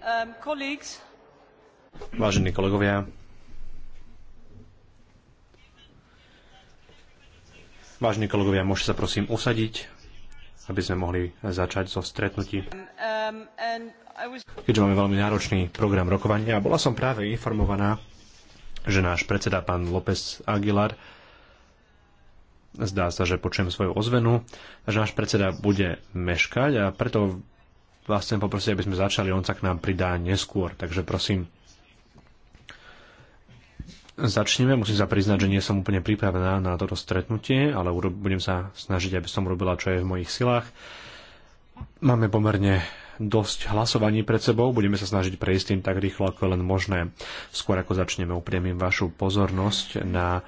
Um, vážení kolegovia, vážení kolegovia, môžete sa prosím usadiť, aby sme mohli začať so stretnutí. Um, um, Keďže máme veľmi náročný program rokovania, bola som práve informovaná, že náš predseda pán López Aguilar zdá sa, že počujem svoju ozvenu, že náš predseda bude meškať a preto vás chcem poprosiť, aby sme začali, on sa k nám pridá neskôr, takže prosím. Začneme, musím sa priznať, že nie som úplne pripravená na toto stretnutie, ale budem sa snažiť, aby som urobila, čo je v mojich silách. Máme pomerne dosť hlasovaní pred sebou, budeme sa snažiť prejsť tým tak rýchlo, ako je len možné. Skôr ako začneme, upriemím vašu pozornosť na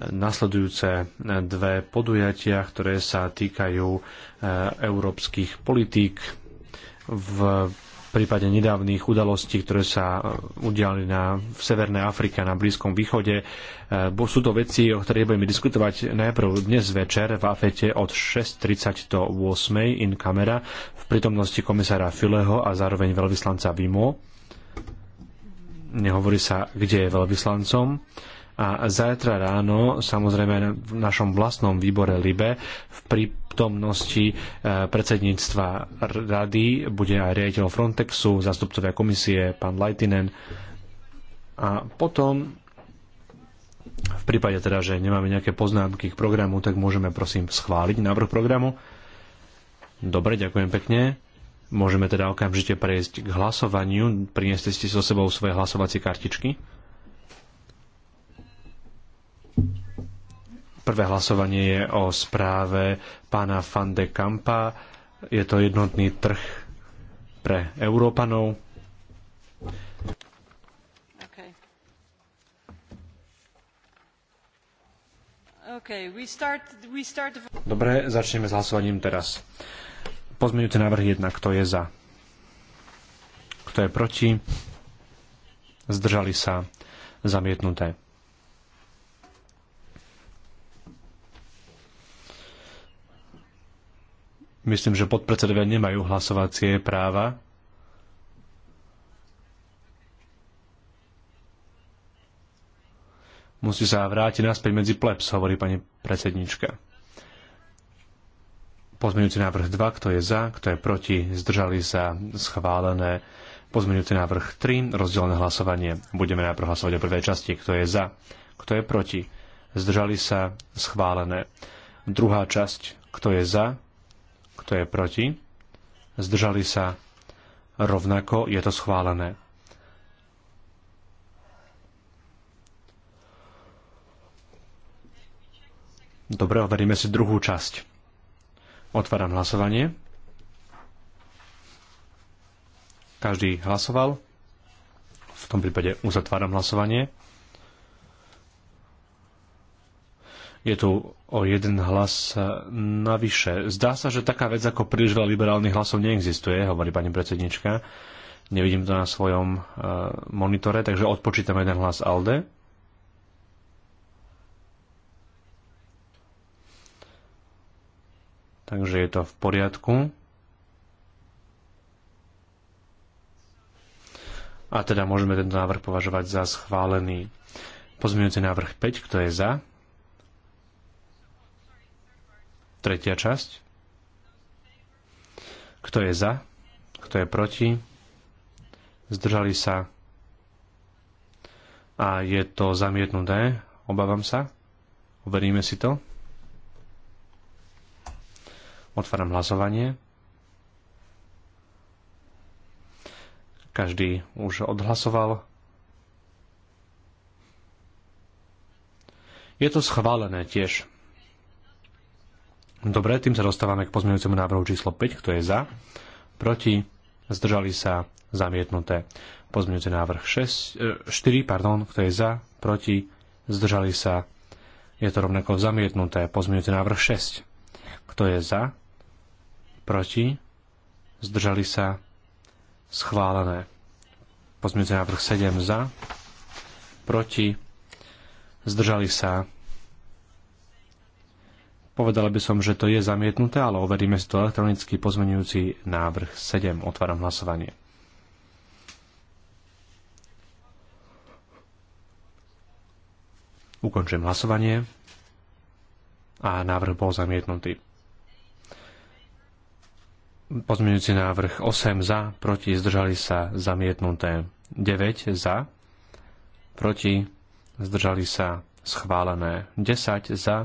nasledujúce dve podujatia, ktoré sa týkajú eh, európskych politík v prípade nedávnych udalostí, ktoré sa e, udiali na, v Severnej Afrike na Blízkom východe. E, bo sú to veci, o ktorých budeme diskutovať najprv dnes večer v AFETE od 6.30 do 8.00 in camera v prítomnosti komisára Fileho a zároveň veľvyslanca Vimo. Nehovorí sa, kde je veľvyslancom a zajtra ráno, samozrejme v našom vlastnom výbore LIBE, v prítomnosti e, predsedníctva rady bude aj riaditeľ Frontexu, zástupcovia komisie, pán Leitinen. A potom v prípade teda, že nemáme nejaké poznámky k programu, tak môžeme prosím schváliť návrh programu. Dobre, ďakujem pekne. Môžeme teda okamžite prejsť k hlasovaniu. Prineste ste so sebou svoje hlasovacie kartičky. Prvé hlasovanie je o správe pána Van de Kampa. Je to jednotný trh pre Európanov. Okay. we start, we start... Dobre, začneme s hlasovaním teraz. Pozmeňujúci návrh 1. Kto je za? Kto je proti? Zdržali sa? Zamietnuté. Myslím, že podpredsedovia nemajú hlasovacie práva. Musí sa vrátiť naspäť medzi plebs, hovorí pani predsednička. Pozmeňujúci návrh 2, kto je za, kto je proti, zdržali sa schválené. Pozmeňujúci návrh 3, rozdielne hlasovanie. Budeme najprv hlasovať o prvej časti, kto je za, kto je proti. Zdržali sa schválené. Druhá časť, kto je za, kto je proti? Zdržali sa. Rovnako je to schválené. Dobre, overíme si druhú časť. Otváram hlasovanie. Každý hlasoval. V tom prípade uzatváram hlasovanie. je tu o jeden hlas e, navyše. Zdá sa, že taká vec ako príliš veľa liberálnych hlasov neexistuje, hovorí pani predsednička. Nevidím to na svojom e, monitore, takže odpočítam jeden hlas ALDE. Takže je to v poriadku. A teda môžeme tento návrh považovať za schválený. Pozmeňujúci návrh 5, kto je za? Tretia časť. Kto je za? Kto je proti? Zdržali sa? A je to zamietnuté? Obávam sa. Overíme si to. Otváram hlasovanie. Každý už odhlasoval. Je to schválené tiež. Dobre, tým sa dostávame k pozmeňujúcemu návrhu číslo 5, kto je za, proti, zdržali sa, zamietnuté. Pozmeňujúci návrh 6, 4, eh, pardon, kto je za, proti, zdržali sa, je to rovnako zamietnuté. Pozmeňujúci návrh 6, kto je za, proti, zdržali sa, schválené. Pozmeňujúci návrh 7 za, proti, zdržali sa, Povedala by som, že to je zamietnuté, ale overíme si to elektronicky pozmenujúci návrh 7. Otváram hlasovanie. Ukončujem hlasovanie a návrh bol zamietnutý. Pozmeňujúci návrh 8 za, proti, zdržali sa, zamietnuté. 9 za, proti, zdržali sa, schválené. 10 za,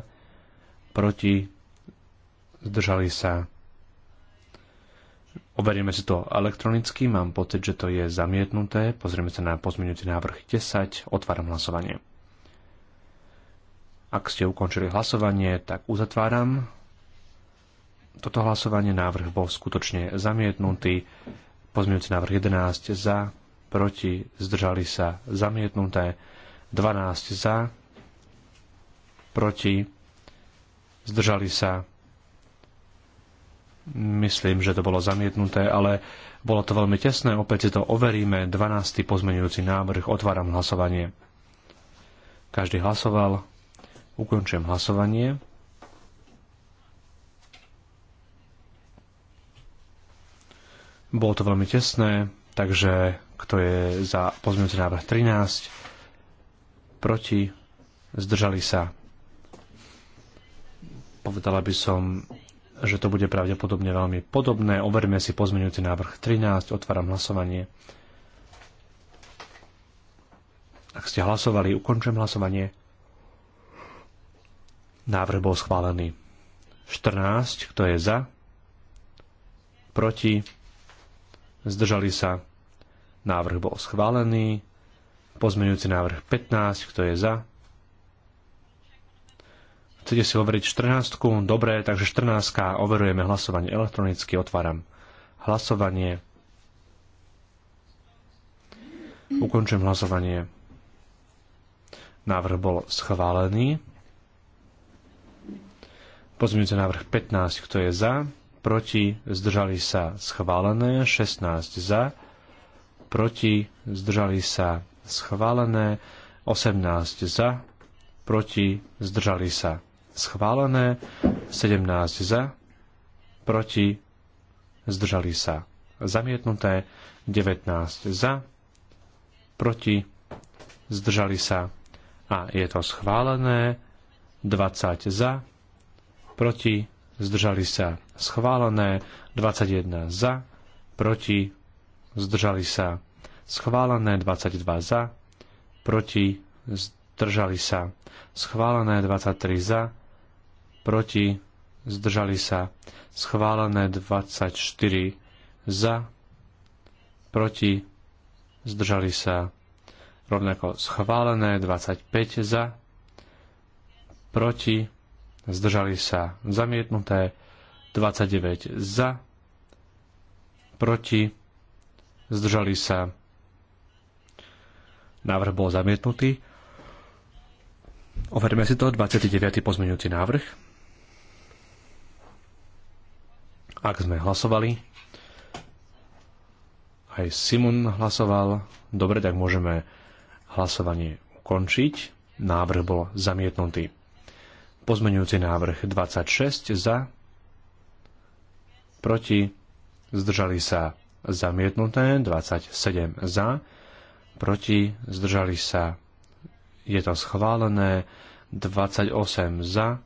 proti, zdržali sa. Overíme si to elektronicky, mám pocit, že to je zamietnuté. Pozrieme sa na pozmeňujúci návrh 10, otváram hlasovanie. Ak ste ukončili hlasovanie, tak uzatváram. Toto hlasovanie návrh bol skutočne zamietnutý. Pozmeňujúci návrh 11 za, proti, zdržali sa, zamietnuté. 12 za, proti, zdržali sa. Myslím, že to bolo zamietnuté, ale bolo to veľmi tesné. Opäť si to overíme. 12. pozmenujúci návrh. Otváram hlasovanie. Každý hlasoval. Ukončujem hlasovanie. Bolo to veľmi tesné, takže kto je za pozmeňujúci návrh 13, proti, zdržali sa Povedala by som, že to bude pravdepodobne veľmi podobné. Overme si pozmeňujúci návrh 13. Otváram hlasovanie. Ak ste hlasovali, ukončujem hlasovanie. Návrh bol schválený. 14. Kto je za? Proti? Zdržali sa? Návrh bol schválený. Pozmeňujúci návrh 15. Kto je za? Chcete si overiť 14? Dobre, takže 14. Overujeme hlasovanie elektronicky. Otváram hlasovanie. Ukončujem hlasovanie. Návrh bol schválený. Pozmeňujúci návrh 15, kto je za, proti, zdržali sa schválené, 16 za, proti, zdržali sa schválené, 18 za, proti, zdržali sa schválené, 17 za, proti, zdržali sa zamietnuté, 19 za, proti, zdržali sa a je to schválené, 20 za, proti, zdržali sa schválené, 21 za, proti, zdržali sa schválené, 22 za, proti, zdržali sa schválené, 23 za, proti, zdržali sa schválené 24 za, proti, zdržali sa rovnako schválené 25 za, proti, zdržali sa zamietnuté 29 za, proti, zdržali sa. Návrh bol zamietnutý. Overme si to 29. pozmeňujúci návrh. Ak sme hlasovali, aj Simon hlasoval, dobre, tak môžeme hlasovanie ukončiť. Návrh bol zamietnutý. Pozmenujúci návrh 26 za, proti, zdržali sa zamietnuté, 27 za, proti, zdržali sa, je to schválené, 28 za,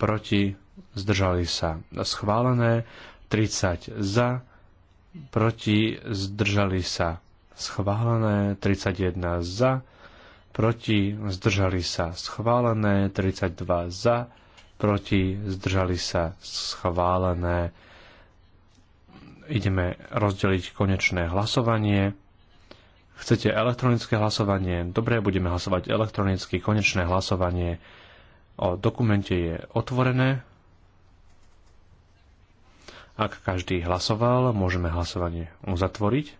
proti, zdržali sa schválené, 30 za, proti, zdržali sa schválené, 31 za, proti, zdržali sa schválené, 32 za, proti, zdržali sa schválené. Ideme rozdeliť konečné hlasovanie. Chcete elektronické hlasovanie? Dobre, budeme hlasovať elektronicky. Konečné hlasovanie o dokumente je otvorené. Ak každý hlasoval, môžeme hlasovanie uzatvoriť.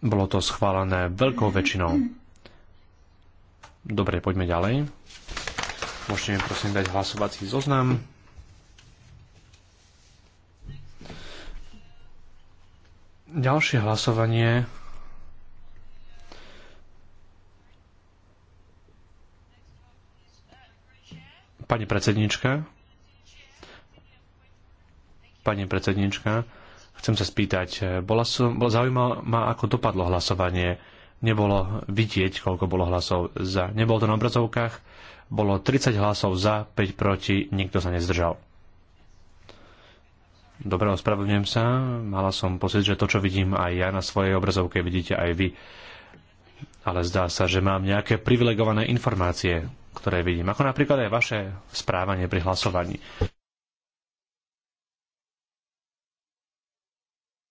Bolo to schválené veľkou väčšinou. Dobre, poďme ďalej. Môžete mi prosím dať hlasovací zoznam. Ďalšie hlasovanie Pani predsednička, pani predsednička, chcem sa spýtať, bola som, bola zaujímavá ma, ako dopadlo hlasovanie. Nebolo vidieť, koľko bolo hlasov za. Nebolo to na obrazovkách, bolo 30 hlasov za, 5 proti, nikto sa nezdržal. Dobre, ospravedlňujem sa. Mala som pocit, že to, čo vidím aj ja na svojej obrazovke, vidíte aj vy. Ale zdá sa, že mám nejaké privilegované informácie ktoré vidím, ako napríklad aj vaše správanie pri hlasovaní.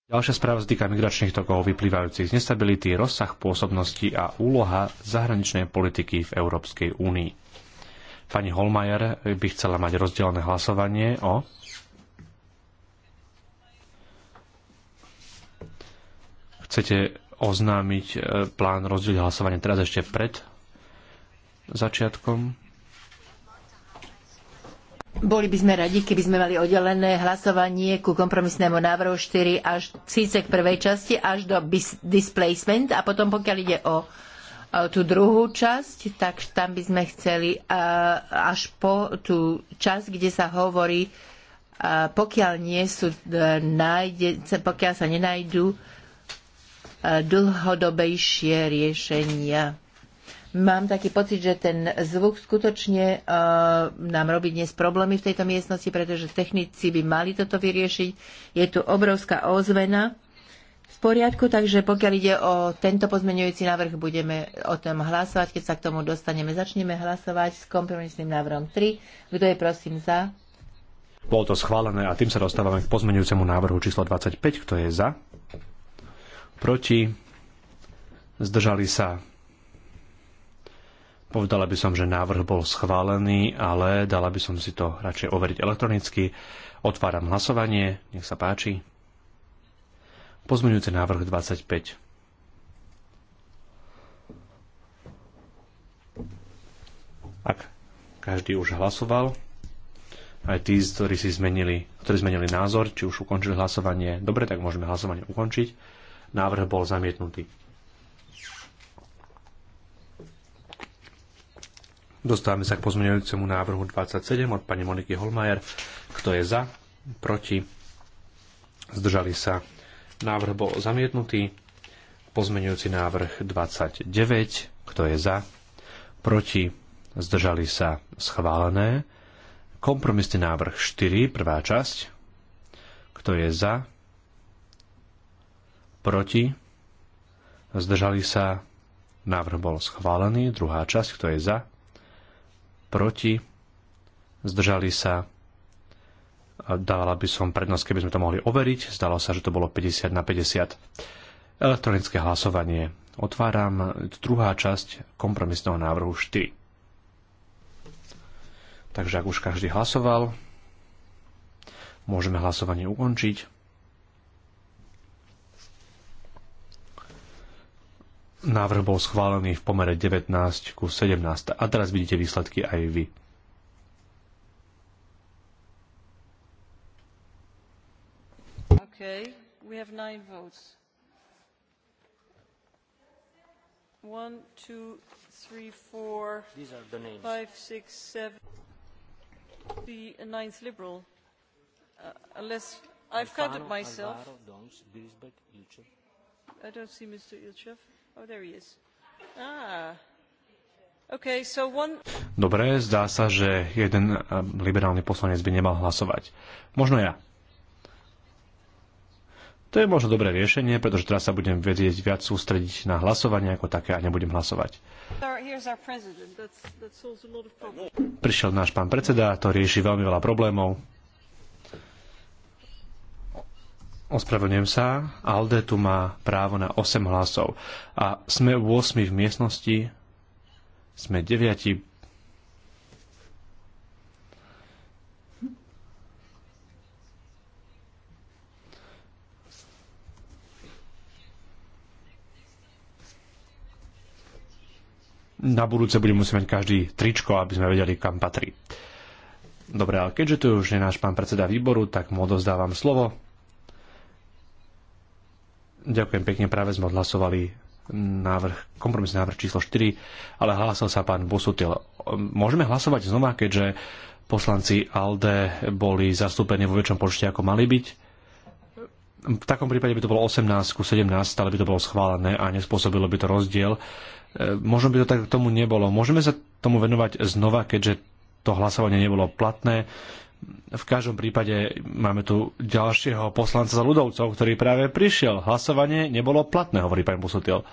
Ďalšia správa sa týka migračných tokov vyplývajúcich z nestability, rozsah pôsobnosti a úloha zahraničnej politiky v Európskej únii. Pani Holmajer by chcela mať rozdelené hlasovanie o Chcete oznámiť eh, plán rozdeliť hlasovanie teraz ešte pred začiatkom boli by sme radi, keby sme mali oddelené hlasovanie ku kompromisnému návrhu 4 až síce k prvej časti až do displacement a potom pokiaľ ide o, o tú druhú časť, tak tam by sme chceli až po tú časť, kde sa hovorí, pokiaľ, nie sú, e, nájde, pokiaľ sa nenájdu e, dlhodobejšie riešenia. Mám taký pocit, že ten zvuk skutočne uh, nám robí dnes problémy v tejto miestnosti, pretože technici by mali toto vyriešiť. Je tu obrovská ozvena. V poriadku, takže pokiaľ ide o tento pozmeňujúci návrh, budeme o tom hlasovať. Keď sa k tomu dostaneme, začneme hlasovať s kompromisným návrhom 3. Kto je prosím za? Bolo to schválené a tým sa dostávame k pozmeňujúcemu návrhu číslo 25. Kto je za? Proti? Zdržali sa? Povedala by som, že návrh bol schválený, ale dala by som si to radšej overiť elektronicky. Otváram hlasovanie, nech sa páči. Pozmeňujúci návrh 25. Ak každý už hlasoval, aj tí, ktorí, si zmenili, ktorí zmenili názor, či už ukončili hlasovanie, dobre, tak môžeme hlasovanie ukončiť. Návrh bol zamietnutý. Dostávame sa k pozmeňujúcemu návrhu 27 od pani Moniky Holmajer. Kto je za? Proti? Zdržali sa. Návrh bol zamietnutý. Pozmeňujúci návrh 29. Kto je za? Proti? Zdržali sa. Schválené. Kompromisný návrh 4, prvá časť. Kto je za? Proti? Zdržali sa. Návrh bol schválený. Druhá časť. Kto je za? proti, zdržali sa. Dávala by som prednosť, keby sme to mohli overiť. Zdalo sa, že to bolo 50 na 50. Elektronické hlasovanie. Otváram druhá časť kompromisného návrhu 4. Takže ak už každý hlasoval, môžeme hlasovanie ukončiť. Návrh bol schválený v pomere 19 ku 17. A teraz vidíte výsledky aj vy. Okay, we have nine votes. One, two, three, four, These are the names. five, six, seven. The ninth liberal. Uh, unless I've counted myself. Alvaro, Dons, Grisbeck, I don't see Mr. Ilchev. Oh, ah. Dobre, zdá sa, že jeden eh, liberálny poslanec by nemal hlasovať. Možno ja. To je možno dobré riešenie, pretože teraz sa budem vedieť viac sústrediť na hlasovanie ako také a nebudem hlasovať. Prišiel náš pán predseda, to rieši veľmi veľa problémov. Ospravedlňujem sa, Alde tu má právo na 8 hlasov. A sme 8 v miestnosti, sme 9. Na budúce bude musieť mať každý tričko, aby sme vedeli, kam patrí. Dobre, ale keďže tu už je náš pán predseda výboru, tak mu odozdávam slovo Ďakujem pekne, práve sme odhlasovali návrh, kompromisný návrh číslo 4, ale hlásil sa pán Bosutil. Môžeme hlasovať znova, keďže poslanci ALDE boli zastúpení vo väčšom počte, ako mali byť? V takom prípade by to bolo 18 ku 17, ale by to bolo schválené a nespôsobilo by to rozdiel. E, možno by to tak tomu nebolo. Môžeme sa tomu venovať znova, keďže to hlasovanie nebolo platné v každom prípade máme tu ďalšieho poslanca za ľudovcov, ktorý práve prišiel. Hlasovanie nebolo platné, hovorí pán Busutil.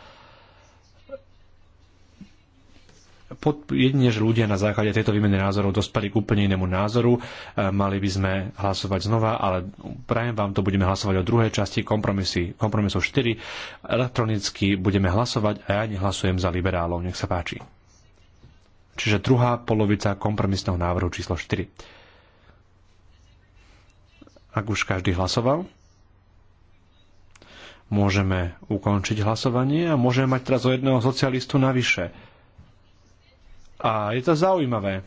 Pod, jedine, že ľudia na základe tejto výmeny názorov dospali k úplne inému názoru, e, mali by sme hlasovať znova, ale prajem vám to, budeme hlasovať o druhej časti kompromisy, kompromisov 4. Elektronicky budeme hlasovať a ja nehlasujem za liberálov, nech sa páči. Čiže druhá polovica kompromisného návrhu číslo 4. Ak už každý hlasoval, môžeme ukončiť hlasovanie a môžeme mať teraz o jedného socialistu navyše. A je to zaujímavé.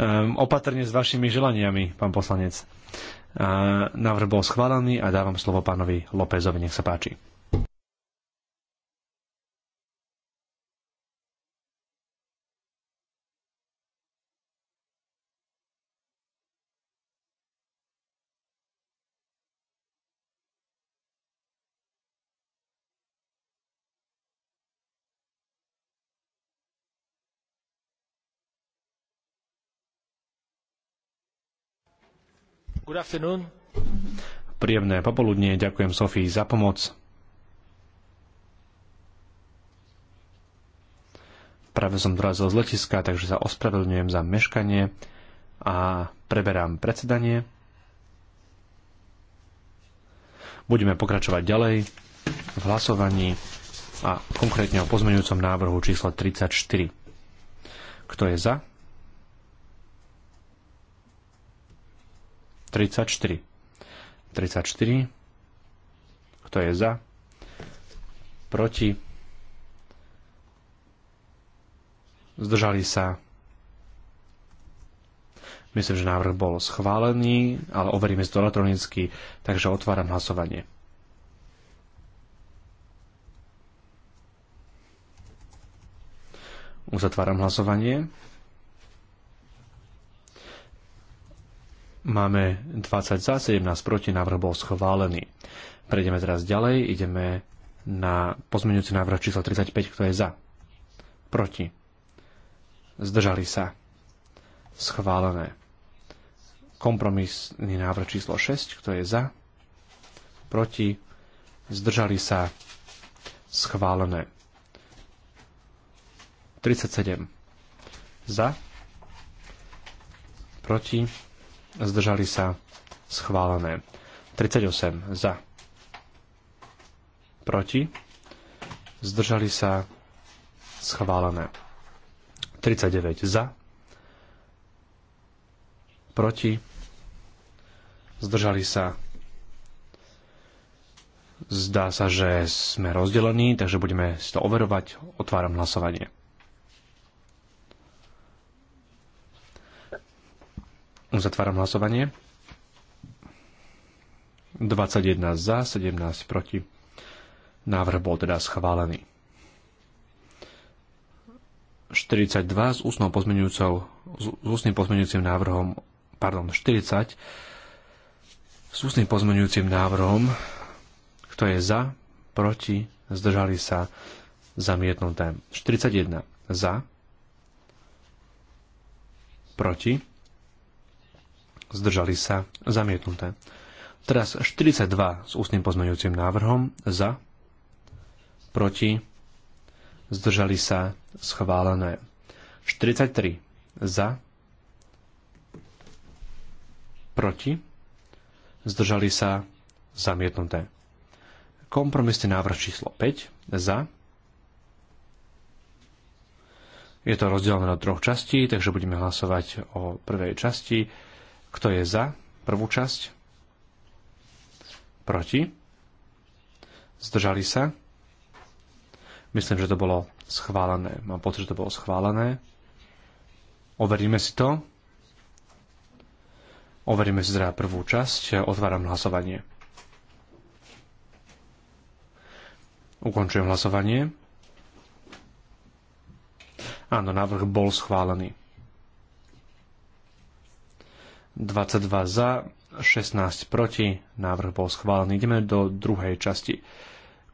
Um, opatrne s vašimi želaniami, pán poslanec. Uh, návrh bol schválený a dávam slovo pánovi Lópezovi. Nech sa páči. Good afternoon. Príjemné popoludnie. Ďakujem Sofii za pomoc. Práve som dorazil z letiska, takže sa ospravedlňujem za meškanie a preberám predsedanie. Budeme pokračovať ďalej v hlasovaní a konkrétne o pozmeňujúcom návrhu číslo 34. Kto je za? 34. 34. Kto je za? Proti? Zdržali sa? Myslím, že návrh bol schválený, ale overíme si to elektronicky, takže otváram hlasovanie. Uzatváram hlasovanie. Máme 20 za, 17 proti, návrh bol schválený. Prejdeme teraz ďalej, ideme na pozmeňujúci návrh číslo 35, kto je za. Proti. Zdržali sa. Schválené. Kompromisný návrh číslo 6, kto je za. Proti. Zdržali sa. Schválené. 37. Za. Proti zdržali sa schválené. 38 za, proti, zdržali sa schválené. 39 za, proti, zdržali sa Zdá sa, že sme rozdelení, takže budeme si to overovať. Otváram hlasovanie. Uzatváram hlasovanie. 21 za, 17 proti. Návrh bol teda schválený. 42 s ústnou pozmenujúcou, s ústnym pozmenujúcim návrhom, pardon, 40 s ústnym pozmenujúcim návrhom, kto je za, proti, zdržali sa, zamietnuté. 41 za, proti, zdržali sa, zamietnuté. Teraz 42 s ústnym pozmeňujúcim návrhom, za, proti, zdržali sa, schválené. 43 za, proti, zdržali sa, zamietnuté. Kompromisný návrh číslo 5 za, je to rozdelené do troch častí, takže budeme hlasovať o prvej časti kto je za prvú časť? Proti? Zdržali sa? Myslím, že to bolo schválené. Mám pocit, že to bolo schválené. Overíme si to. Overíme si teda prvú časť. Otváram hlasovanie. Ukončujem hlasovanie. Áno, návrh bol schválený. 22 za, 16 proti. Návrh bol schválený. Ideme do druhej časti.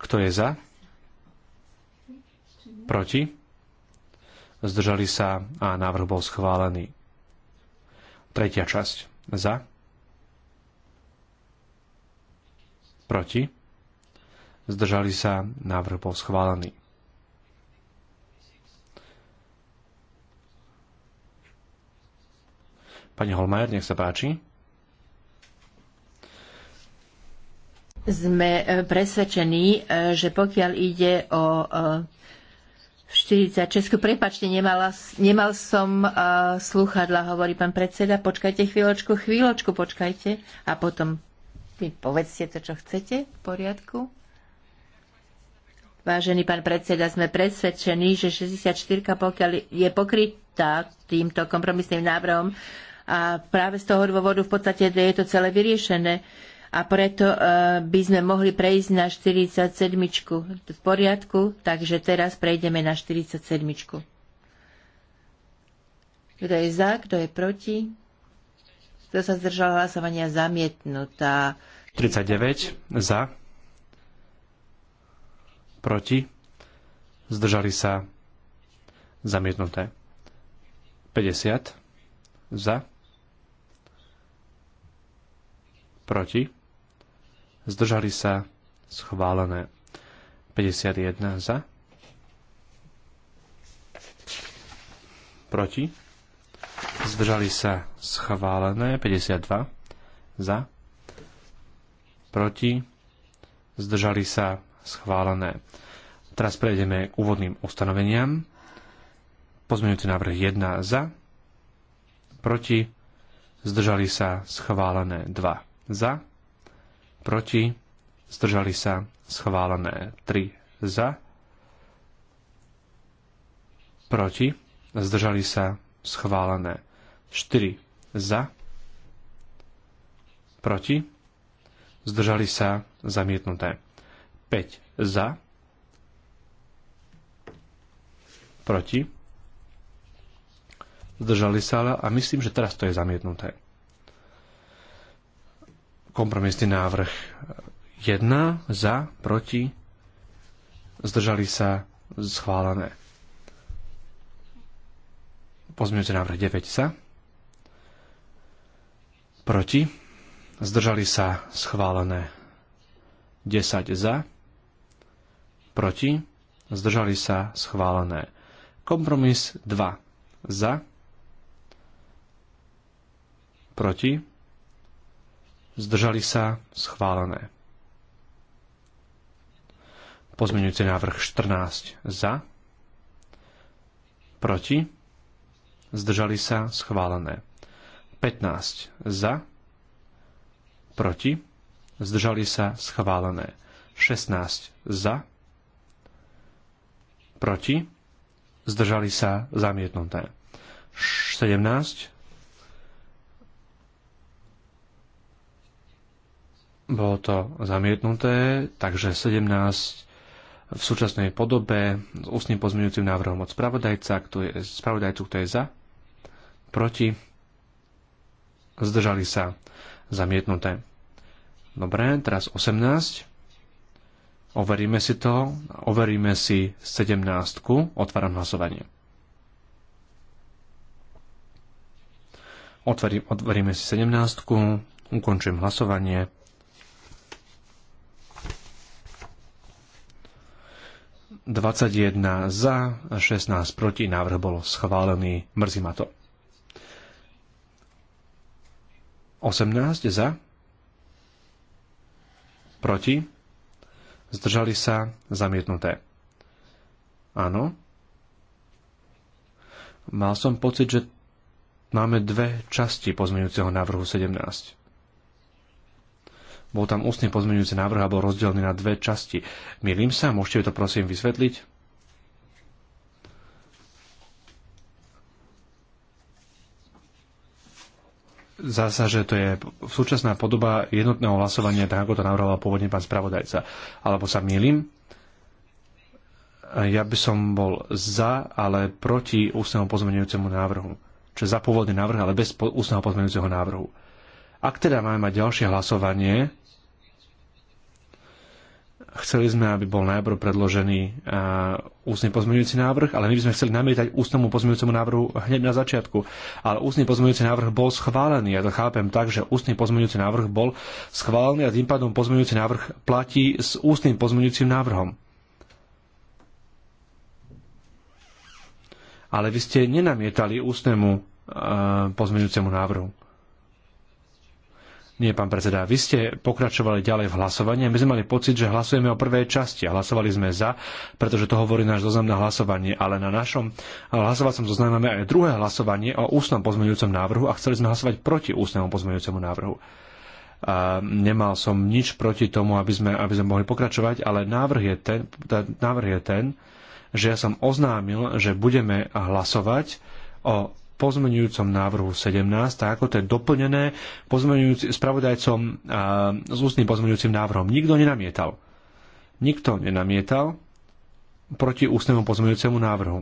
Kto je za? Proti? Zdržali sa a návrh bol schválený. Tretia časť. Za? Proti? Zdržali sa, návrh bol schválený. Pani Holmajer, nech sa páči. Sme e, presvedčení, e, že pokiaľ ide o 46. E, prepačte, nemala, nemal som uh, sluchadla, hovorí pán predseda. Počkajte chvíľočku, chvíľočku počkajte a potom mi povedzte to, čo chcete. V poriadku. Vážený pán predseda, sme presvedčení, že 64. pokiaľ je pokrytá týmto kompromisným návrhom, a práve z toho dôvodu v podstate je to celé vyriešené a preto e, by sme mohli prejsť na 47. v poriadku, takže teraz prejdeme na 47. Kto je za, kto je proti? Kto sa zdržal hlasovania zamietnutá? 39 za, proti, zdržali sa zamietnuté. 50 za, proti, zdržali sa schválené 51 za, proti, zdržali sa schválené 52 za, proti, zdržali sa schválené. Teraz prejdeme k úvodným ustanoveniam. Pozmeňujúci návrh 1 za, proti, zdržali sa schválené 2 za, proti, zdržali sa schválené 3 za, proti, zdržali sa schválené 4 za, proti, zdržali sa zamietnuté 5 za, proti, zdržali sa, a myslím, že teraz to je zamietnuté. Kompromisný návrh 1 za, proti, zdržali sa schválené. Pozmeňujúci návrh 9 sa, proti, zdržali sa schválené 10 za, proti, zdržali sa schválené. Kompromis 2 za, proti, zdržali sa, schválené. Pozmeňujúci návrh 14 za, proti, zdržali sa, schválené. 15 za, proti, zdržali sa, schválené. 16 za, proti, zdržali sa, zamietnuté. 17 Bolo to zamietnuté, takže 17 v súčasnej podobe s ústnym pozmeňujúcim návrhom od spravodajca, kto je, spravodajcu, kto je za, proti, zdržali sa, zamietnuté. Dobre, teraz 18. Overíme si to, overíme si 17. Otváram hlasovanie. Otvorím, otvoríme si 17. Ukončujem hlasovanie. 21 za, 16 proti, návrh bol schválený, mrzí ma to. 18 za, proti, zdržali sa, zamietnuté. Áno. Mal som pocit, že máme dve časti pozmeňujúceho návrhu 17. Bol tam ústne pozmeňujúci návrh a bol rozdelený na dve časti. Milím sa, môžete to prosím vysvetliť? Zasa, že to je súčasná podoba jednotného hlasovania, tak ako to navrhoval pôvodne pán spravodajca. Alebo sa milím? Ja by som bol za, ale proti ústnemu pozmeňujúcemu návrhu. Čiže za pôvodný návrh, ale bez ústneho pozmeňujúceho návrhu. Ak teda máme mať ďalšie hlasovanie, Chceli sme, aby bol najprv predložený e, ústne pozmeňujúci návrh, ale my by sme chceli namietať ústnemu pozmeňujúcemu návrhu hneď na začiatku. Ale ústny pozmeňujúci návrh bol schválený. Ja to chápem tak, že ústny pozmeňujúci návrh bol schválený a tým pádom pozmeňujúci návrh platí s ústnym pozmeňujúcim návrhom. Ale vy ste nenamietali ústnemu e, pozmeňujúcemu návrhu. Nie, pán predseda, vy ste pokračovali ďalej v hlasovaní a my sme mali pocit, že hlasujeme o prvej časti a hlasovali sme za, pretože to hovorí náš zoznam na hlasovanie, ale na našom hlasovacom zozname máme aj druhé hlasovanie o ústnom pozmeňujúcom návrhu a chceli sme hlasovať proti ústnemu pozmeňujúcemu návrhu. A nemal som nič proti tomu, aby sme, aby sme mohli pokračovať, ale návrh je ten, návrh je ten že ja som oznámil, že budeme hlasovať o pozmenujúcom návrhu 17, tak ako to je doplnené spravodajcom a, s ústnym pozmenujúcim návrhom. Nikto nenamietal. Nikto nenamietal proti ústnemu pozmenujúcemu návrhu.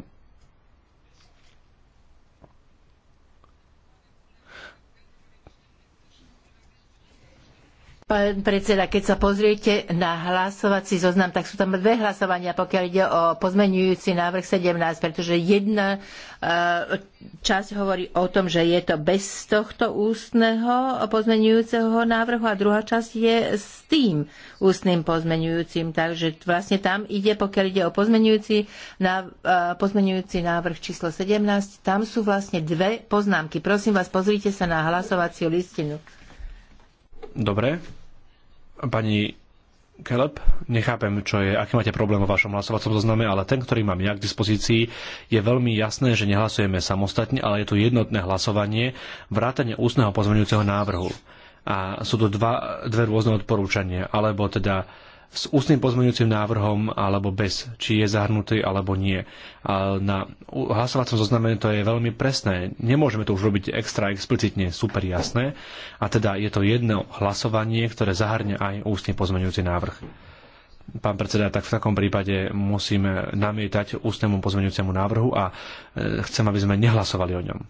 Pán predseda, keď sa pozriete na hlasovací zoznam, tak sú tam dve hlasovania, pokiaľ ide o pozmenujúci návrh 17, pretože jedna e, časť hovorí o tom, že je to bez tohto ústneho pozmenujúceho návrhu a druhá časť je s tým ústnym pozmenujúcim. Takže vlastne tam ide, pokiaľ ide o pozmenujúci, na, e, pozmenujúci návrh číslo 17, tam sú vlastne dve poznámky. Prosím vás, pozrite sa na hlasovaciu listinu. Dobre. Pani Kelep, nechápem, čo je, aký máte problém vo vašom hlasovacom zozname, ale ten, ktorý mám ja k dispozícii, je veľmi jasné, že nehlasujeme samostatne, ale je tu jednotné hlasovanie, vrátanie ústneho pozmeňujúceho návrhu. A sú to dva, dve rôzne odporúčania, alebo teda s ústnym pozmeňujúcim návrhom alebo bez, či je zahrnutý alebo nie. A na hlasovacom zozname to je veľmi presné. Nemôžeme to už robiť extra explicitne super jasné. A teda je to jedno hlasovanie, ktoré zahrňa aj ústne pozmeňujúci návrh. Pán predseda, tak v takom prípade musíme namietať ústnemu pozmeňujúcemu návrhu a e, chcem, aby sme nehlasovali o ňom.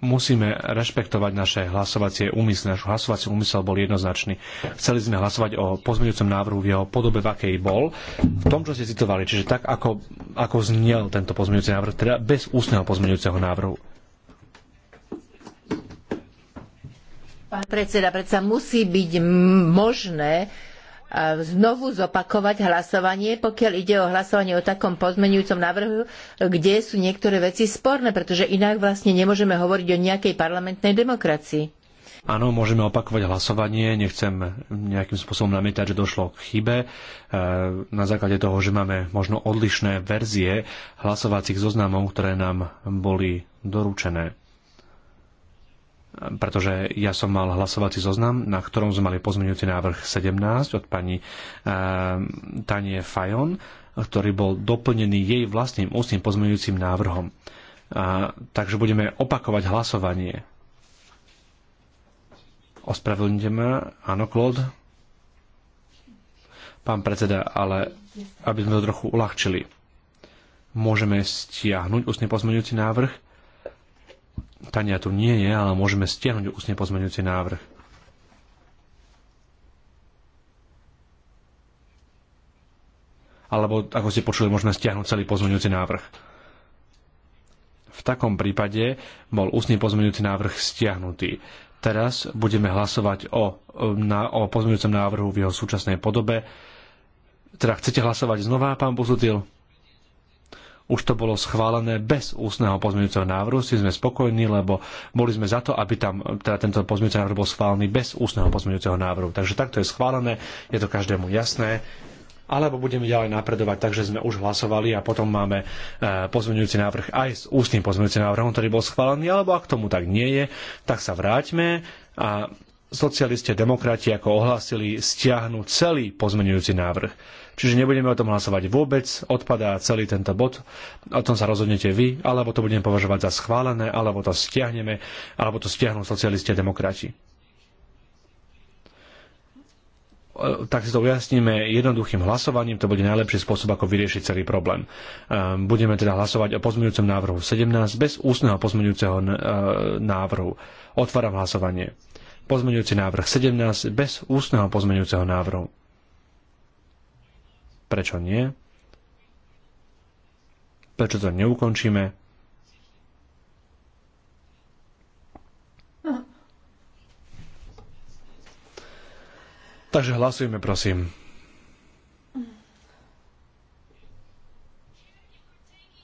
musíme rešpektovať naše hlasovacie úmysly. Náš hlasovací úmysel bol jednoznačný. Chceli sme hlasovať o pozmeňujúcom návrhu v jeho podobe, v akej bol, v tom, čo ste citovali, čiže tak, ako, ako znel tento pozmeňujúci návrh, teda bez ústneho pozmeňujúceho návrhu. Pán predseda, predsa musí byť možné znovu zopakovať hlasovanie, pokiaľ ide o hlasovanie o takom pozmenujúcom návrhu, kde sú niektoré veci sporné, pretože inak vlastne nemôžeme hovoriť o nejakej parlamentnej demokracii. Áno, môžeme opakovať hlasovanie, nechcem nejakým spôsobom namietať, že došlo k chybe. E, na základe toho, že máme možno odlišné verzie hlasovacích zoznamov, ktoré nám boli doručené pretože ja som mal hlasovací zoznam, na ktorom sme mali pozmeňujúci návrh 17 od pani e, Tanie Fajon, ktorý bol doplnený jej vlastným ústnym pozmeňujúcim návrhom. A, takže budeme opakovať hlasovanie. Ospravedlňte ma, áno, Klod. Pán predseda, ale aby sme to trochu uľahčili, môžeme stiahnuť ústny pozmeňujúci návrh Tania tu nie je, ale môžeme stiahnuť ústne pozmeňujúci návrh. Alebo, ako ste počuli, môžeme stiahnuť celý pozmeňujúci návrh. V takom prípade bol ústne pozmeňujúci návrh stiahnutý. Teraz budeme hlasovať o, na, o pozmeňujúcom návrhu v jeho súčasnej podobe. Teda chcete hlasovať znova, pán Busutil? už to bolo schválené bez ústneho pozmeňujúceho návrhu, si sme spokojní, lebo boli sme za to, aby tam teda tento pozmeňujúci návrh bol schválený bez ústneho pozmeňujúceho návrhu. Takže takto je schválené, je to každému jasné alebo budeme ďalej napredovať, takže sme už hlasovali a potom máme e, pozmeňujúci návrh aj s ústnym pozmeňujúcim návrhom, ktorý bol schválený, alebo ak tomu tak nie je, tak sa vráťme a socialisti a demokrati, ako ohlasili, stiahnu celý pozmeňujúci návrh Čiže nebudeme o tom hlasovať vôbec, odpadá celý tento bod, o tom sa rozhodnete vy, alebo to budeme považovať za schválené, alebo to stiahneme, alebo to stiahnú socialisti a demokrati. E, tak si to ujasníme jednoduchým hlasovaním, to bude najlepší spôsob, ako vyriešiť celý problém. E, budeme teda hlasovať o pozmeňujúcom návrhu 17 bez ústneho pozmeňujúceho e, návrhu. Otváram hlasovanie. Pozmeňujúci návrh 17 bez ústneho pozmeňujúceho návrhu. Prečo nie? Prečo to neukončíme? Takže hlasujme, prosím. Mhm.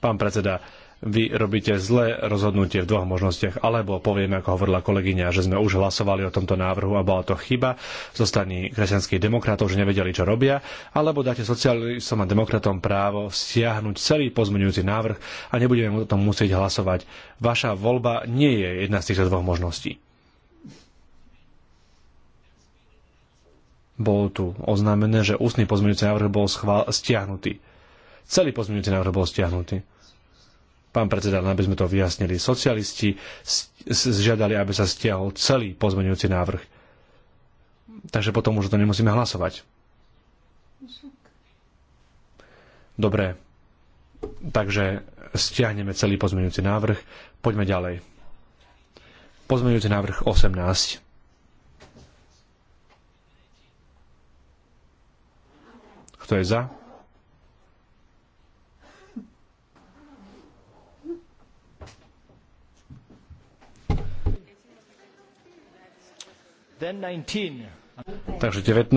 Pán predseda, vy robíte zlé rozhodnutie v dvoch možnostiach, alebo poviem, ako hovorila kolegyňa, že sme už hlasovali o tomto návrhu a bola to chyba zo strany kresťanských demokratov, že nevedeli, čo robia, alebo dáte socialistom a demokratom právo stiahnuť celý pozmeňujúci návrh a nebudeme o tom musieť hlasovať. Vaša voľba nie je jedna z týchto dvoch možností. Bolo tu oznámené, že ústny pozmeňujúci návrh bol schvál stiahnutý. Celý pozmeňujúci návrh bol stiahnutý. Pán predseda, aby sme to vyjasnili, socialisti žiadali, aby sa stiahol celý pozmeňujúci návrh. Takže potom už to nemusíme hlasovať. Dobre, takže stiahneme celý pozmeňujúci návrh. Poďme ďalej. Pozmeňujúci návrh 18. Kto je za? Takže 19.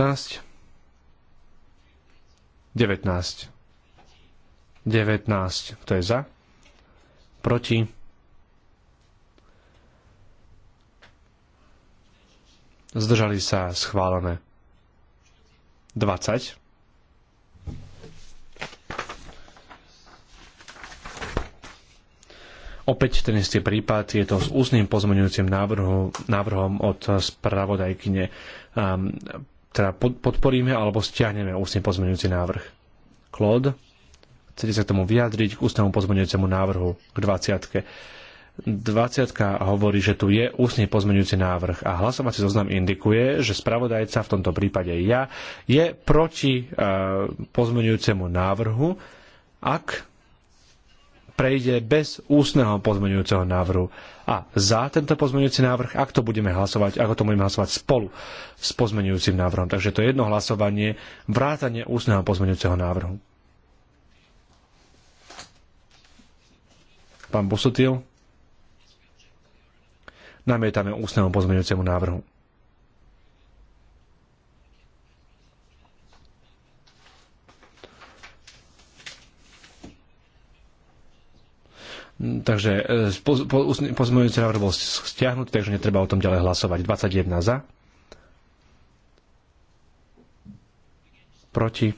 19. 19. To je za? Proti? Zdržali sa schválené. 20. Opäť ten istý prípad, je to s ústnym pozmeňujúcim návrhu, návrhom od spravodajkyne. Um, teda podporíme alebo stiahneme ústny pozmeňujúci návrh. Klod, chcete sa k tomu vyjadriť, k ústnemu pozmeňujúcemu návrhu k 20. 20 hovorí, že tu je ústne pozmeňujúci návrh a hlasovací zoznam indikuje, že spravodajca, v tomto prípade ja, je proti ehm, pozmeňujúcemu návrhu, ak prejde bez ústneho pozmeňujúceho návrhu. A za tento pozmeňujúci návrh, ak to budeme hlasovať, ako to budeme hlasovať spolu s pozmeňujúcim návrhom. Takže to je jedno hlasovanie, vrátanie ústneho pozmeňujúceho návrhu. Pán Busutil? Namietame ústnemu pozmeňujúcemu návrhu. Takže e, pozmeňujúci návrh bol stiahnutý, takže netreba o tom ďalej hlasovať. 21 za. Proti.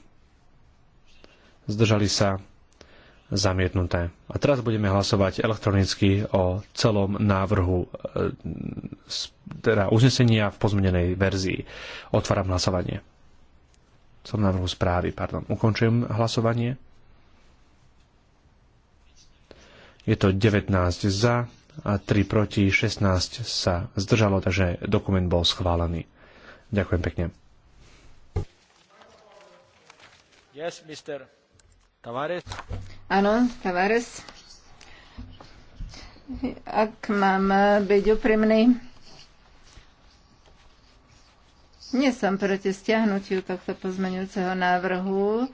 Zdržali sa. Zamietnuté. A teraz budeme hlasovať elektronicky o celom návrhu e, teda uznesenia v pozmenenej verzii. Otváram hlasovanie. Som návrhu správy, pardon. Ukončujem hlasovanie. Je to 19 za a 3 proti, 16 sa zdržalo, takže dokument bol schválený. Ďakujem pekne. Yes, Mr. Tavares. Áno, Tavares. Ak mám byť úprimný, nie som proti stiahnutiu tohto pozmeňujúceho návrhu,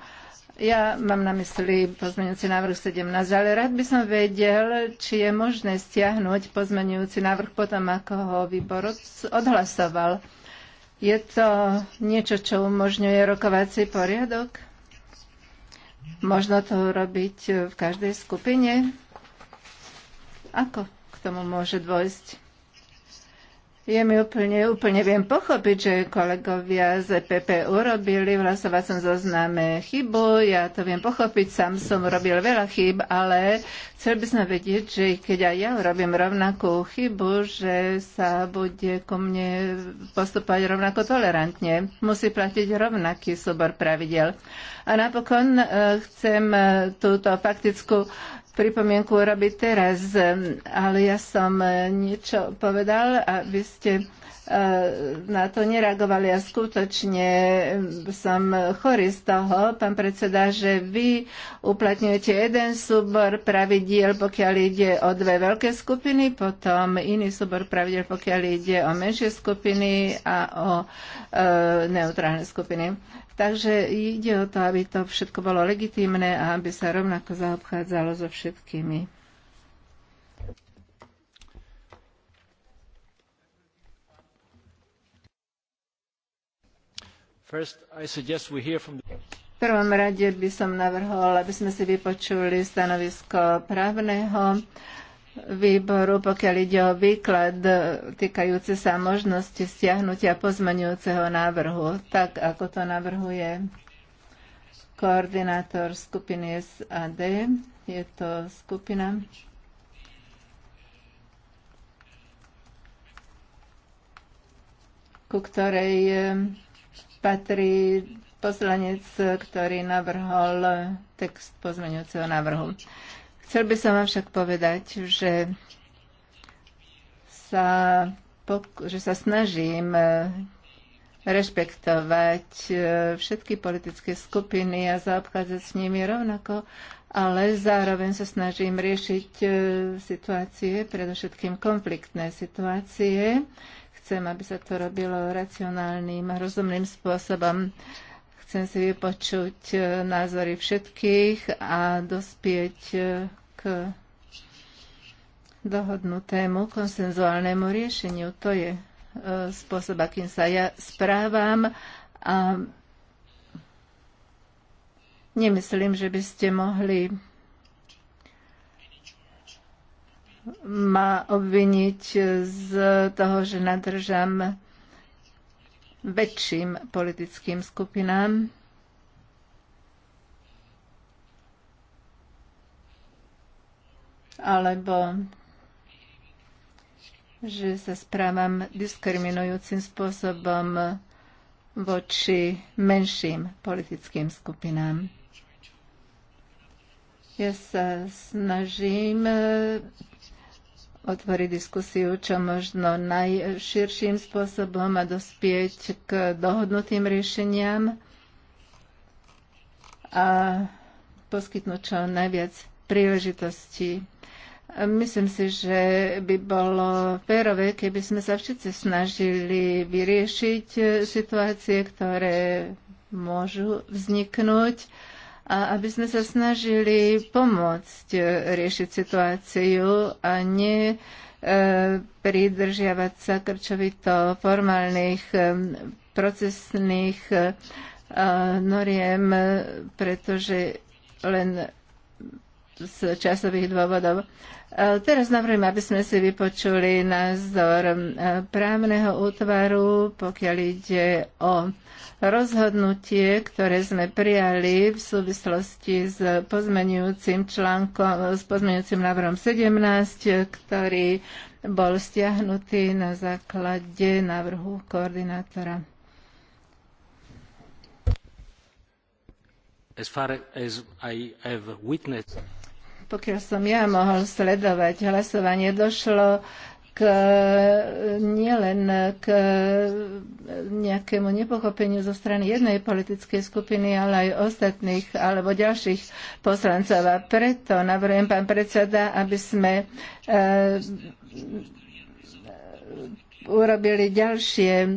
ja mám na mysli pozmeňujúci návrh 17, ale rád by som vedel, či je možné stiahnuť pozmeňujúci návrh potom, ako ho výbor odhlasoval. Je to niečo, čo umožňuje rokovací poriadok? Možno to robiť v každej skupine? Ako k tomu môže dôjsť? Je mi úplne, úplne viem pochopiť, že kolegovia z EPP urobili v hlasovacom zozname chybu. Ja to viem pochopiť, sám som urobil veľa chyb, ale chcel by som vedieť, že keď aj ja urobím rovnakú chybu, že sa bude ku mne postupovať rovnako tolerantne. Musí platiť rovnaký súbor pravidel. A napokon eh, chcem eh, túto faktickú pripomienku urobiť teraz, ehm, ale ja som eh, niečo povedal a vy ste eh, na to nereagovali a skutočne ehm, som chorý z toho, pán predseda, že vy uplatňujete jeden súbor pravidiel, pokiaľ ide o dve veľké skupiny, potom iný súbor pravidiel, pokiaľ ide o menšie skupiny a o e, neutrálne skupiny. Takže ide o to, aby to všetko bolo legitímne a aby sa rovnako zaobchádzalo so všetkými. First, I suggest we hear from the... V prvom rade by som navrhol, aby sme si vypočuli stanovisko právneho uh, výboru, pokiaľ ide o výklad e, týkajúce sa možnosti stiahnutia pozmeňujúceho návrhu, tak ako to navrhuje koordinátor skupiny SAD. Je to skupina ku ktorej e, patrí poslanec, ktorý navrhol text pozmeňujúceho návrhu. Chcel by som vám však povedať, že sa, že sa snažím e, rešpektovať e, všetky politické skupiny a zaobchádzať s nimi rovnako, ale zároveň sa snažím riešiť e, situácie, predovšetkým konfliktné situácie. Chcem, aby sa to robilo racionálnym a rozumným spôsobom. Chcem si vypočuť e, názory všetkých a dospieť e, k dohodnutému konsenzuálnemu riešeniu. To je e, spôsob, akým sa ja správam a nemyslím, že by ste mohli ma obviniť z toho, že nadržam väčším politickým skupinám. alebo že sa správam diskriminujúcim spôsobom voči menším politickým skupinám. Ja sa snažím otvoriť diskusiu čo možno najširším spôsobom a dospieť k dohodnutým riešeniam a poskytnúť čo najviac príležitostí. Myslím si, že by bolo férové, keby sme sa všetci snažili vyriešiť situácie, ktoré môžu vzniknúť a aby sme sa snažili pomôcť e, riešiť situáciu a ne e, pridržiavať sa krčovito formálnych e, procesných noriem, pretože len z časových dôvodov. E, teraz navrhujem, aby sme si vypočuli názor e, právneho útvaru, pokiaľ ide o rozhodnutie, ktoré sme prijali v súvislosti s pozmenujúcim článkom, s pozmenujúcim návrhom 17, ktorý bol stiahnutý na základe návrhu koordinátora. As far as I have witnessed, pokiaľ som ja mohol sledovať hlasovanie, došlo k, nielen k nejakému nepochopeniu zo strany jednej politickej skupiny, ale aj ostatných alebo ďalších poslancov. A preto navrhujem, pán predseda, aby sme e, urobili ďalšie e,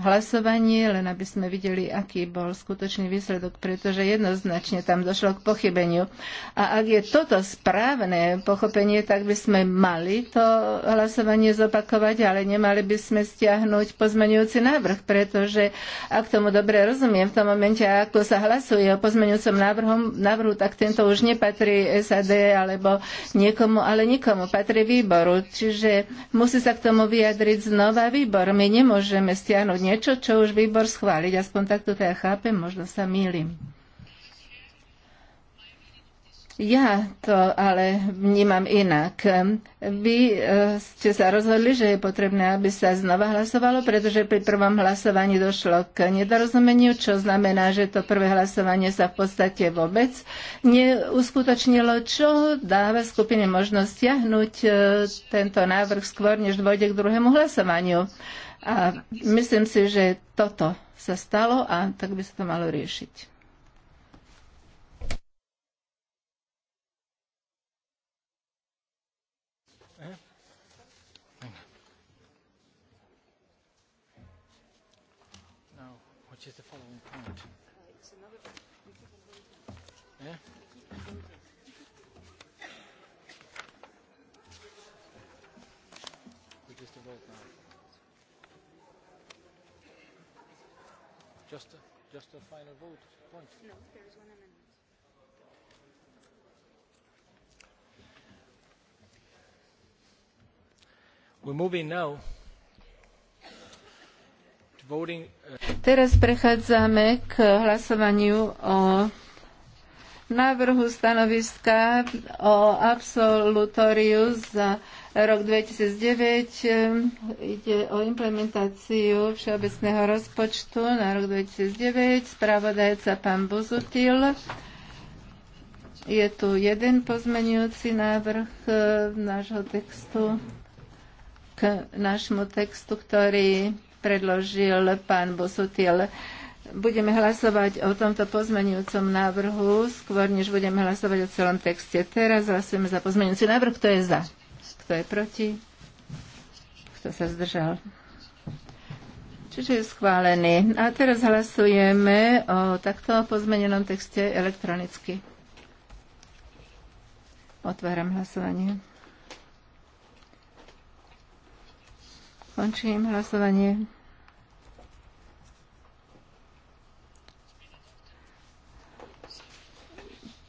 hlasovanie, len aby sme videli, aký bol skutočný výsledok, pretože jednoznačne tam došlo k pochybeniu. A ak je toto správne pochopenie, tak by sme mali to hlasovanie zopakovať, ale nemali by sme stiahnuť pozmenujúci návrh, pretože ak tomu dobre rozumiem, v tom momente, ako sa hlasuje o pozmenujúcom návrhom, návrhu, tak tento už nepatrí SAD alebo niekomu, ale nikomu, patrí výboru. Čiže musí sa k tomu vyjadriť vytvoriť znova výbor. My nemôžeme stiahnuť niečo, čo už výbor schváliť. Aspoň takto to ja chápem, možno sa mýlim. Ja to ale vnímam inak. Vy e, ste sa rozhodli, že je potrebné, aby sa znova hlasovalo, pretože pri prvom hlasovaní došlo k nedorozumeniu, čo znamená, že to prvé hlasovanie sa v podstate vôbec neuskutočnilo, čo dáva skupine možnosť stiahnuť e, tento návrh skôr, než dôjde k druhému hlasovaniu. A myslím si, že toto sa stalo a tak by sa to malo riešiť. Uh, Teraz prechádzame k hlasovaniu o návrhu stanoviska o absolutóriu za rok 2009 ide o implementáciu všeobecného rozpočtu na rok 2009. Spravodajca pán Buzutil. Je tu jeden pozmenujúci návrh e, nášho textu k nášmu textu, ktorý predložil pán Busutil. Budeme hlasovať o tomto pozmenujúcom návrhu skôr, než budeme hlasovať o celom texte. Teraz hlasujeme za pozmenujúci návrh. Kto je za? Kto je proti? Kto sa zdržal? Čiže je schválený. A teraz hlasujeme o takto pozmenenom texte elektronicky. Otváram hlasovanie. Končím hlasovanie.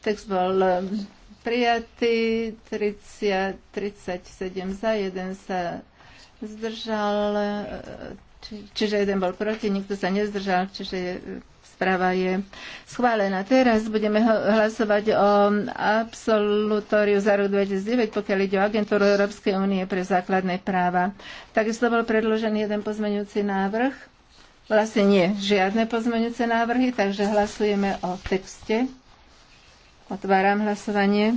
Text bol um, prijatý, 30, 37 za, jeden sa zdržal, uh, či, čiže jeden bol proti, nikto sa nezdržal, čiže uh, správa je schválená. Teraz budeme hlasovať o um, absolutóriu za rok 2009, pokiaľ ide o agentúru Európskej únie pre základné práva. Takisto bol predložený jeden pozmeňujúci návrh. Vlastne nie, žiadne pozmeňujúce návrhy, takže hlasujeme o texte. Otváram hlasovanie.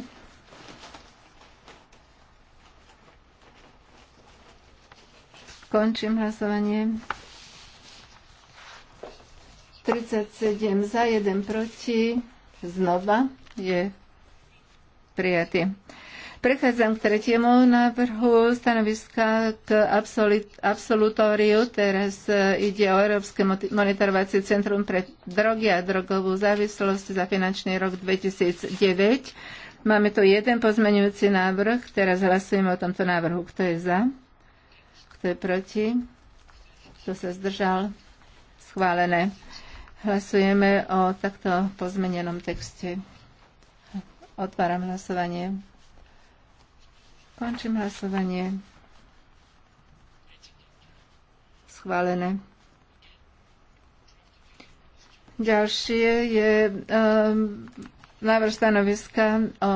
Končím hlasovanie. 37 za, 1 proti. Znova je prijatý. Prechádzam k tretiemu návrhu stanoviska k absolutóriu. Teraz e, ide o Európske monitorovacie centrum pre drogy a drogovú závislosť za finančný rok 2009. Máme tu jeden pozmeňujúci návrh. Teraz hlasujeme o tomto návrhu. Kto je za? Kto je proti? Kto sa zdržal? Schválené. Hlasujeme o takto pozmenenom texte. Otváram hlasovanie. Končím hlasovanie. Schválené. Ďalšie je um, návrh stanoviska o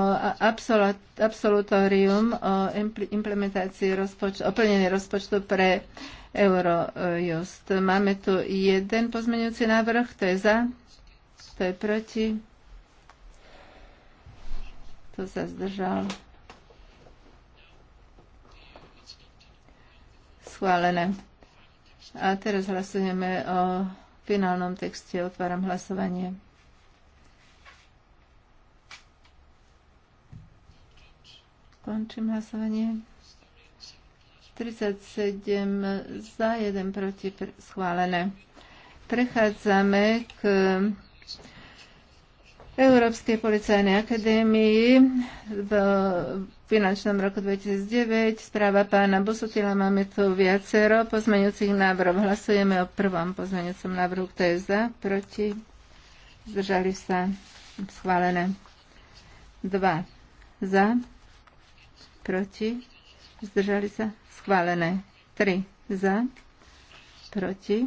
absolutórium o implementácii rozpoč- o rozpočtu pre Eurojust. Máme tu jeden pozmeňujúci návrh, to je za, to je proti, to sa zdržal. schválené. A teraz hlasujeme o finálnom texte. Otváram hlasovanie. Končím hlasovanie. 37 za, 1 proti, schválené. Prechádzame k Európskej policajnej akadémii v finančnom roku 2009. Správa pána Busutila máme tu viacero pozmeňujúcich návrhov. Hlasujeme o prvom pozmeňujúcom návrhu. Kto je za? Proti? Zdržali sa? Schválené. 2. Za? Proti? Zdržali sa? Schválené. Tri Za? Proti?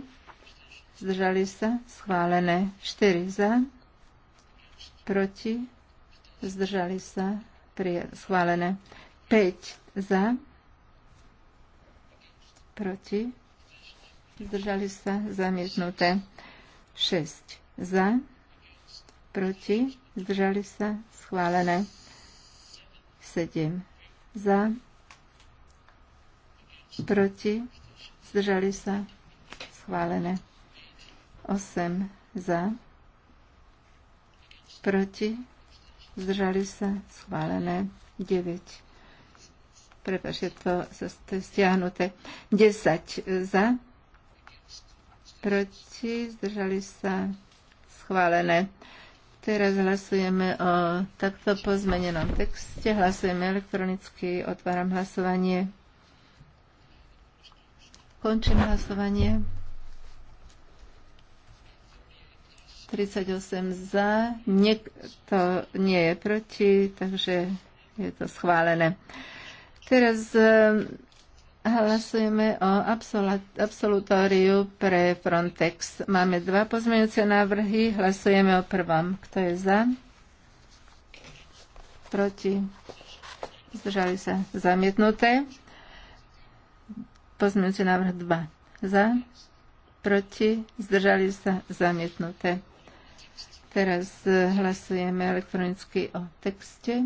Zdržali sa? Schválené. Štyri Za? Proti? Zdržali sa? schválené. 5 za, proti, zdržali sa, zamietnuté. 6 za, proti, zdržali sa, schválené. 7 za, proti, zdržali sa, schválené. 8 za, proti, zdržali sa, schválené 9. Prepač, je to, to stiahnuté. 10 za, proti, zdržali sa, schválené. Teraz hlasujeme o takto pozmenenom texte. Hlasujeme elektronicky. Otváram hlasovanie. Končím hlasovanie. 38 za, niekto nie je proti, takže je to schválené. Teraz e, hlasujeme o absolutóriu pre Frontex. Máme dva pozmeňujúce návrhy. Hlasujeme o prvom. Kto je za? Proti? Zdržali sa zamietnuté. Pozmeňujúci návrh 2. Za? Proti? Zdržali sa zamietnuté. Teraz eh, hlasujeme elektronicky o texte.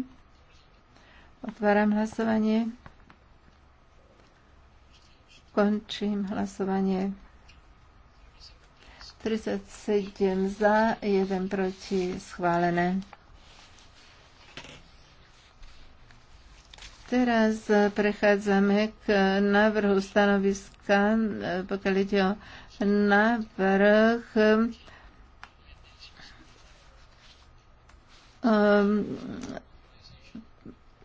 Otváram hlasovanie. Končím hlasovanie. 37 za, 1 proti, schválené. Teraz eh, prechádzame k návrhu stanoviska, eh, pokiaľ ide o návrh Ehm,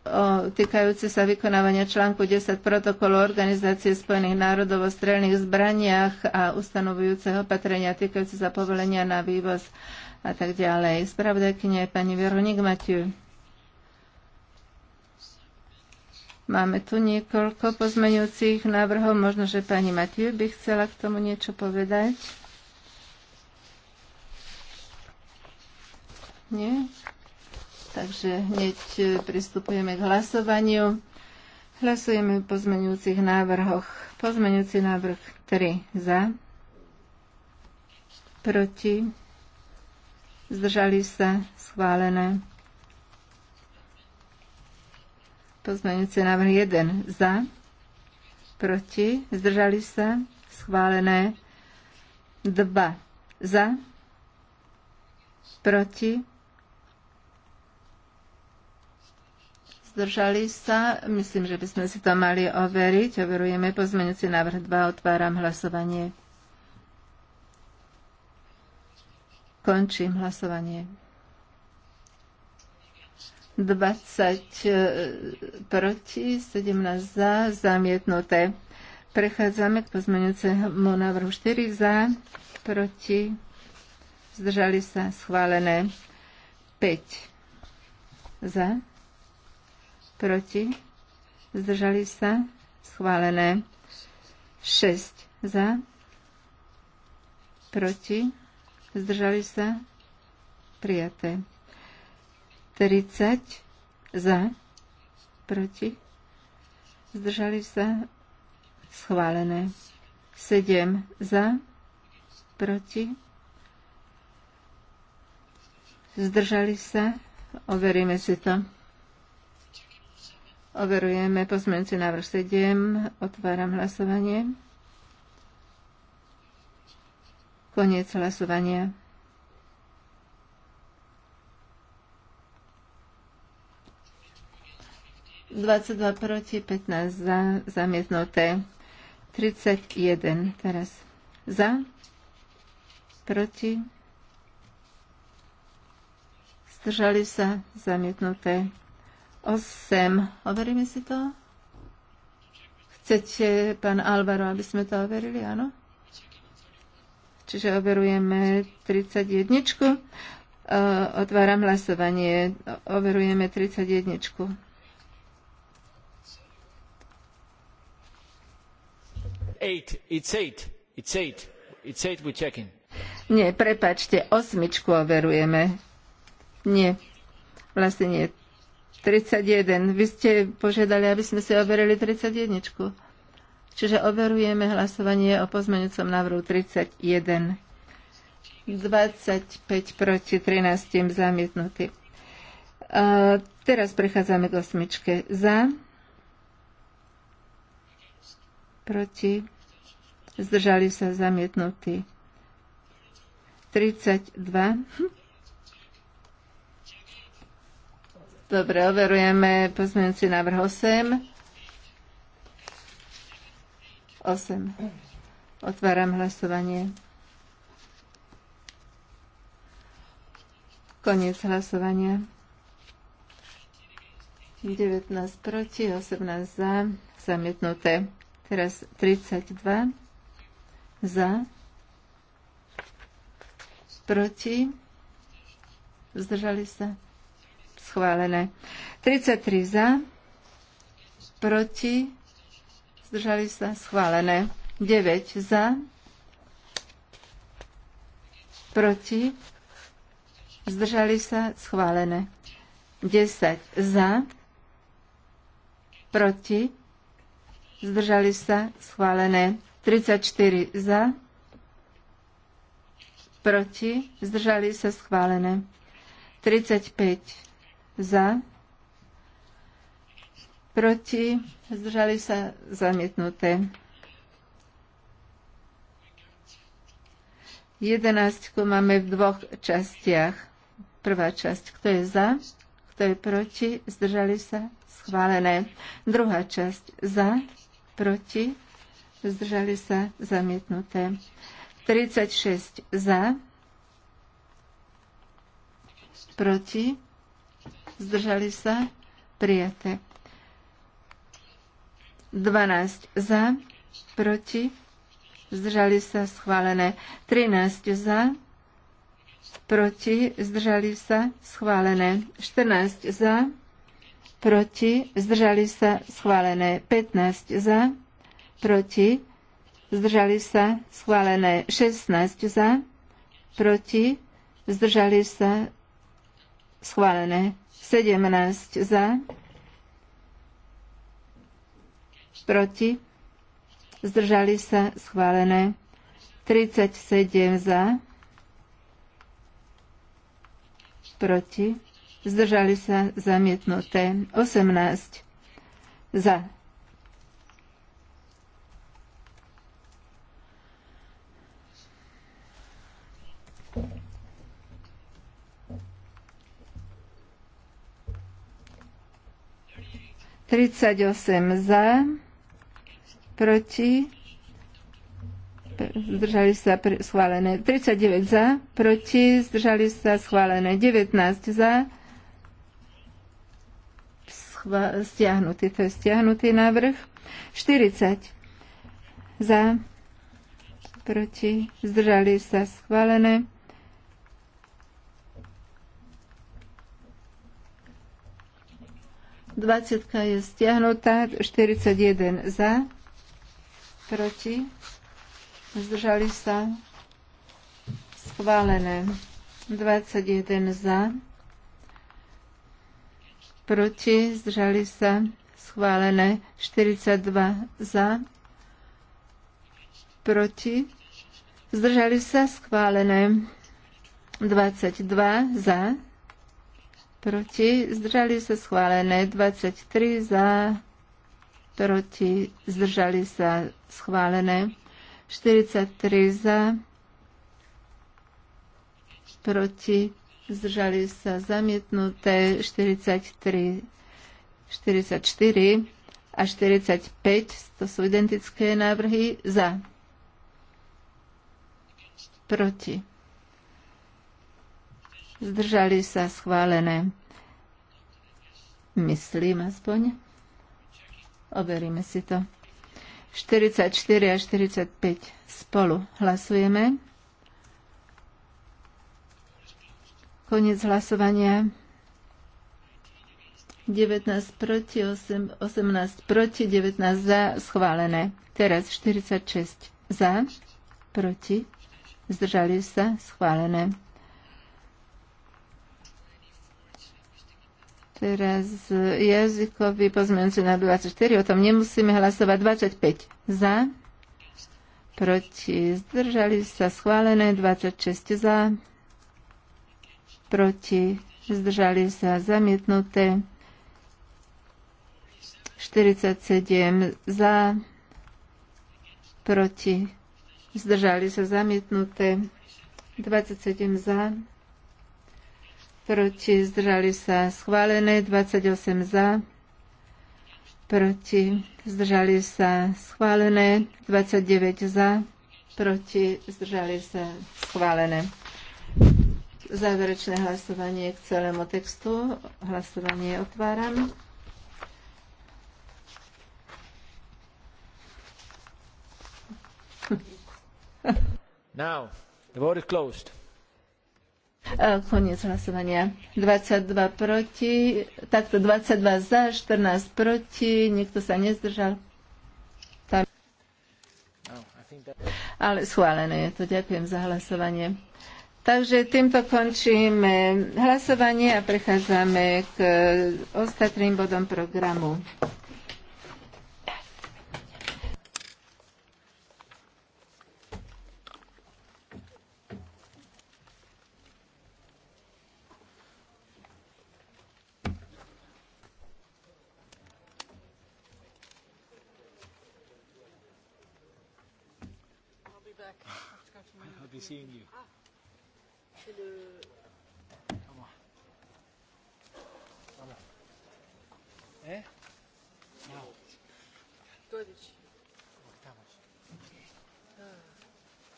o týkajúce sa vykonávania článku 10 protokolu Organizácie spojených národov o strelných zbraniach a ustanovujúce opatrenia týkajúce sa povolenia na vývoz a tak ďalej. Spravodajkynia pani Veronik Matiu. Máme tu niekoľko pozmeňujúcich návrhov. Možno, že pani Matiu by chcela k tomu niečo povedať. Nie? Takže hneď e, pristupujeme k hlasovaniu. Hlasujeme o pozmeňujúcich návrhoch. Pozmeňujúci návrh 3 za, proti, zdržali sa, schválené. Pozmeňujúci návrh 1 za, proti, zdržali sa, schválené. 2 za, proti, zdržali sa. Myslím, že by sme si to mali overiť. Overujeme pozmeňujúci návrh 2. Otváram hlasovanie. Končím hlasovanie. 20 e, proti, 17 za, zamietnuté. Prechádzame k pozmeňujúcemu návrhu 4 za, proti, zdržali sa, schválené 5 za proti, zdržali sa, schválené. 6 za, proti, zdržali sa, prijaté. 30 za, proti, zdržali sa, schválené. 7 za, proti, zdržali sa, overíme si to. Overujeme pozmeňujúci návrh 7. Otváram hlasovanie. Koniec hlasovania. Dvadsaťdva proti, 15 za, zamietnuté. 31 teraz. Za, proti, zdržali sa, zamietnuté. 8. Overíme si to? Chcete, pán Alvaro, aby sme to overili? Áno? Čiže overujeme 31. E, otváram hlasovanie. Overujeme 31. Eight. It's eight. It's eight. It's eight we're checking. Nie, prepačte, osmičku overujeme. Nie, vlastne nie, 31. Vy ste požiadali, aby sme si overili 31. Čiže overujeme hlasovanie o pozmeňujúcom návrhu 31. 25 proti 13 zamietnutý. A teraz prechádzame k osmičke. Za, proti, zdržali sa zamietnutí. 32 Dobre, overujeme pozmeňujúci návrh 8. 8. Otváram hlasovanie. Koniec hlasovania. 19 proti, 18 za, zamietnuté. Teraz 32 za, proti, zdržali sa schválené. 33 za, proti, zdržali sa, schválené. 9 za, proti, zdržali sa, schválené. 10 za, proti, zdržali sa, schválené. 34 za, proti, zdržali sa, schválené. 35 za, proti, zdržali sa zamietnuté. 11 máme v dvoch častiach. Prvá časť, kto je za, kto je proti, zdržali sa, schválené. Druhá časť, za, proti, zdržali sa, zamietnuté. 36 za, proti, zdržali sa, prijaté. 12 za, proti, zdržali sa, schválené. 13 za, proti, zdržali sa, schválené. 14 za, proti, zdržali sa, schválené. 15 za, proti, zdržali sa, schválené. 16 za, proti, zdržali sa, schválené. 17 za, proti, zdržali sa schválené 37 za, proti, zdržali sa zamietnuté 18 za 38 za, proti, zdržali sa schválené. 39 za, proti, zdržali sa schválené. 19 za, stiahnutý, to je stiahnutý návrh. 40 za, proti, zdržali sa schválené. 20 je stiahnutá, 41 za, proti, zdržali sa, schválené, 21 za, proti, zdržali sa, schválené, 42 za, proti, zdržali sa, schválené, 22 za, proti, zdržali sa schválené 23 za, proti, zdržali sa schválené 43 za, proti, zdržali sa zamietnuté 43, 44 a 45, to sú identické návrhy, za, proti Zdržali sa schválené. Myslím aspoň. Overíme si to. 44 a 45 spolu hlasujeme. Konec hlasovania. 19 proti, 8, 18 proti, 19 za, schválené. Teraz 46 za, proti, zdržali sa, schválené. Teraz jazykový pozmeňujúci na 24, o tom nemusíme hlasovať. 25 za, proti zdržali sa schválené, 26 za, proti zdržali sa zamietnuté, 47 za, proti zdržali sa zamietnuté, 27 za, proti zdržali sa schválené, 28 za, proti zdržali sa schválené, 29 za, proti zdržali sa schválené. Záverečné hlasovanie k celému textu. Hlasovanie otváram. Now, the vote is closed. E, koniec hlasovania. 22 proti, takto 22 za, 14 proti, nikto sa nezdržal. Tam... Ale schválené je to. Ďakujem za hlasovanie. Takže týmto končíme hlasovanie a prechádzame k ostatným bodom programu. seeing you. Ah, c'est le... Eh Wow. Oh, ah.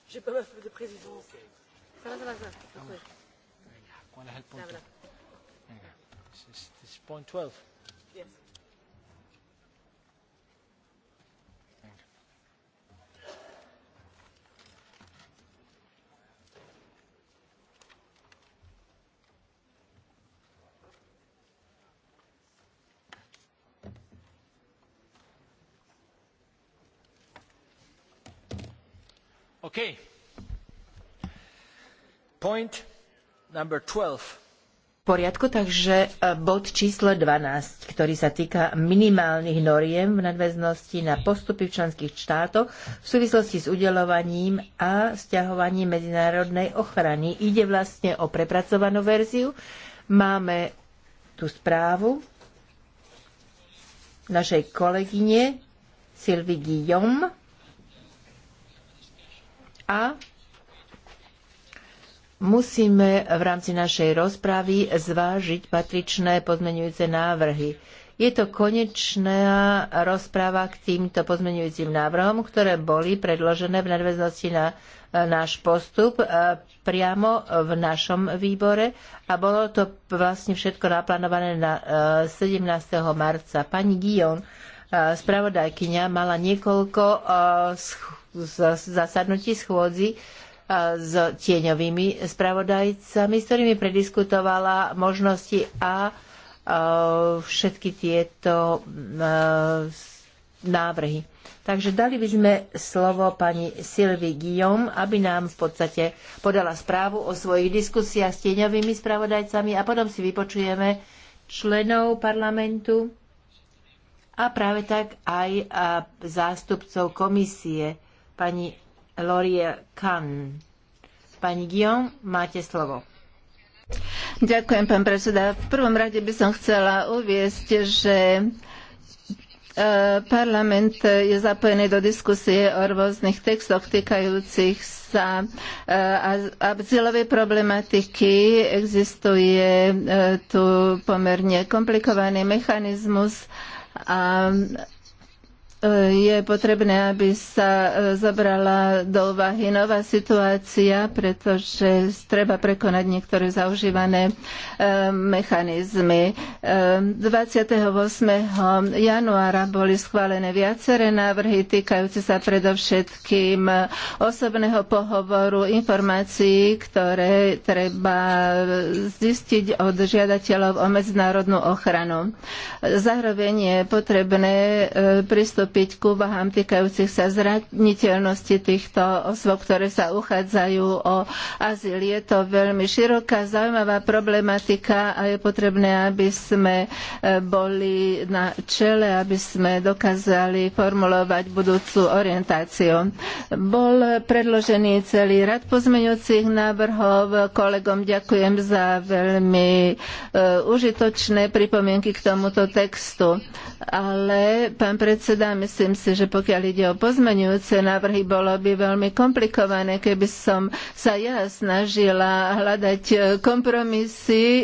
J'ai pas ma feuille de présidence. Ça va, ça va, ça va. point 12. Yes. Okay. Point number 12 poriadku, takže e, bod číslo 12, ktorý sa týka minimálnych noriem v nadväznosti na postupy v členských štátoch v súvislosti s udelovaním a stiahovaním medzinárodnej ochrany. Ide vlastne o prepracovanú verziu. Máme tú správu našej kolegyne Sylvie Guillaume a musíme v rámci našej rozpravy zvážiť patričné pozmenujúce návrhy. Je to konečná rozpráva k týmto pozmenujúcim návrhom, ktoré boli predložené v nadväznosti na e, náš postup e, priamo v našom výbore a bolo to vlastne všetko naplánované na 17. E, marca. Pani Guillaume, spravodajkyňa mala niekoľko zasadnutí schôdzi s tieňovými spravodajcami, s ktorými prediskutovala možnosti a všetky tieto návrhy. Takže dali by sme slovo pani Sylvie Guillaume, aby nám v podstate podala správu o svojich diskusiách s tieňovými spravodajcami a potom si vypočujeme členov parlamentu a práve tak aj zástupcov komisie, pani Lorie Kahn. Pani Guillaume, máte slovo. Ďakujem, pán predseda. V prvom rade by som chcela uviesť, že e, parlament je zapojený do diskusie o rôznych textoch týkajúcich sa e, azylovej problematiky. Existuje e, tu pomerne komplikovaný mechanizmus, Um je potrebné, aby sa e, zobrala do úvahy nová situácia, pretože treba prekonať niektoré zaužívané e, mechanizmy. 28. E, januára boli schválené viaceré návrhy týkajúce sa predovšetkým osobného pohovoru, informácií, ktoré treba zistiť od žiadateľov o medzinárodnú ochranu. Zároveň je potrebné pristúpiť pristúpiť k úvahám týkajúcich sa zraniteľnosti týchto osôb, ktoré sa uchádzajú o azyl. Je to veľmi široká, zaujímavá problematika a je potrebné, aby sme e, boli na čele, aby sme dokázali formulovať budúcu orientáciu. Bol predložený celý rad pozmeňujúcich návrhov. Kolegom ďakujem za veľmi e, užitočné pripomienky k tomuto textu. Ale, pán predseda, myslím si, že pokiaľ ide o pozmenujúce návrhy, bolo by veľmi komplikované, keby som sa ja snažila hľadať e, kompromisy, e,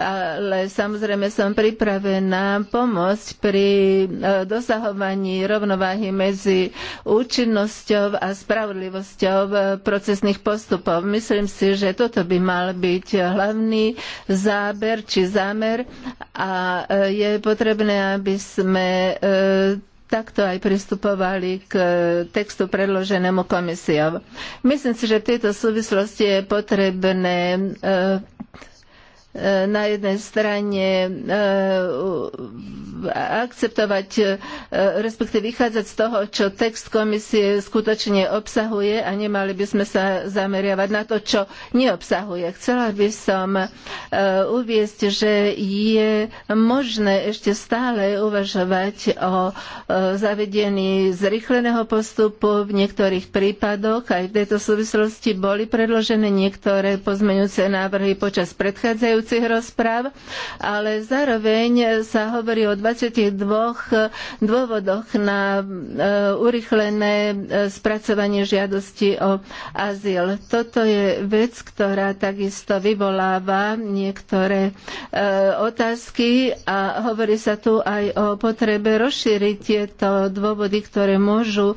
ale samozrejme som pripravená pomôcť pri e, dosahovaní rovnováhy medzi účinnosťou a spravodlivosťou procesných postupov. Myslím si, že toto by mal byť hlavný záber či zámer a je potrebné, aby sme takto aj pristupovali k e, textu predloženému komisiou. Myslím si, že v tejto súvislosti je potrebné e, na jednej strane e, akceptovať, e, respektíve vychádzať z toho, čo text komisie skutočne obsahuje a nemali by sme sa zameriavať na to, čo neobsahuje. Chcela by som e, uviesť, že je možné ešte stále uvažovať o zavedení zrychleného postupu v niektorých prípadoch. Aj v tejto súvislosti boli predložené niektoré pozmeňujúce návrhy počas predchádzajúcich predchádzajúcich rozpráv, ale zároveň sa hovorí o 22 dôvodoch na e, urychlené e, spracovanie žiadosti o azyl. Toto je vec, ktorá takisto vyvoláva niektoré e, otázky a hovorí sa tu aj o potrebe rozšíriť tieto dôvody, ktoré môžu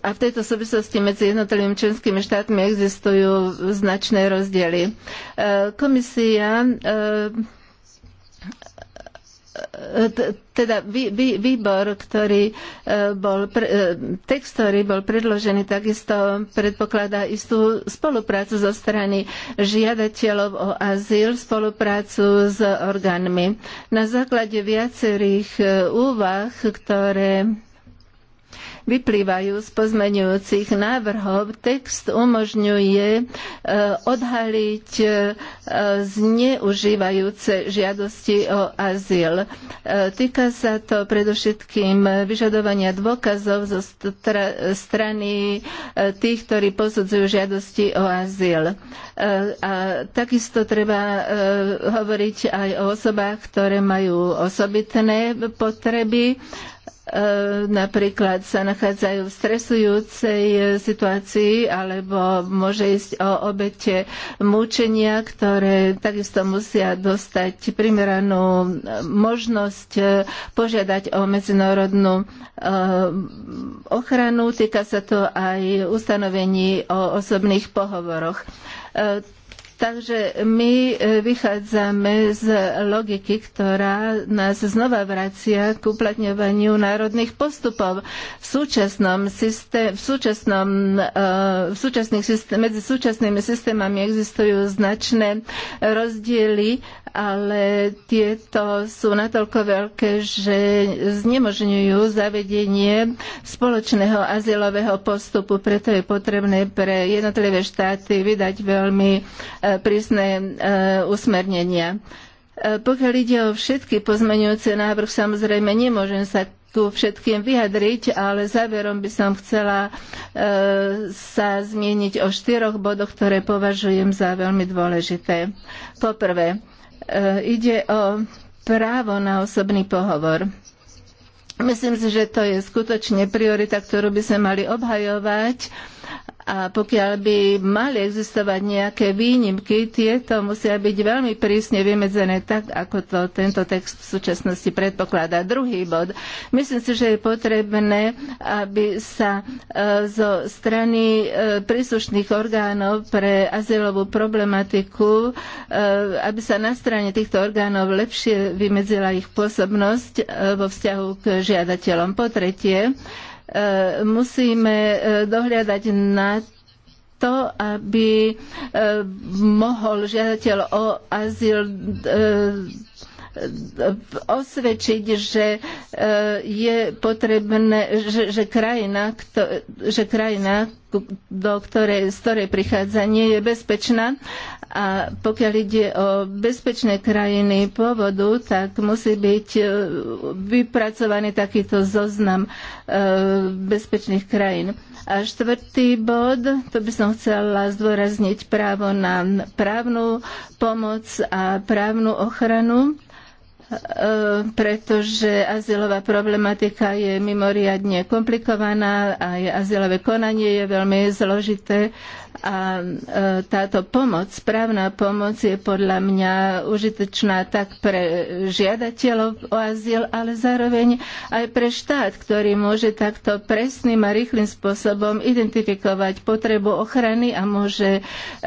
a v tejto súvislosti medzi jednotlivými členskými štátmi existujú značné rozdiely. Komisia e, e, e, teda vý, vý, výbor, ktorý bol, text, ktorý bol predložený, takisto predpokladá istú spoluprácu zo strany žiadateľov o azyl, spoluprácu s orgánmi. Na základe viacerých úvah, ktoré vyplývajú z pozmeňujúcich návrhov. Text umožňuje e, odhaliť e, zneužívajúce žiadosti o azyl. E, týka sa to predovšetkým vyžadovania dôkazov zo strany tých, ktorí posudzujú žiadosti o azyl. A takisto treba hovoriť aj o osobách, ktoré majú osobitné potreby E, napríklad sa nachádzajú v stresujúcej situácii alebo môže ísť o obete mučenia, ktoré takisto musia dostať primeranú možnosť e, požiadať o medzinárodnú e, ochranu. Týka sa to aj ustanovení o osobných pohovoroch Takže my e, vychádzame z logiky, ktorá nás znova vracia k uplatňovaniu národných postupov. V súčasnom systém, v súčasnom, e, v súčasných systém, medzi súčasnými systémami existujú značné rozdiely ale tieto sú natoľko veľké, že znemožňujú zavedenie spoločného azylového postupu. Preto je potrebné pre jednotlivé štáty vydať veľmi e, prísne e, usmernenia. E, pokiaľ ide o všetky pozmeňujúce návrh, samozrejme nemôžem sa tu všetkým vyjadriť, ale záverom by som chcela e, sa zmieniť o štyroch bodoch, ktoré považujem za veľmi dôležité. Poprvé, E, ide o právo na osobný pohovor. Myslím si, že to je skutočne priorita, ktorú by sme mali obhajovať a pokiaľ by mali existovať nejaké výnimky, tieto musia byť veľmi prísne vymedzené tak, ako to tento text v súčasnosti predpokladá. Druhý bod. Myslím si, že je potrebné, aby sa e, zo strany e, príslušných orgánov pre azylovú problematiku, e, aby sa na strane týchto orgánov lepšie vymedzila ich pôsobnosť vo vzťahu k žiadateľom. Po tretie, E, musíme e, dohľadať na to, aby e, mohol žiadateľ o azyl osvedčiť, že je potrebné, že, že krajina, kto, že krajina do ktorej, z ktorej prichádza, nie je bezpečná a pokiaľ ide o bezpečné krajiny pôvodu, tak musí byť e, vypracovaný takýto zoznam e, bezpečných krajín. A štvrtý bod, to by som chcela zdôrazniť právo na právnu pomoc a právnu ochranu E, pretože azylová problematika je mimoriadne komplikovaná a azylové konanie je veľmi zložité a e, táto pomoc, správna pomoc je podľa mňa užitočná tak pre žiadateľov o azyl, ale zároveň aj pre štát, ktorý môže takto presným a rýchlým spôsobom identifikovať potrebu ochrany a môže e, e,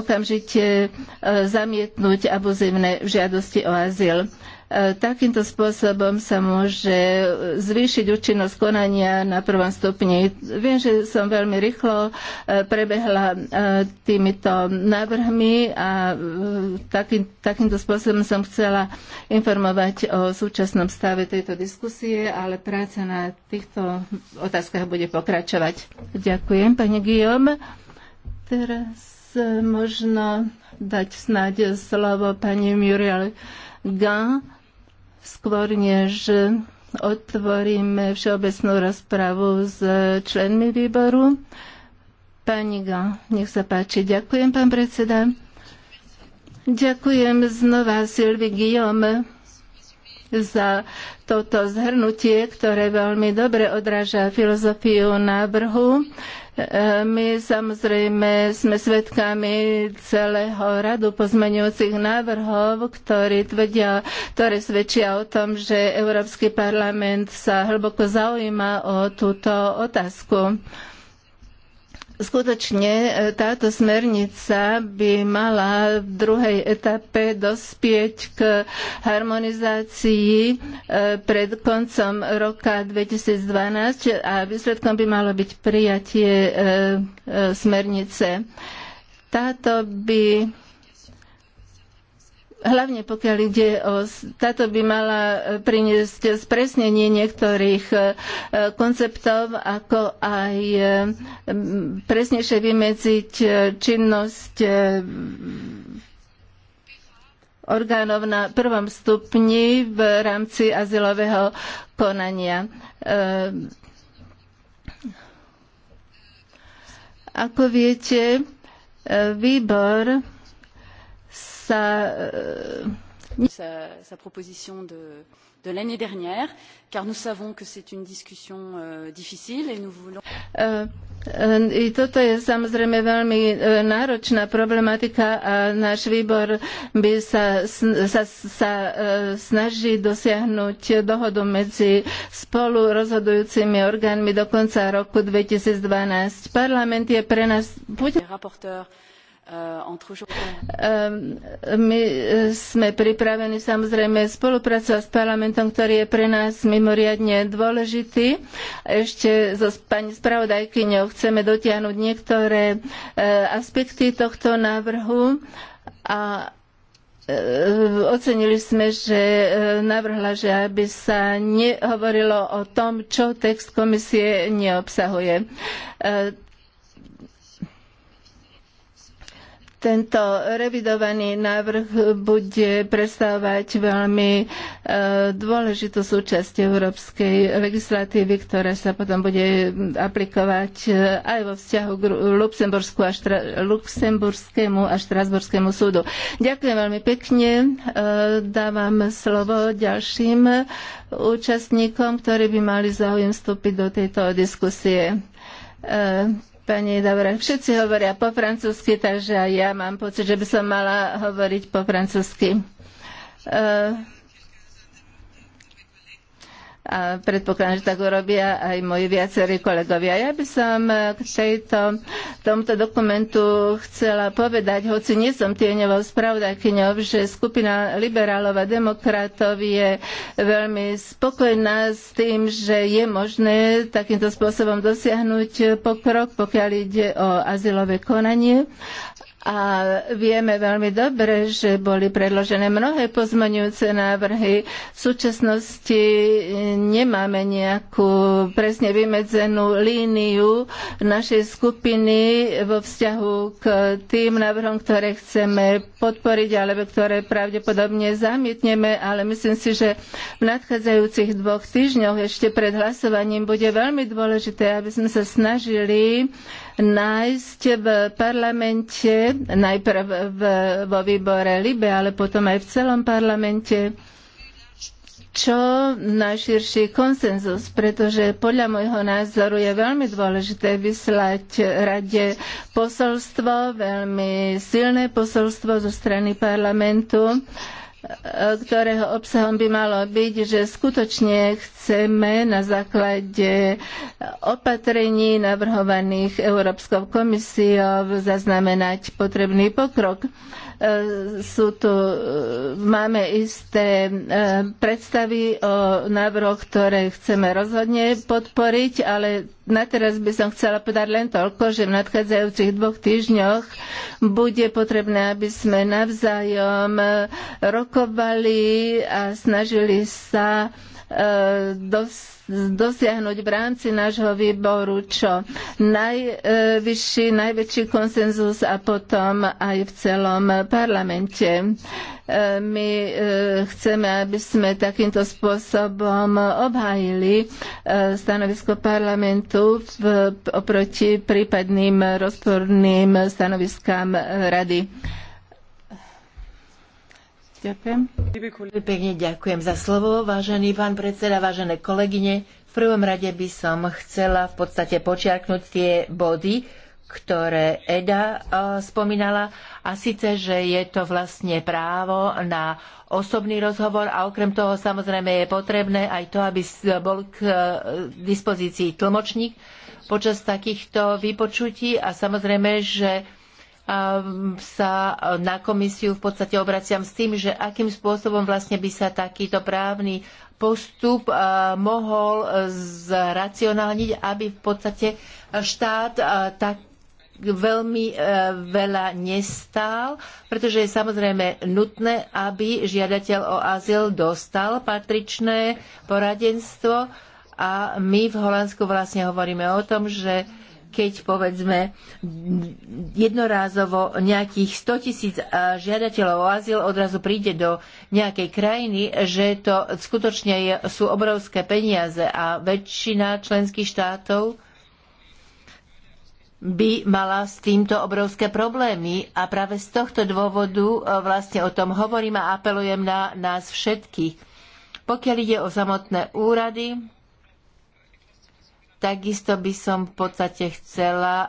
okamžite e, zamietnúť abuzívne žiadosti žiadosti o azyl. E, takýmto spôsobom sa môže zvýšiť účinnosť konania na prvom stupni. Viem, že som veľmi rýchlo e, prebehla e, týmito návrhmi a taký, takýmto spôsobom som chcela informovať o súčasnom stave tejto diskusie, ale práca na týchto otázkach bude pokračovať. Ďakujem, pani Guillaume. Teraz možno dať snáď slovo pani Muriel Gan, skôr než otvoríme všeobecnú rozpravu s členmi výboru. Pani Gan, nech sa páči. Ďakujem, pán predseda. Ďakujem znova Silvi Guillaume za toto zhrnutie, ktoré veľmi dobre odráža filozofiu návrhu. E, my samozrejme sme svedkami celého radu pozmeňujúcich návrhov, ktorí tvrdia, ktoré svedčia o tom, že Európsky parlament sa hlboko zaujíma o túto otázku. Skutočne e, táto smernica by mala v druhej etape dospieť k harmonizácii e, pred koncom roka 2012 a výsledkom by malo byť prijatie e, smernice. Táto by hlavne pokiaľ ide o... Táto by mala e, priniesť spresnenie niektorých e, e, konceptov, ako aj presnejšie vymedziť činnosť orgánov na prvom stupni v rámci azylového konania. Ako viete, výbor E, sa sa proposition de, de l'année dernière, car nous savons que c'est une discussion euh, difficile et nous voulons. Uh, I toto je samozrejme veľmi náročná problematika a náš výbor by sa, sa, sa snaží dosiahnuť dohodu medzi spolu rozhodujúcimi orgánmi do konca roku 2012. Parlament je pre nás... Buď... Eh, ehm, my eh, sme pripravení samozrejme spolupracovať s parlamentom, ktorý je pre nás mimoriadne dôležitý. Ešte so pani spravodajkyňou chceme dotiahnuť niektoré eh, aspekty tohto návrhu a ocenili sme, že navrhla, že aby sa nehovorilo o tom, čo text komisie neobsahuje. Tento revidovaný návrh bude predstavovať veľmi e, dôležitú súčasť európskej legislatívy, ktorá sa potom bude aplikovať e, aj vo vzťahu k Luxembursku a Štra- Luxemburskému a Štrasburskému súdu. Ďakujem veľmi pekne. E, dávam slovo ďalším účastníkom, ktorí by mali záujem vstúpiť do tejto diskusie. Pani Dobre. všetci hovoria po francúzsky, takže aj ja mám pocit, že by som mala hovoriť po francúzsky. Uh, a predpokladám, že tak urobia aj moji viacerí kolegovia. Ja by som eh, k tejto, tomuto dokumentu chcela povedať, hoci nie som tieňovou spravodajkyňou, že skupina liberálov a demokratov je veľmi spokojná s tým, že je možné takýmto spôsobom dosiahnuť pokrok, pokiaľ ide o azylové konanie a vieme veľmi dobre, že boli predložené mnohé pozmeňujúce návrhy. V súčasnosti nemáme nejakú presne vymedzenú líniu našej skupiny vo vzťahu k tým návrhom, ktoré chceme podporiť alebo ktoré pravdepodobne zamietneme, ale myslím si, že v nadchádzajúcich dvoch týždňoch ešte pred hlasovaním bude veľmi dôležité, aby sme sa snažili nájsť v parlamente, najprv v, vo výbore Libe, ale potom aj v celom parlamente, čo najširší konsenzus, pretože podľa môjho názoru je veľmi dôležité vyslať rade posolstvo, veľmi silné posolstvo zo strany parlamentu ktorého obsahom by malo byť, že skutočne chceme na základe opatrení navrhovaných Európskou komisiou zaznamenať potrebný pokrok. E, sú tu, e, máme isté e, predstavy o návrhoch, ktoré chceme rozhodne podporiť, ale na teraz by som chcela povedať len toľko, že v nadchádzajúcich dvoch týždňoch bude potrebné, aby sme navzájom rokovali a snažili sa E, dos, dosiahnuť v rámci nášho výboru čo najvyšší, najväčší konsenzus a potom aj v celom parlamente. E, my e, chceme, aby sme takýmto spôsobom obhájili stanovisko parlamentu v, oproti prípadným rozporným stanoviskám rady. Ďakujem. Pekne ďakujem za slovo, vážený pán predseda, vážené kolegyne. V prvom rade by som chcela v podstate počiarknúť tie body, ktoré Eda e, spomínala, a síce, že je to vlastne právo na osobný rozhovor a okrem toho samozrejme je potrebné aj to, aby bol k e, dispozícii tlmočník počas takýchto vypočutí a samozrejme, že Ehm, sa eh, na komisiu v podstate obraciam s tým, že akým spôsobom vlastne by sa takýto právny postup eh, mohol eh, zracionálniť, aby v podstate štát tak veľmi veľa nestál, pretože je samozrejme nutné, aby žiadateľ o azyl dostal patričné poradenstvo a my v Holandsku vlastne hovoríme o tom, že keď povedzme jednorázovo nejakých 100 tisíc eh, žiadateľov o azyl odrazu príde do nejakej krajiny, že to skutočne je, sú obrovské peniaze a väčšina členských štátov by mala s týmto obrovské problémy a práve z tohto dôvodu eh, vlastne o tom hovorím a apelujem na nás všetkých. Pokiaľ ide o samotné úrady, Takisto by som v podstate chcela eh,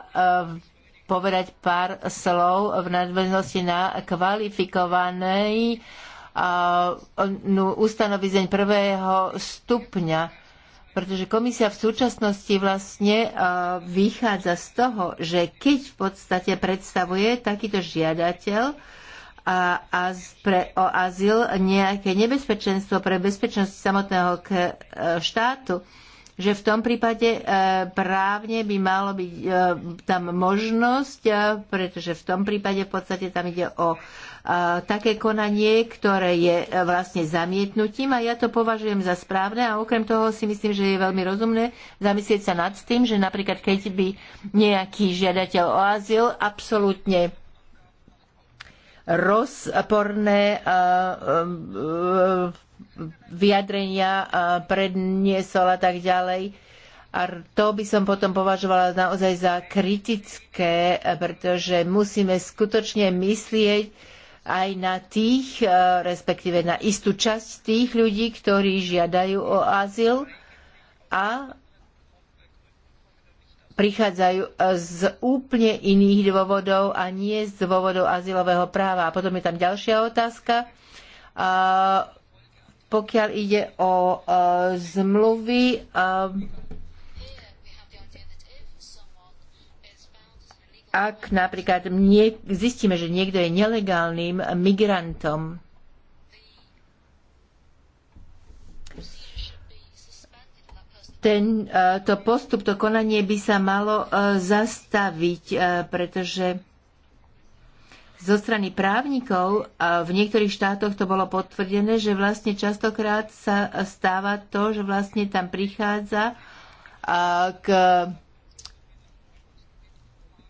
povedať pár slov v nadväznosti na kvalifikovaný eh, no, ustanovizeň prvého stupňa pretože komisia v súčasnosti vlastne eh, vychádza z toho, že keď v podstate predstavuje takýto žiadateľ a, a pre, o azyl nejaké nebezpečenstvo pre bezpečnosť samotného štátu, že v tom prípade e, právne by malo byť e, tam možnosť, e, pretože v tom prípade v podstate tam ide o také konanie, ktoré je vlastne zamietnutím a ja to považujem za správne a okrem toho si myslím, že je veľmi rozumné zamyslieť sa nad tým, že napríklad keď by nejaký žiadateľ o azyl absolútne rozporné e, e, e, vyjadrenia predniesol a tak ďalej. A to by som potom považovala naozaj za kritické, pretože musíme skutočne myslieť aj na tých, e, respektíve na istú časť tých ľudí, ktorí žiadajú o azyl a prichádzajú e, z úplne iných dôvodov a nie z dôvodov azylového práva. A potom je tam ďalšia otázka. Pokiaľ ide o e, zmluvy, e, ak napríklad zistíme, že niekto je nelegálnym migrantom, tento e, to postup, to konanie by sa malo zastaviť, pretože zo strany právnikov a v niektorých štátoch to bolo potvrdené, že vlastne častokrát sa stáva to, že vlastne tam prichádza k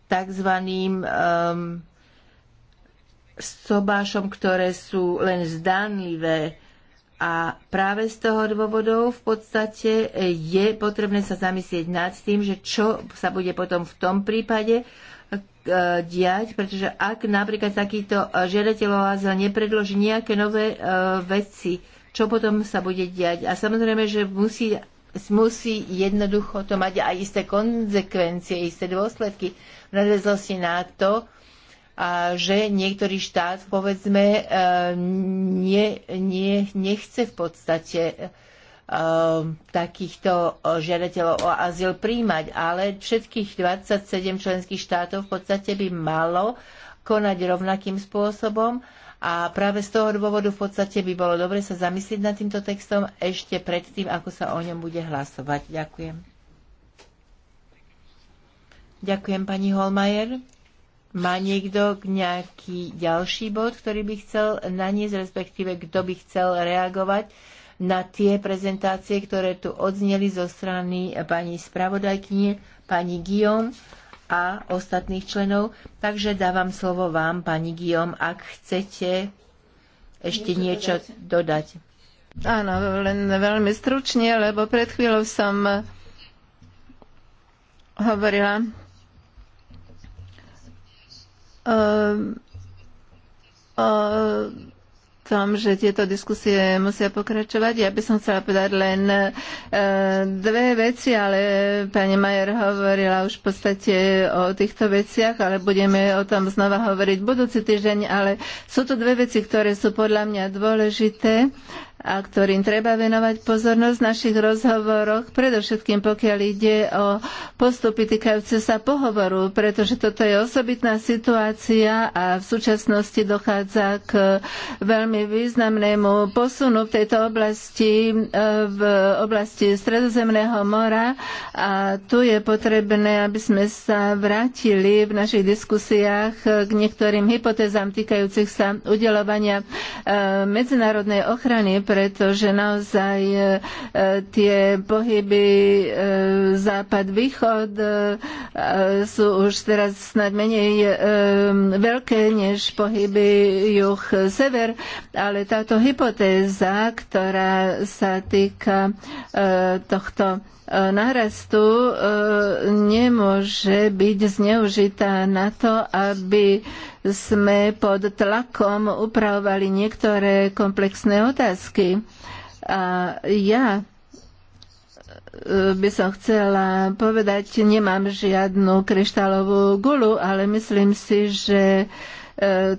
takzvaným um, sobášom, ktoré sú len zdánlivé. A práve z toho dôvodov v podstate je potrebné sa zamyslieť nad tým, že čo sa bude potom v tom prípade, uh, diať, pretože ak napríklad takýto e, žiadateľ o azyl nepredloží nejaké nové e, veci, čo potom sa bude diať. A samozrejme, že musí, musí jednoducho to mať aj isté konzekvencie, isté dôsledky v nadväznosti na to, a že niektorý štát, povedzme, e, nie, nie, nechce v podstate Um, takýchto uh, žiadateľov o azyl príjmať, ale všetkých 27 členských štátov v podstate by malo konať rovnakým spôsobom a práve z toho dôvodu v podstate by bolo dobre sa zamyslieť nad týmto textom ešte predtým, ako sa o ňom bude hlasovať. Ďakujem. Ďakujem pani Holmajer. Má niekto nejaký ďalší bod, ktorý by chcel naniesť, respektíve kto by chcel reagovať? na tie prezentácie, ktoré tu odzneli zo strany pani spravodajkyne, pani Guillaume a ostatných členov. Takže dávam slovo vám, pani Guillaume, ak chcete ešte niečo, niečo dodať. Áno, len veľmi stručne, lebo pred chvíľou som hovorila ehm, o tom, že tieto diskusie musia pokračovať. Ja by som chcela povedať len e, dve veci, ale pani Majer hovorila už v podstate o týchto veciach, ale budeme o tom znova hovoriť budúci týždeň, ale sú to dve veci, ktoré sú podľa mňa dôležité. E, a ktorým treba venovať pozornosť v našich rozhovoroch, predovšetkým pokiaľ ide o postupy týkajúce sa pohovoru, pretože toto je osobitná situácia a v súčasnosti dochádza k veľmi významnému posunu v tejto oblasti, e, v oblasti Stredozemného mora a tu je potrebné, aby sme sa vrátili v našich diskusiách k niektorým hypotézám týkajúcich sa udelovania e, medzinárodnej ochrany pretože naozaj e, tie pohyby e, západ-východ e, sú už teraz snad menej veľké než pohyby juh-sever, ale táto hypotéza, ktorá sa týka tohto E, nárastu e, nemôže byť zneužitá na to, aby sme pod tlakom upravovali niektoré komplexné otázky. A ja e, by som chcela povedať, nemám žiadnu kryštálovú gulu, ale myslím si, že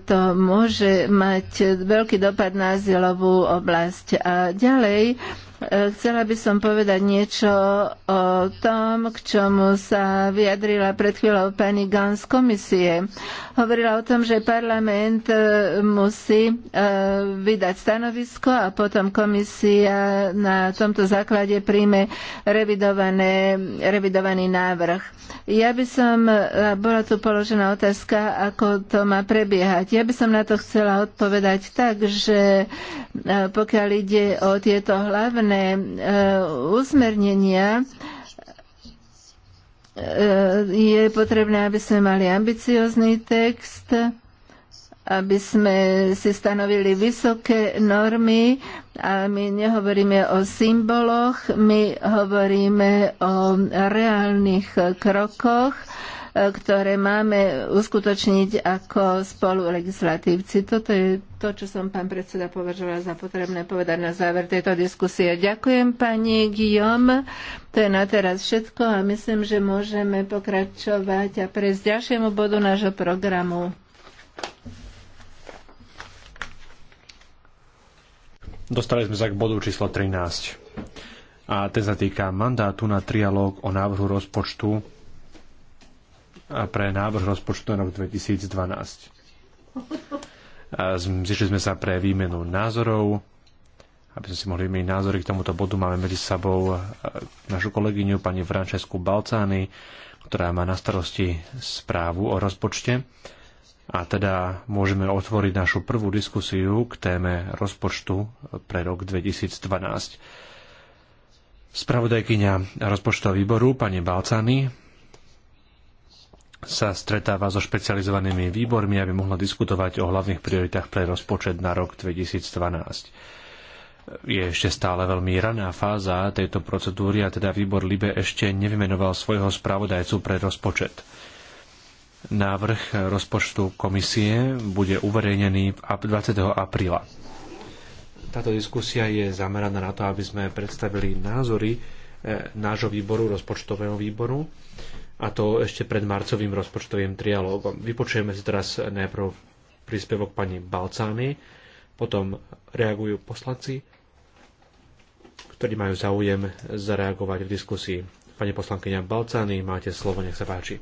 to môže mať veľký dopad na azylovú oblasť. A ďalej Chcela by som povedať niečo o tom, k čomu sa vyjadrila pred chvíľou pani Gans z komisie. Hovorila o tom, že parlament e, musí e, vydať stanovisko a potom komisia na tomto základe príjme revidovaný návrh. Ja by som, e, bola tu položená otázka, ako to má prebiehať. Ja by som na to chcela odpovedať tak, že pokiaľ ide o tieto hlavné uh, e, usmernenia e, je potrebné, aby sme mali ambiciozný text, aby sme si stanovili vysoké normy a my nehovoríme o symboloch, my hovoríme o reálnych krokoch, e, ktoré máme uskutočniť ako spolulegislatívci. Toto je to, čo som pán predseda považovala za potrebné povedať na záver tejto diskusie. Ďakujem pani Guillaume. To je na teraz všetko a myslím, že môžeme pokračovať a prejsť ďalšiemu bodu nášho programu. Dostali sme sa k bodu číslo 13. A ten sa týka mandátu na trialóg o návrhu rozpočtu a pre návrh rozpočtu na rok 2012. Zišli sme sa pre výmenu názorov, aby sme si mohli vymeniť názory k tomuto bodu. Máme medzi sebou e, našu kolegyňu pani Francesku Balcány, ktorá má na starosti správu o rozpočte. A teda môžeme otvoriť našu prvú diskusiu k téme rozpočtu pre rok 2012. Spravodajkyňa rozpočtového výboru, pani Balcány, sa stretáva so špecializovanými výbormi, aby mohla diskutovať o hlavných prioritách pre rozpočet na rok 2012 je ešte stále veľmi raná fáza tejto procedúry a teda výbor Libe ešte nevymenoval svojho spravodajcu pre rozpočet. Návrh rozpočtu komisie bude uverejnený 20. apríla. Táto diskusia je zameraná na to, aby sme predstavili názory eh, nášho výboru, rozpočtového výboru, a to ešte pred marcovým rozpočtovým trialógom. Vypočujeme si teraz najprv príspevok pani Balcány, potom reagujú poslanci, ktorí majú záujem zareagovať v diskusii. Pani poslankyňa Balcány, máte slovo, nech sa páči.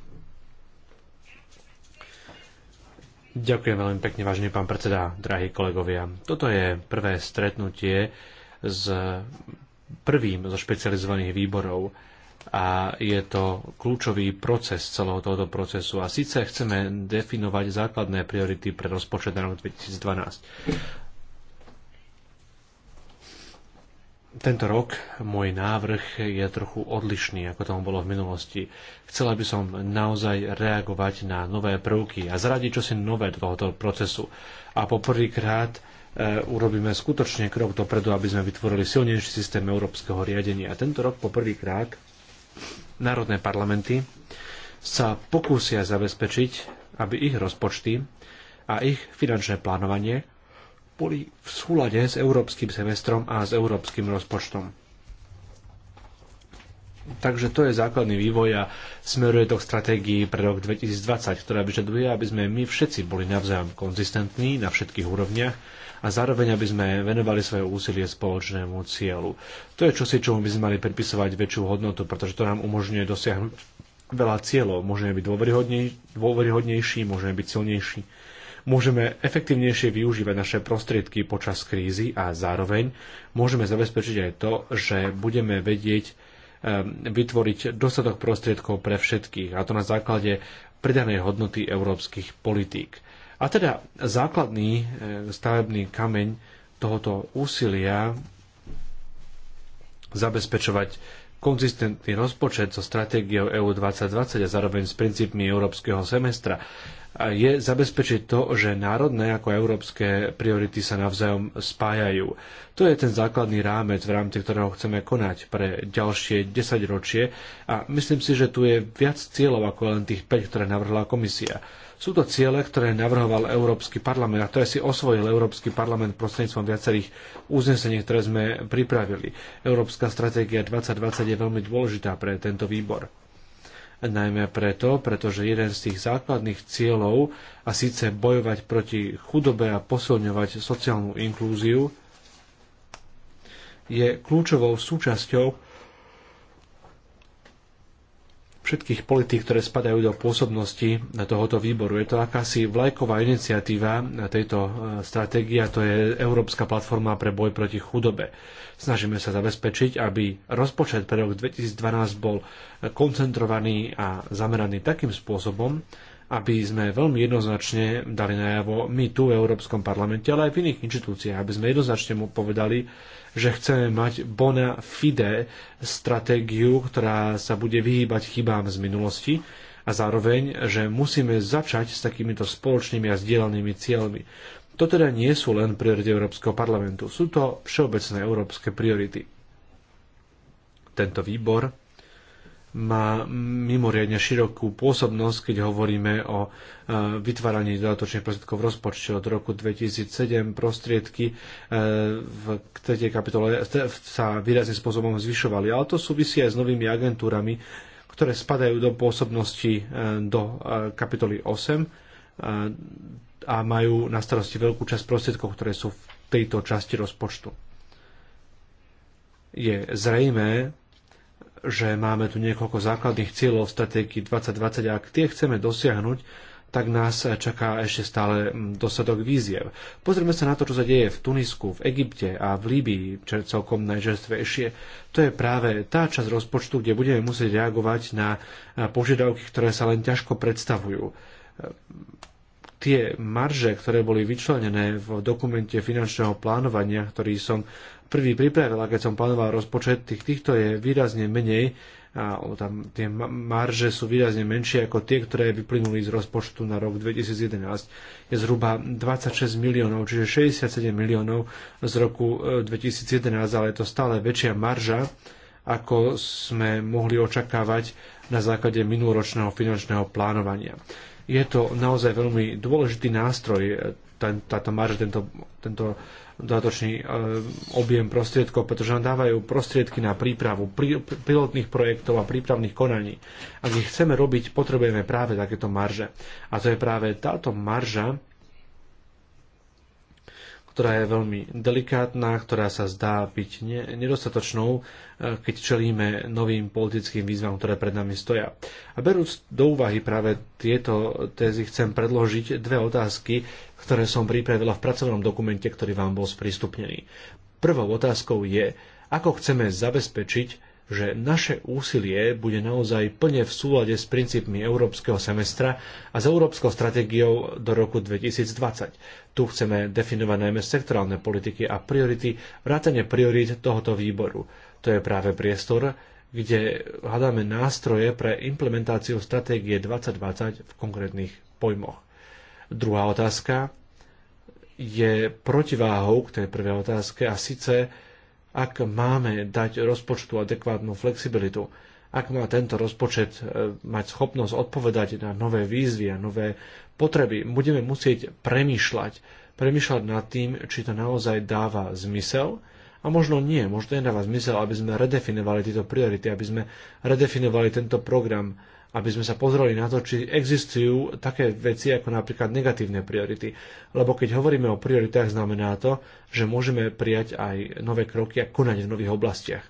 Ďakujem veľmi pekne, vážený pán predseda, drahí kolegovia. Toto je prvé stretnutie s prvým zo špecializovaných výborov a je to kľúčový proces celého tohoto procesu. A síce chceme definovať základné priority pre rozpočet na rok 2012. Tento rok môj návrh je trochu odlišný, ako tomu bolo v minulosti. Chcela by som naozaj reagovať na nové prvky a zradiť čosi nové do tohoto procesu. A poprvýkrát e, urobíme skutočne krok dopredu, aby sme vytvorili silnejší systém európskeho riadenia. A tento rok poprvýkrát národné parlamenty sa pokúsia zabezpečiť, aby ich rozpočty a ich finančné plánovanie boli v súlade s európskym semestrom a s európskym rozpočtom. Takže to je základný vývoj a smeruje to k stratégii pre rok 2020, ktorá vyžaduje, aby sme my všetci boli navzájom konzistentní na všetkých úrovniach a zároveň, aby sme venovali svoje úsilie spoločnému cieľu. To je čosi, čomu by sme mali pripisovať väčšiu hodnotu, pretože to nám umožňuje dosiahnuť veľa cieľov. Môžeme byť dôveryhodnejší, môžeme byť silnejší, môžeme efektívnejšie využívať naše prostriedky počas krízy a zároveň môžeme zabezpečiť aj to, že budeme vedieť ehm, vytvoriť dostatok prostriedkov pre všetkých, a to na základe pridanej hodnoty európskych politík. A teda základný e, stavebný kameň tohoto úsilia zabezpečovať konzistentný rozpočet so stratégiou EU 2020 a zároveň s princípmi európskeho semestra je zabezpečiť to, že národné ako európske priority sa navzájom spájajú. To je ten základný rámec, v rámci ktorého chceme konať pre ďalšie 10 ročie a myslím si, že tu je viac cieľov ako len tých 5, ktoré navrhla komisia. Sú to ciele, ktoré navrhoval Európsky parlament a ktoré si osvojil Európsky parlament prostredníctvom viacerých uznesení, ktoré sme pripravili. Európska stratégia 2020 je veľmi dôležitá pre tento výbor najmä preto, pretože jeden z tých základných cieľov, a síce bojovať proti chudobe a posilňovať sociálnu inklúziu, je kľúčovou súčasťou všetkých politík, ktoré spadajú do pôsobnosti tohoto výboru. Je to akási vlajková iniciatíva tejto e, stratégie a to je Európska platforma pre boj proti chudobe. Snažíme sa zabezpečiť, aby rozpočet pre rok 2012 bol koncentrovaný a zameraný takým spôsobom, aby sme veľmi jednoznačne dali najavo my tu v Európskom parlamente, ale aj v iných inštitúciách, aby sme jednoznačne mu povedali, že chceme mať bona fide stratégiu, ktorá sa bude vyhýbať chybám z minulosti a zároveň, že musíme začať s takýmito spoločnými a zdieľanými cieľmi. To teda nie sú len priority Európskeho parlamentu, sú to všeobecné európske priority. Tento výbor má mimoriadne širokú pôsobnosť, keď hovoríme o e, vytváraní dodatočných prostriedkov v rozpočte. Od roku 2007 prostriedky e, v tretej kapitole sa výrazným spôsobom zvyšovali, ale to súvisí aj s novými agentúrami, ktoré spadajú do pôsobnosti e, do kapitoly 8 a majú na starosti veľkú časť prostriedkov, ktoré sú v tejto časti rozpočtu. Je zrejmé, že máme tu niekoľko základných cieľov v stratégii 2020 a ak tie chceme dosiahnuť, tak nás čaká ešte stále mm, dosadok víziev. Pozrieme sa na to, čo sa deje v Tunisku, v Egypte a v Líbii, čo je celkom najžerstvejšie. To je práve tá časť rozpočtu, kde budeme musieť reagovať na eh, požiadavky, ktoré sa len ťažko predstavujú eh, tie marže, ktoré boli vyčlenené v dokumente finančného plánovania, ktorý som eh, prvý pripravil, a keď som plánoval rozpočet, tých, týchto je výrazne menej a tam tie marže sú výrazne menšie ako tie, ktoré vyplynuli z rozpočtu na rok 2011. Je zhruba 26 miliónov, čiže 67 miliónov z roku 2011, e, ale je to stále väčšia marža, ako sme mohli očakávať na základe minuloročného finančného plánovania. Je to naozaj veľmi dôležitý nástroj, e, táto marža, tento, tento dodatočný e, objem prostriedkov, pretože nám dávajú prostriedky na prípravu pilotných projektov a prípravných konaní. Ak ich chceme robiť, potrebujeme práve takéto marže. A to je práve táto marža, ktorá je veľmi delikátna, ktorá sa zdá byť nedostatočnou, e, keď čelíme novým politickým výzvam, ktoré pred nami stoja. A berúc do úvahy práve tieto tézy, chcem predložiť dve otázky, ktoré som pripravila v pracovnom dokumente, ktorý vám bol sprístupnený. Prvou otázkou je, ako chceme zabezpečiť, že naše úsilie bude naozaj plne v súlade s princípmi európskeho semestra a s európskou stratégiou do roku 2020. Tu chceme definovať najmä sektorálne politiky a priority, vrátane priorít tohoto výboru. To je práve priestor, kde hľadáme nástroje pre implementáciu stratégie 2020 v konkrétnych pojmoch. Druhá otázka je protiváhou k tej prvej otázke a síce, ak máme dať rozpočtu adekvátnu flexibilitu ak má tento rozpočet e, mať schopnosť odpovedať na nové výzvy a nové potreby, budeme musieť premýšľať, premýšľať nad tým, či to naozaj dáva zmysel a možno nie, možno nedáva zmysel, aby sme redefinovali tieto priority, aby sme redefinovali tento program, aby sme sa pozreli na to, či existujú také veci ako napríklad negatívne priority. Lebo keď hovoríme o prioritách, znamená to, že môžeme prijať aj nové kroky a konať v nových oblastiach.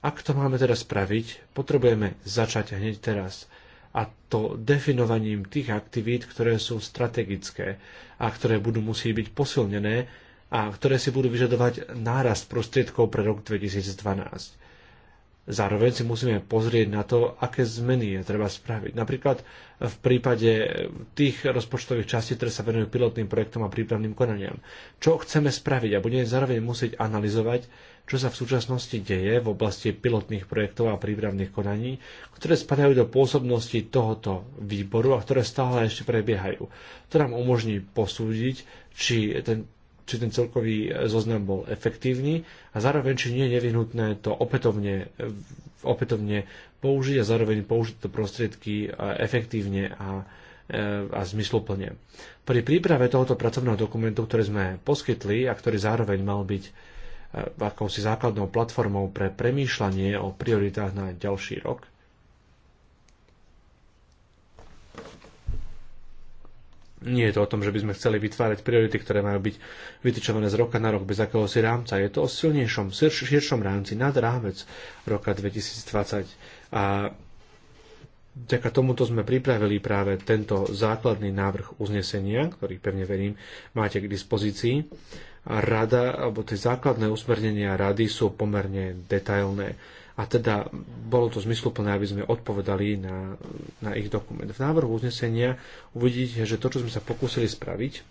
Ak to máme teraz spraviť, potrebujeme začať hneď teraz. A to definovaním tých aktivít, ktoré sú strategické a ktoré budú musieť byť posilnené a ktoré si budú vyžadovať nárast prostriedkov pre rok 2012. Zároveň si musíme pozrieť na to, aké zmeny je treba spraviť. Napríklad v prípade tých rozpočtových častí, ktoré sa venujú pilotným projektom a prípravným konaniam. Čo chceme spraviť a budeme zároveň musieť analyzovať, čo sa v súčasnosti deje v oblasti pilotných projektov a prípravných konaní, ktoré spadajú do pôsobnosti tohoto výboru a ktoré stále ešte prebiehajú. To nám umožní posúdiť, či ten či ten celkový zoznam bol efektívny a zároveň, či nie je nevyhnutné to opätovne, opätovne použiť a zároveň použiť to prostriedky efektívne a, e, a zmysluplne. Pri príprave tohoto pracovného dokumentu, ktorý sme poskytli a ktorý zároveň mal byť Eh, akousi základnou platformou pre premýšľanie o prioritách na ďalší rok. Nie je to o tom, že by sme chceli vytvárať priority, ktoré majú byť vytýčované z roka na rok bez akéhosi rámca. Je to o silnejšom, širšom rámci nad rámec roka 2020. A vďaka tomuto sme pripravili práve tento základný návrh uznesenia, ktorý pevne verím máte k dispozícii rada, alebo tie základné usmernenia rady sú pomerne detailné. A teda bolo to zmysluplné, aby sme odpovedali na, na ich dokument. V návrhu uznesenia uvidíte, že to, čo sme sa pokúsili spraviť,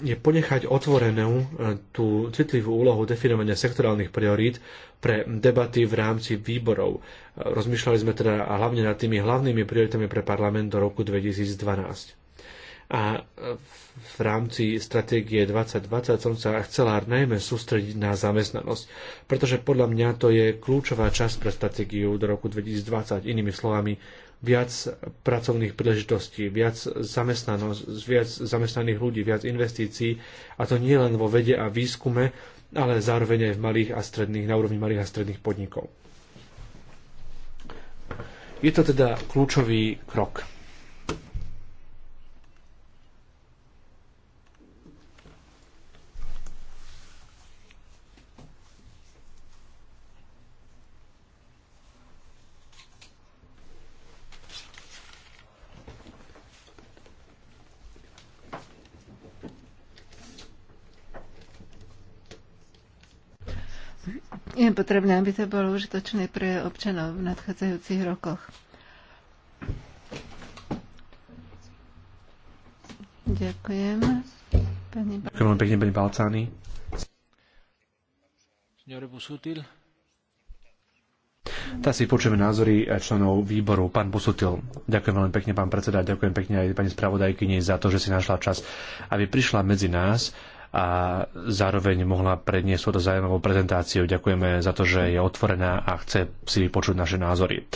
je ponechať otvorenú eh, tú citlivú úlohu definovania sektorálnych priorít pre debaty v rámci výborov. Rozmýšľali sme teda hlavne nad tými hlavnými prioritami pre parlament do roku 2012 a v rámci stratégie 2020 som sa chcela najmä sústrediť na zamestnanosť, pretože podľa mňa to je kľúčová časť pre stratégiu do roku 2020, inými slovami viac pracovných príležitostí, viac, zamestnanosť, viac zamestnaných ľudí, viac investícií a to nie len vo vede a výskume, ale zároveň aj v malých a stredných, na úrovni malých a stredných podnikov. Je to teda kľúčový krok je potrebné, aby to bolo užitočné pre občanov v nadchádzajúcich rokoch. Ďakujem. Pani Ďakujem veľmi pekne, pani Balcány. Teraz si počujeme názory členov výboru. Pán Busutil, ďakujem veľmi pekne, pán predseda, ďakujem pekne aj pani spravodajkyni za to, že si našla čas, aby prišla medzi nás a zároveň mohla predniesť túto zaujímavú prezentáciu. Ďakujeme za to, že je otvorená a chce si vypočuť naše názory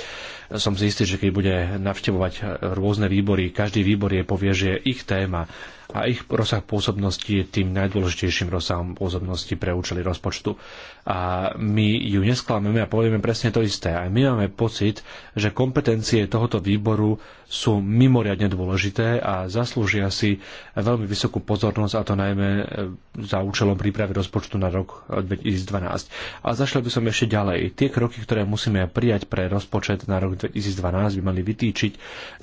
som si istý, že keď bude navštevovať rôzne výbory, každý výbor je povie, že je ich téma a ich rozsah pôsobnosti je tým najdôležitejším rozsahom pôsobnosti pre účely rozpočtu. A my ju nesklameme a povieme presne to isté. Aj my máme pocit, že kompetencie tohoto výboru sú mimoriadne dôležité a zaslúžia si veľmi vysokú pozornosť, a to najmä e, za účelom prípravy rozpočtu na rok 2012. A zašiel by som ešte ďalej. Tie kroky, ktoré musíme prijať pre rozpočet na rok 2012 by mali vytýčiť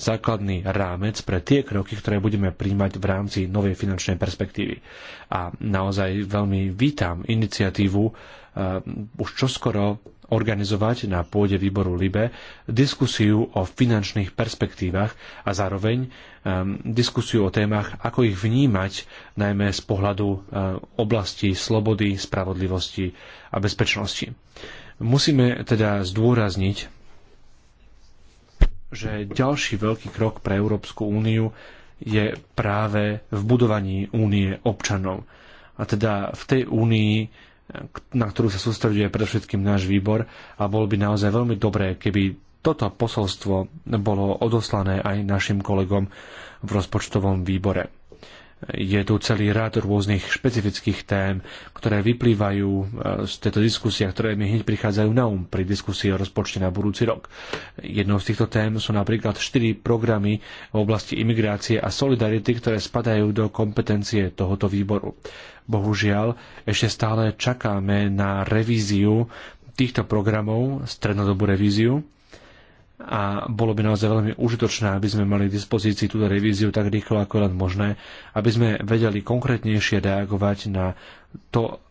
základný rámec pre tie kroky, ktoré budeme príjmať v rámci novej finančnej perspektívy. A naozaj veľmi vítam iniciatívu eh, už čoskoro organizovať na pôde výboru LIBE diskusiu o finančných perspektívach a zároveň um, diskusiu o témach, ako ich vnímať, najmä z pohľadu um, oblasti slobody, spravodlivosti a bezpečnosti. Musíme teda zdôrazniť že ďalší veľký krok pre Európsku úniu je práve v budovaní únie občanov. A teda v tej únii, na ktorú sa sústreduje predovšetkým náš výbor a bolo by naozaj veľmi dobré, keby toto posolstvo bolo odoslané aj našim kolegom v rozpočtovom výbore je tu celý rad rôznych špecifických tém, ktoré vyplývajú e, z tejto diskusie, ktoré mi hneď prichádzajú na um pri diskusii o rozpočte na budúci rok. Jednou z týchto tém sú napríklad štyri programy v oblasti imigrácie a solidarity, ktoré spadajú do kompetencie tohoto výboru. Bohužiaľ, ešte stále čakáme na revíziu týchto programov, strednodobú revíziu, a bolo by naozaj veľmi užitočné, aby sme mali k dispozícii túto revíziu tak rýchlo, ako len možné, aby sme vedeli konkrétnejšie reagovať na to,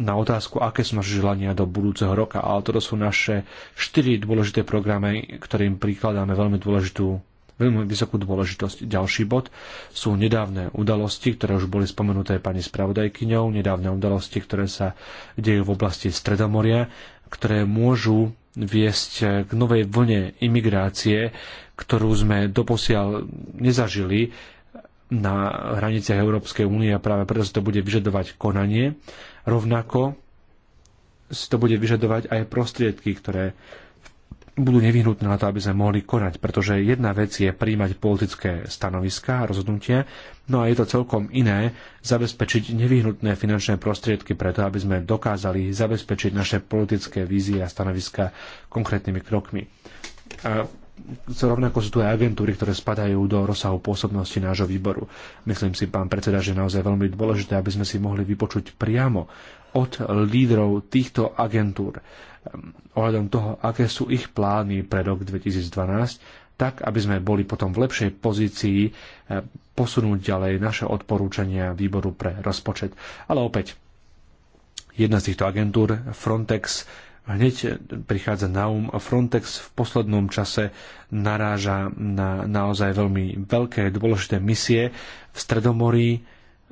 na otázku, aké sú naše želania do budúceho roka, ale toto sú naše štyri dôležité programy, ktorým prikladáme veľmi dôležitú veľmi vysokú dôležitosť. Ďalší bod sú nedávne udalosti, ktoré už boli spomenuté pani spravodajkyňou, nedávne udalosti, ktoré sa dejú v oblasti Stredomoria ktoré môžu viesť eh, k novej vlne imigrácie, ktorú sme doposiaľ nezažili na hraniciach Európskej únie a práve preto si to bude vyžadovať konanie. Rovnako si to bude vyžadovať aj prostriedky, ktoré budú nevyhnutné na to, aby sme mohli konať, pretože jedna vec je príjmať politické stanoviská a rozhodnutie, no a je to celkom iné zabezpečiť nevyhnutné finančné prostriedky preto, aby sme dokázali zabezpečiť naše politické vízie a stanoviska konkrétnymi krokmi. A rovnako sú tu aj agentúry, ktoré spadajú do rozsahu pôsobnosti nášho výboru. Myslím si, pán predseda, že je naozaj veľmi dôležité, aby sme si mohli vypočuť priamo od lídrov týchto agentúr ehm, ohľadom toho, aké sú ich plány pre rok 2012, tak aby sme boli potom v lepšej pozícii ehm, posunúť ďalej naše odporúčania výboru pre rozpočet. Ale opäť, jedna z týchto agentúr, Frontex, hneď prichádza na um a Frontex v poslednom čase naráža na naozaj veľmi veľké dôležité misie v Stredomorí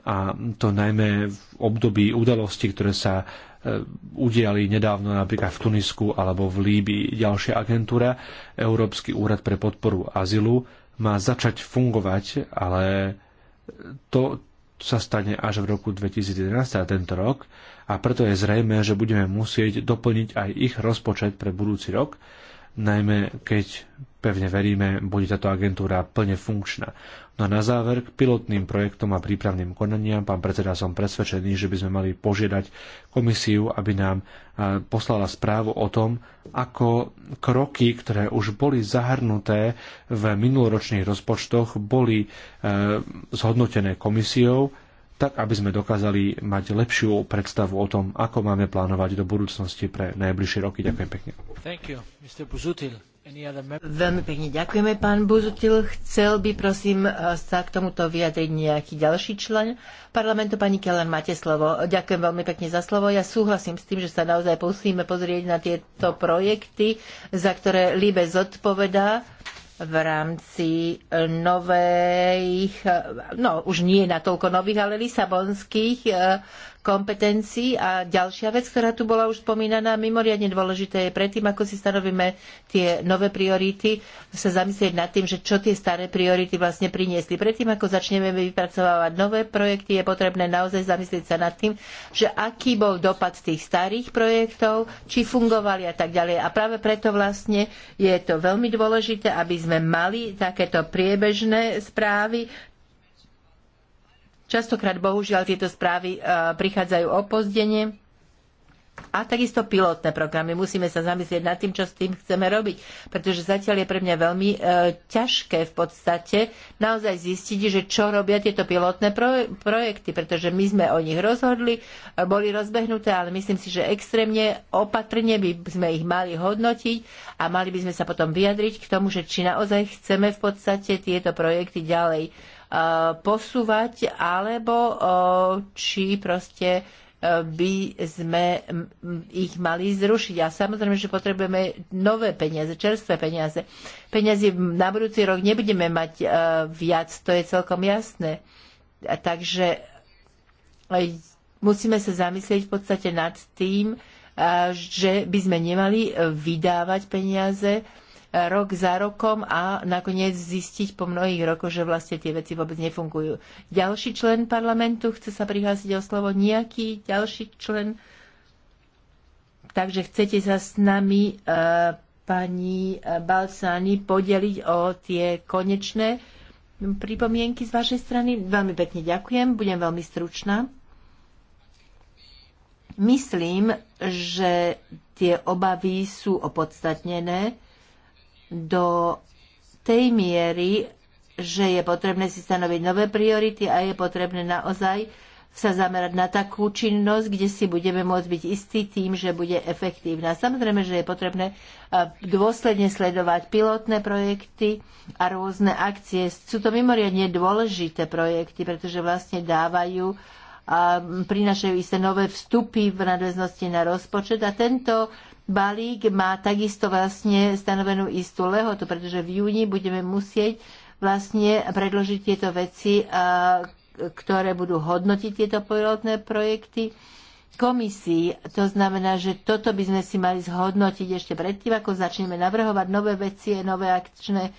a to najmä v období udalostí, ktoré sa e, udiali nedávno napríklad v Tunisku alebo v Líbii. Ďalšia agentúra, Európsky úrad pre podporu azylu, má začať fungovať, ale to, sa stane až v roku 2011, a teda tento rok, a preto je zrejme, že budeme musieť doplniť aj ich rozpočet pre budúci rok, najmä keď, pevne veríme, bude táto agentúra plne funkčná. No a na záver k pilotným projektom a prípravným konaniam. Pán predseda, som presvedčený, že by sme mali požiadať komisiu, aby nám poslala správu o tom, ako kroky, ktoré už boli zahrnuté v minuloročných rozpočtoch, boli e, zhodnotené komisiou tak aby sme dokázali mať lepšiu predstavu o tom, ako máme plánovať do budúcnosti pre najbližšie roky. Ďakujem pekne. Thank you, Mr. Veľmi pekne ďakujeme, pán Buzutil. Chcel by, prosím, e, sa k tomuto vyjadriť nejaký ďalší člen parlamentu. Pani Keller, máte slovo. Ďakujem veľmi pekne za slovo. Ja súhlasím s tým, že sa naozaj musíme pozrieť na tieto projekty, za ktoré Libe zodpovedá v rámci e, nových, e, no už nie natoľko nových, ale lisabonských kompetencií. A ďalšia vec, ktorá tu bola už spomínaná, mimoriadne dôležité je predtým, ako si stanovíme tie nové priority, sa zamyslieť nad tým, že čo tie staré priority vlastne priniesli. Predtým, ako začneme vypracovávať nové projekty, je potrebné naozaj zamyslieť sa nad tým, že aký bol dopad tých starých projektov, či fungovali a tak ďalej. A práve preto vlastne je to veľmi dôležité, aby sme mali takéto priebežné správy, Častokrát, bohužiaľ, tieto správy e, prichádzajú opozdene. A takisto pilotné programy. Musíme sa zamyslieť nad tým, čo s tým chceme robiť. Pretože zatiaľ je pre mňa veľmi e, ťažké v podstate naozaj zistiť, že čo robia tieto pilotné pro- projekty. Pretože my sme o nich rozhodli, e, boli rozbehnuté, ale myslím si, že extrémne opatrne by sme ich mali hodnotiť a mali by sme sa potom vyjadriť k tomu, že či naozaj chceme v podstate tieto projekty ďalej Eh, posúvať, alebo eh, či proste eh, by sme ich mali zrušiť. A samozrejme, že potrebujeme nové peniaze, čerstvé peniaze. Peniazy na budúci rok nebudeme mať viac, to je celkom jasné. Takže musíme sa zamyslieť v podstate nad tým, že by sme nemali vydávať peniaze, rok za rokom a nakoniec zistiť po mnohých rokoch, že vlastne tie veci vôbec nefungujú. Ďalší člen parlamentu chce sa prihlásiť o slovo, nejaký ďalší člen. Takže chcete sa s nami, e, pani Balsány, podeliť o tie konečné pripomienky z vašej strany? Veľmi pekne ďakujem, budem veľmi stručná. Myslím, že tie obavy sú opodstatnené do tej miery, že je potrebné si stanoviť nové priority a je potrebné naozaj sa zamerať na takú činnosť, kde si budeme môcť byť istí tým, že bude efektívna. Samozrejme, že je potrebné eh, dôsledne sledovať pilotné projekty a rôzne akcie. Sú to mimoriadne dôležité projekty, pretože vlastne dávajú a eh, prinašajú isté nové vstupy v nadväznosti na rozpočet a tento balík má takisto vlastne stanovenú istú lehotu, pretože v júni budeme musieť vlastne predložiť tieto veci, ktoré budú hodnotiť tieto pilotné projekty komisii. To znamená, že toto by sme si mali zhodnotiť ešte predtým, ako začneme navrhovať nové veci, nové akčné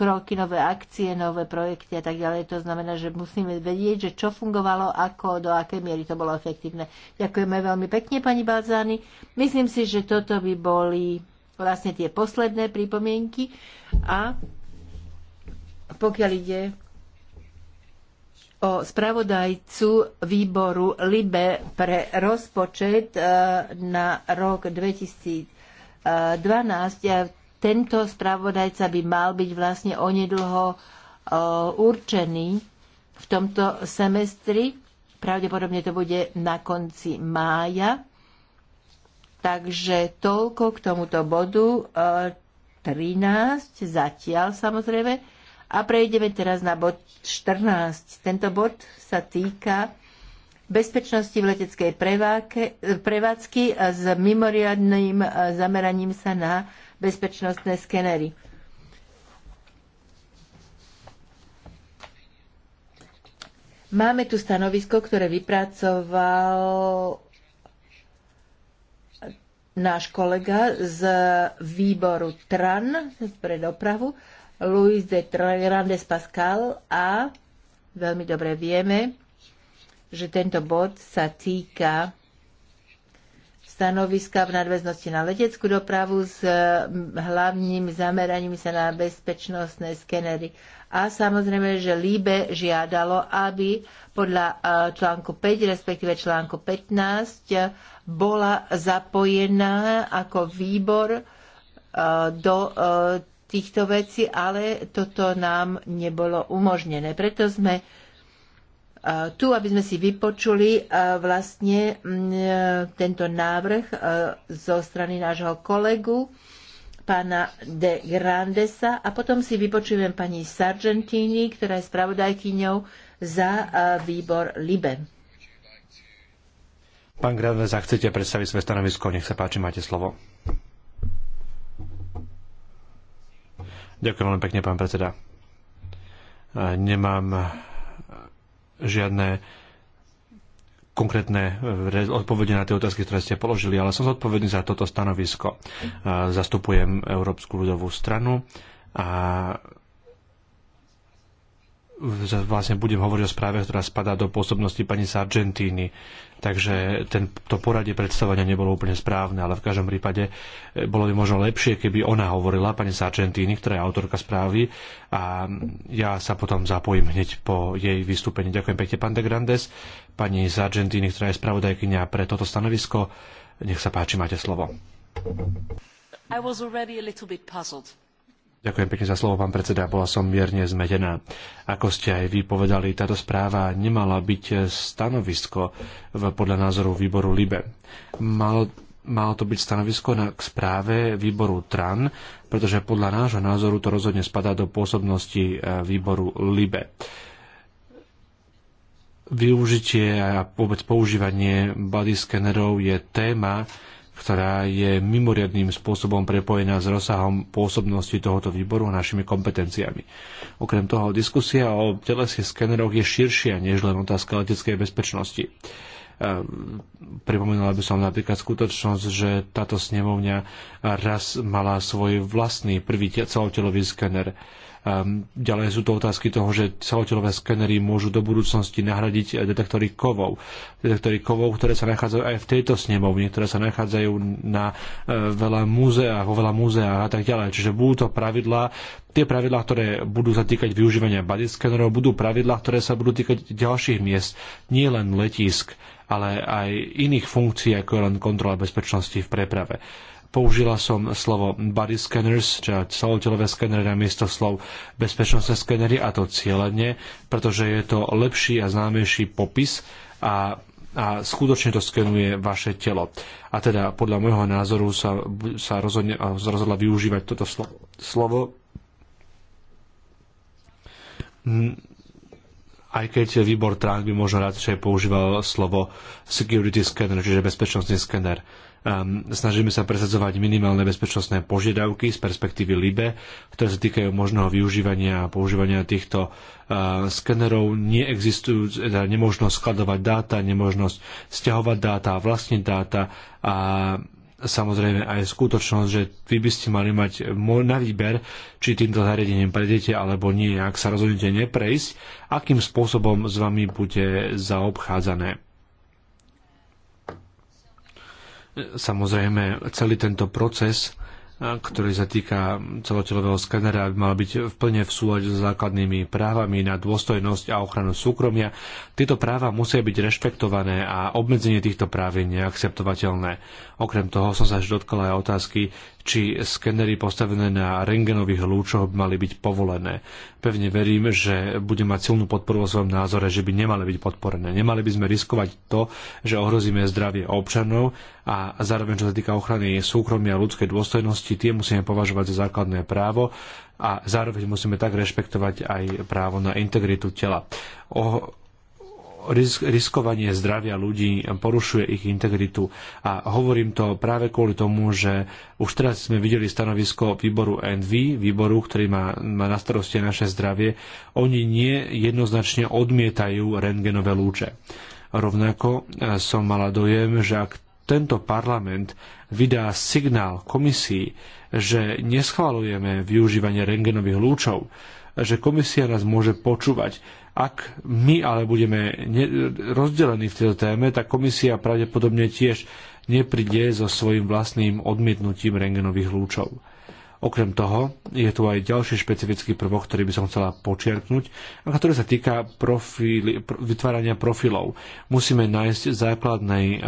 kroky, nové akcie, nové projekty a tak ďalej. To znamená, že musíme vedieť, že čo fungovalo, ako, do akej miery to bolo efektívne. Ďakujeme veľmi pekne, pani Balzány. Myslím si, že toto by boli vlastne tie posledné pripomienky a pokiaľ ide o spravodajcu výboru LIBE pre rozpočet eh, na rok 2012. Eh, ja tento spravodajca by mal byť vlastne onedlho e, určený v tomto semestri. Pravdepodobne to bude na konci mája. Takže toľko k tomuto bodu 13 e, zatiaľ samozrejme. A prejdeme teraz na bod 14. Tento bod sa týka bezpečnosti v leteckej e, prevádzky s mimoriadným zameraním sa na bezpečnostné skenery. Máme tu stanovisko, ktoré vypracoval náš kolega z výboru TRAN pre dopravu, Luis de Randes Pascal a veľmi dobre vieme, že tento bod sa týka stanoviska v nadväznosti na leteckú dopravu s hlavným zameraním sa na bezpečnostné skenery. A samozrejme, že Líbe žiadalo, aby podľa e, článku 5, respektíve článku 15, bola zapojená ako výbor e, do e, týchto vecí, ale toto nám nebolo umožnené. Preto sme Eh, tu, aby sme si vypočuli eh, vlastne mm, eh, tento návrh zo strany nášho kolegu pána de Grandesa a potom si vypočujeme pani Sargentini, ktorá je spravodajkyňou za výbor LIBE. Pán Grandes, chcete predstaviť svoje stanovisko, nech sa páči, máte slovo. Ďakujem veľmi pekne, pán predseda. Nemám žiadne konkrétne eh, odpovede na tie otázky, ktoré ste položili, ale som zodpovedný za toto stanovisko. Eh, zastupujem Európsku ľudovú stranu a vlastne budem hovoriť o správe, ktorá spadá do pôsobnosti pani Sargentini. Takže ten, to poradie predstavovania nebolo úplne správne, ale v každom prípade e, bolo by možno lepšie, keby ona hovorila, pani Sargentini, ktorá je autorka správy, a ja sa potom zapojím hneď po jej vystúpení. Ďakujem pekne, pán de Grandes, pani Sargentini, ktorá je spravodajkynia pre toto stanovisko. Nech sa páči, máte slovo. I was already a little bit puzzled Ďakujem pekne za slovo, pán predseda. Bola som mierne zmedená. Ako ste aj vy povedali, táto správa nemala byť stanovisko v, podľa názoru výboru LIBE. Malo, malo to byť stanovisko na, k správe výboru TRAN, pretože podľa nášho názoru to rozhodne spadá do pôsobnosti e, výboru LIBE využitie a vôbec používanie body skenerov je téma, ktorá je mimoriadným spôsobom prepojená s rozsahom pôsobnosti tohoto výboru a našimi kompetenciami. Okrem toho, diskusia o telesných skeneroch je širšia než len otázka leteckej bezpečnosti. Ehm, pripomenula by som napríklad skutočnosť, že táto snemovňa raz mala svoj vlastný prvý celotelový skener Ehm, ďalej sú to otázky toho, že celotelové skenery môžu do budúcnosti nahradiť eh, detektory kovov. Detektory kovov, ktoré sa nachádzajú aj v tejto snemovni, ktoré sa nachádzajú na eh, veľa múzeách, vo veľa múzeách a tak ďalej. Čiže budú to pravidlá, tie pravidlá, ktoré budú sa týkať využívania body skenerov, budú pravidlá, ktoré sa budú týkať ďalších miest, nie len letísk, ale aj iných funkcií, ako je len kontrola bezpečnosti v preprave. Použila som slovo body scanners, čiže celotelové skenery na miesto slov bezpečnostné skenery a to cieľenie, pretože je to lepší a známejší popis a a skutočne to skenuje vaše telo. A teda podľa môjho názoru sa, sa rozhodne, rozhodla využívať toto slovo. Hm, aj keď výbor Trunk by možno radšej používal slovo security scanner, čiže bezpečnostný skener. Uh, Ehm, snažíme sa presadzovať minimálne bezpečnostné požiadavky z perspektívy LIBE, ktoré sa týkajú možného využívania a používania týchto ehm, skenerov. Neexistujú, teda nemožnosť skladovať dáta, nemožnosť stiahovať dáta, vlastniť dáta a samozrejme aj skutočnosť, že vy by ste mali mať na výber, či týmto zariadením prejdete alebo nie, ak sa rozhodnete neprejsť, akým spôsobom s vami bude zaobchádzané. Samozrejme, celý tento proces ktorý sa týka celotelového skenera, mal byť v plne v súlade s základnými právami na dôstojnosť a ochranu súkromia. Tieto práva musia byť rešpektované a obmedzenie týchto práv je neakceptovateľné. Okrem toho som sa až dotkala aj otázky či skenery postavené na rengenových lúčoch by mali byť povolené. Pevne verím, že budem mať silnú podporu vo svojom názore, že by nemali byť podporené. Nemali by sme riskovať to, že ohrozíme zdravie občanov a zároveň, čo sa týka ochrany súkromia a ľudskej dôstojnosti, tie musíme považovať za základné právo a zároveň musíme tak rešpektovať aj právo na integritu tela. O, risk, riskovanie zdravia ľudí porušuje ich integritu. A hovorím to práve kvôli tomu, že už teraz sme videli stanovisko výboru NV, výboru, ktorý má, má na starosti naše zdravie. Oni nie jednoznačne odmietajú rengenové lúče. Rovnako e, som mala dojem, že ak tento parlament vydá signál komisii, že neschvalujeme využívanie rengenových lúčov, že komisia nás môže počúvať, ak my ale budeme rozdelení v tejto téme, tak komisia pravdepodobne tiež nepríde so svojím vlastným odmietnutím rengenových lúčov. Okrem toho je tu aj ďalší špecifický prvok, ktorý by som chcela počiarknúť a ktorý sa týka profili, vytvárania profilov. Musíme nájsť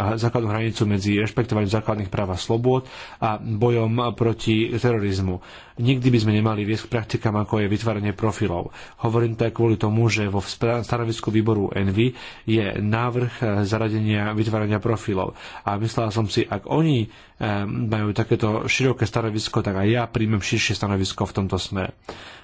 základnú hranicu medzi rešpektovaním základných práv a slobôd a bojom proti terorizmu. Nikdy by sme nemali viesť k praktikám, ako je vytváranie profilov. Hovorím to aj kvôli tomu, že vo stanovisku výboru Envy je návrh eh, zaradenia vytvárania profilov. A myslela som si, ak oni majú takéto široké stanovisko, tak aj ja príjmem širšie stanovisko v tomto smere.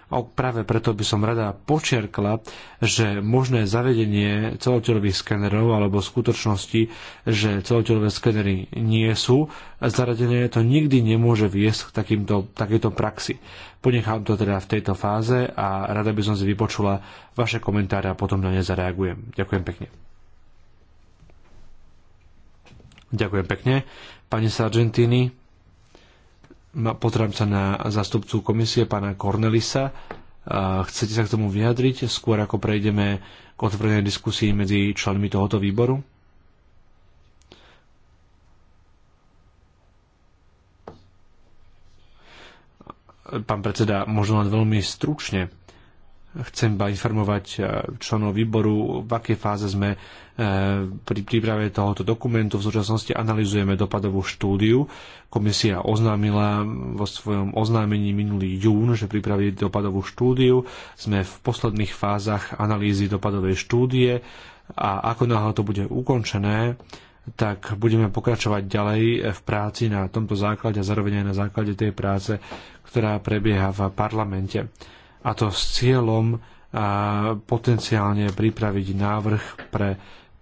A práve preto by som rada počerkla, že možné zavedenie celotelových skenerov alebo skutočnosti, že celotelové skenery nie sú zaradené, to nikdy nemôže viesť k takýmto, takejto praxi. Ponechám to teda v tejto fáze a rada by som si vypočula vaše komentáre a potom na ne zareagujem. Ďakujem pekne. Ďakujem pekne. Pani z Argentíny, potrebujem sa na zastupcu komisie, pána Cornelisa. Chcete sa k tomu vyjadriť, skôr ako prejdeme k otvorenej diskusii medzi členmi tohoto výboru? Pán predseda, možno len veľmi stručne. Chcem iba informovať e, členov výboru, v akej fáze sme e, pri príprave tohoto dokumentu. V súčasnosti analizujeme dopadovú štúdiu. Komisia oznámila vo svojom oznámení minulý jún, že pripraví dopadovú štúdiu. Sme v posledných fázach analýzy dopadovej štúdie a ako náhle to bude ukončené, tak budeme pokračovať ďalej v práci na tomto základe a zároveň aj na základe tej práce, ktorá prebieha v parlamente a to s cieľom potenciálne pripraviť návrh pre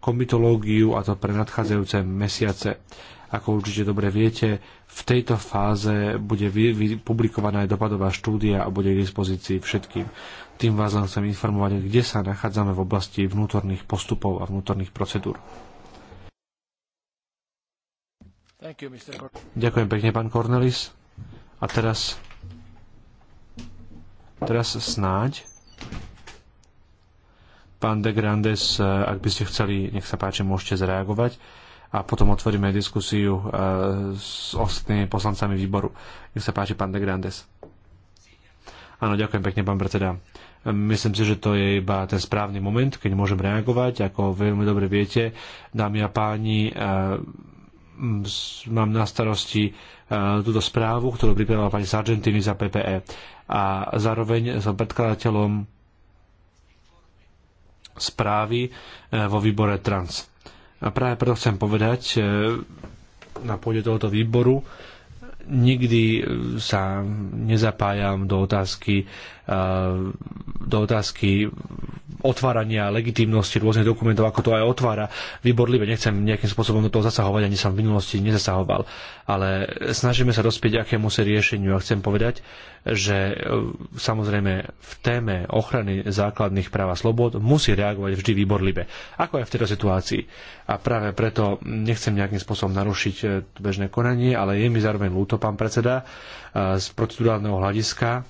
komitológiu a to pre nadchádzajúce mesiace. Ako určite dobre viete, v tejto fáze bude publikovaná aj dopadová štúdia a bude k dispozícii všetkým. Tým vás len chcem informovať, kde sa nachádzame v oblasti vnútorných postupov a vnútorných procedúr. You, Ďakujem pekne, pán Cornelis. A teraz Teraz snáď Pán de Grandes, eh, ak by ste chceli, nech sa páči, môžete zareagovať a potom otvoríme diskusiu eh, s ostatnými poslancami výboru. Nech sa páči, pán de Grandes. Áno, ďakujem pekne, pán predseda. Myslím si, že to je iba ten správny moment, keď môžem reagovať. Ako veľmi dobre viete, dámy a páni, eh, mám na starosti túto správu, ktorú pripravila pani Sargentini za PPE a zároveň som predkladateľom správy e, vo výbore Trans. A práve preto chcem povedať e, na pôde tohoto výboru, nikdy eh, sa nezapájam do otázky, eh, do otázky otvárania legitimnosti rôznych dokumentov, ako to aj otvára. Výborlivé, nechcem nejakým spôsobom do toho zasahovať, ani som v minulosti nezasahoval, ale snažíme sa dospieť akému sa riešeniu a chcem povedať, že eh, samozrejme v téme ochrany základných práv a slobod musí reagovať vždy výborlivé, ako aj v tejto situácii. A práve preto nechcem nejakým spôsobom narušiť bežné konanie, ale je mi zároveň ľúto, to, pán predseda, e, z procedurálneho hľadiska,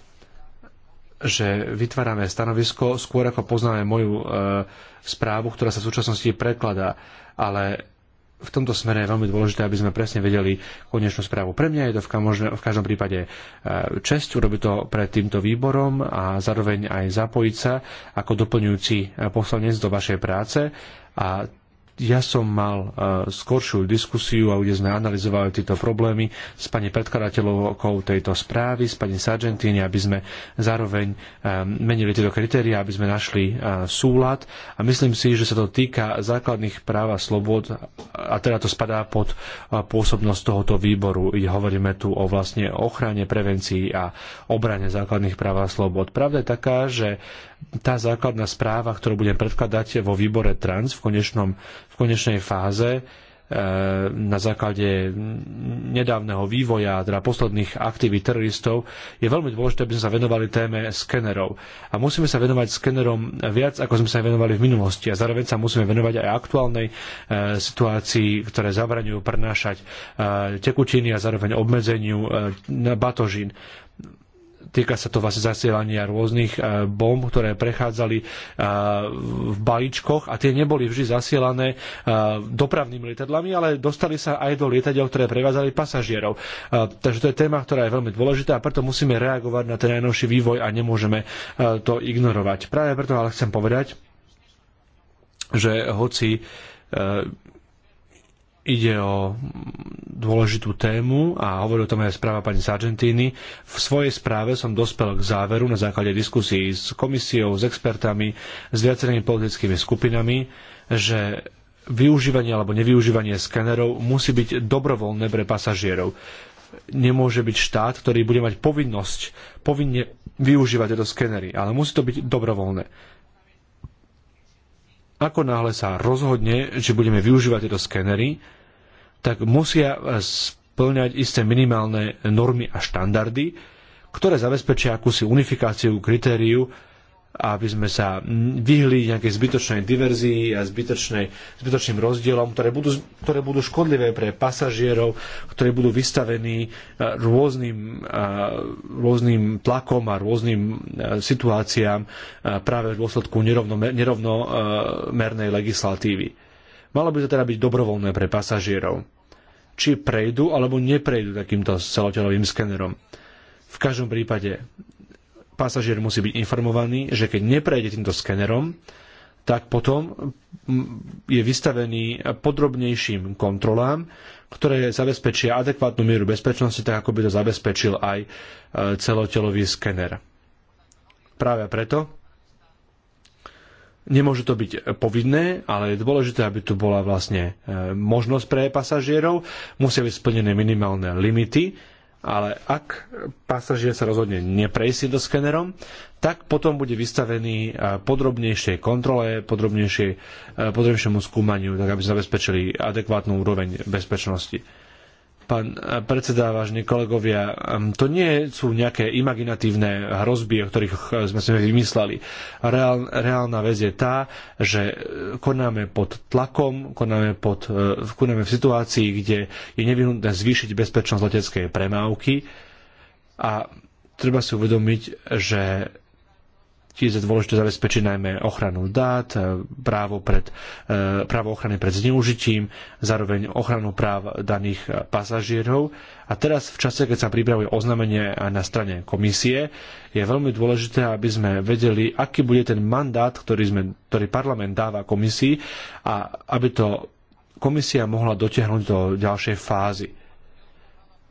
že vytvárame stanovisko skôr ako poznáme moju e, správu, ktorá sa v súčasnosti prekladá. Ale v tomto smere je veľmi dôležité, aby sme presne vedeli konečnú správu. Pre mňa je to v, v každom prípade e, čest urobiť to pred týmto výborom a zároveň aj zapojiť sa ako doplňujúci poslanec do vašej práce a ja som mal e, skoršiu diskusiu, a kde sme analyzovali tieto problémy s pani predkladateľovou tejto správy, s pani Sargentini, aby sme zároveň e, menili tieto kritéria, aby sme našli e, súlad. A myslím si, že sa to týka základných práv a slobod, a teda to spadá pod pôsobnosť tohoto výboru. Hovoríme tu o vlastne ochrane, prevencii a obrane základných práv a slobod. Pravda je taká, že tá základná správa, ktorú budem predkladať vo výbore trans v, konečnom, v konečnej fáze, e, na základe nedávneho vývoja, teda posledných aktivít teroristov, je veľmi dôležité, aby sme sa venovali téme skenerov. A musíme sa venovať skenerom viac, ako sme sa venovali v minulosti. A zároveň sa musíme venovať aj aktuálnej e, situácii, ktoré zabraňujú prenášať e, tekutiny a zároveň obmedzeniu batožín. Týka sa to vlastne zasielania rôznych e, bomb, ktoré prechádzali e, v balíčkoch a tie neboli vždy zasielané e, dopravnými lietadlami, ale dostali sa aj do lietadiel, ktoré prevádzali pasažierov. Takže to je téma, ktorá je veľmi dôležitá a preto musíme reagovať na ten najnovší vývoj a nemôžeme to ignorovať. Práve preto ale chcem povedať, že hoci ide o dôležitú tému a hovorí o tom aj správa pani Sargentini. V svojej správe som dospel k záveru na základe diskusí s komisiou, s expertami, s viacerými politickými skupinami, že využívanie alebo nevyužívanie skenerov musí byť dobrovoľné pre pasažierov. Nemôže byť štát, ktorý bude mať povinnosť povinne využívať tieto skenery, ale musí to byť dobrovoľné ako náhle sa rozhodne, že budeme využívať tieto skenery, tak musia eh, splňať isté minimálne normy a štandardy, ktoré zabezpečia akúsi unifikáciu kritériu, aby sme sa vyhli nejakej zbytočnej diverzii a zbytočnej, zbytočným rozdielom, ktoré budú, ktoré budú škodlivé pre pasažierov, ktorí budú vystavení eh, rôznym, eh, rôznym tlakom a rôznym situáciám práve v dôsledku nerovnomernej legislatívy. Malo by to teda byť dobrovoľné pre pasažierov či prejdú alebo neprejdú takýmto celotelovým skenerom. V každom prípade pasažier musí byť informovaný, že keď neprejde týmto skenerom, tak potom mm, je vystavený podrobnejším kontrolám, ktoré zabezpečia adekvátnu mieru bezpečnosti, tak ako by to zabezpečil aj e, celotelový skener. Práve preto Nemôže to byť povinné, ale je dôležité, aby tu bola vlastne e, možnosť pre pasažierov. Musia byť splnené minimálne limity, ale ak pasažier sa rozhodne neprejsť do skenerom, tak potom bude vystavený e, podrobnejšej kontrole, podrobnejšej, e, podrobnejšiemu skúmaniu, tak aby zabezpečili adekvátnu úroveň bezpečnosti pán eh, predseda, vážni kolegovia, to nie sú nejaké imaginatívne hrozby, o ktorých eh, sme si vymysleli. Reál, reálna vec je tá, že eh, konáme pod tlakom, konáme, pod, konáme v situácii, kde je nevyhnutné zvýšiť bezpečnosť leteckej premávky a treba si uvedomiť, že Tiež je dôležité zabezpečiť najmä ochranu dát, e, právo, pred, e, právo ochrany pred zneužitím, zároveň ochranu práv daných e, pasažierov. A teraz v čase, keď sa pripravuje oznámenie aj na strane komisie, je veľmi dôležité, aby sme vedeli, aký bude ten mandát, ktorý, sme, ktorý parlament dáva komisii a aby to komisia mohla dotiahnuť do ďalšej fázy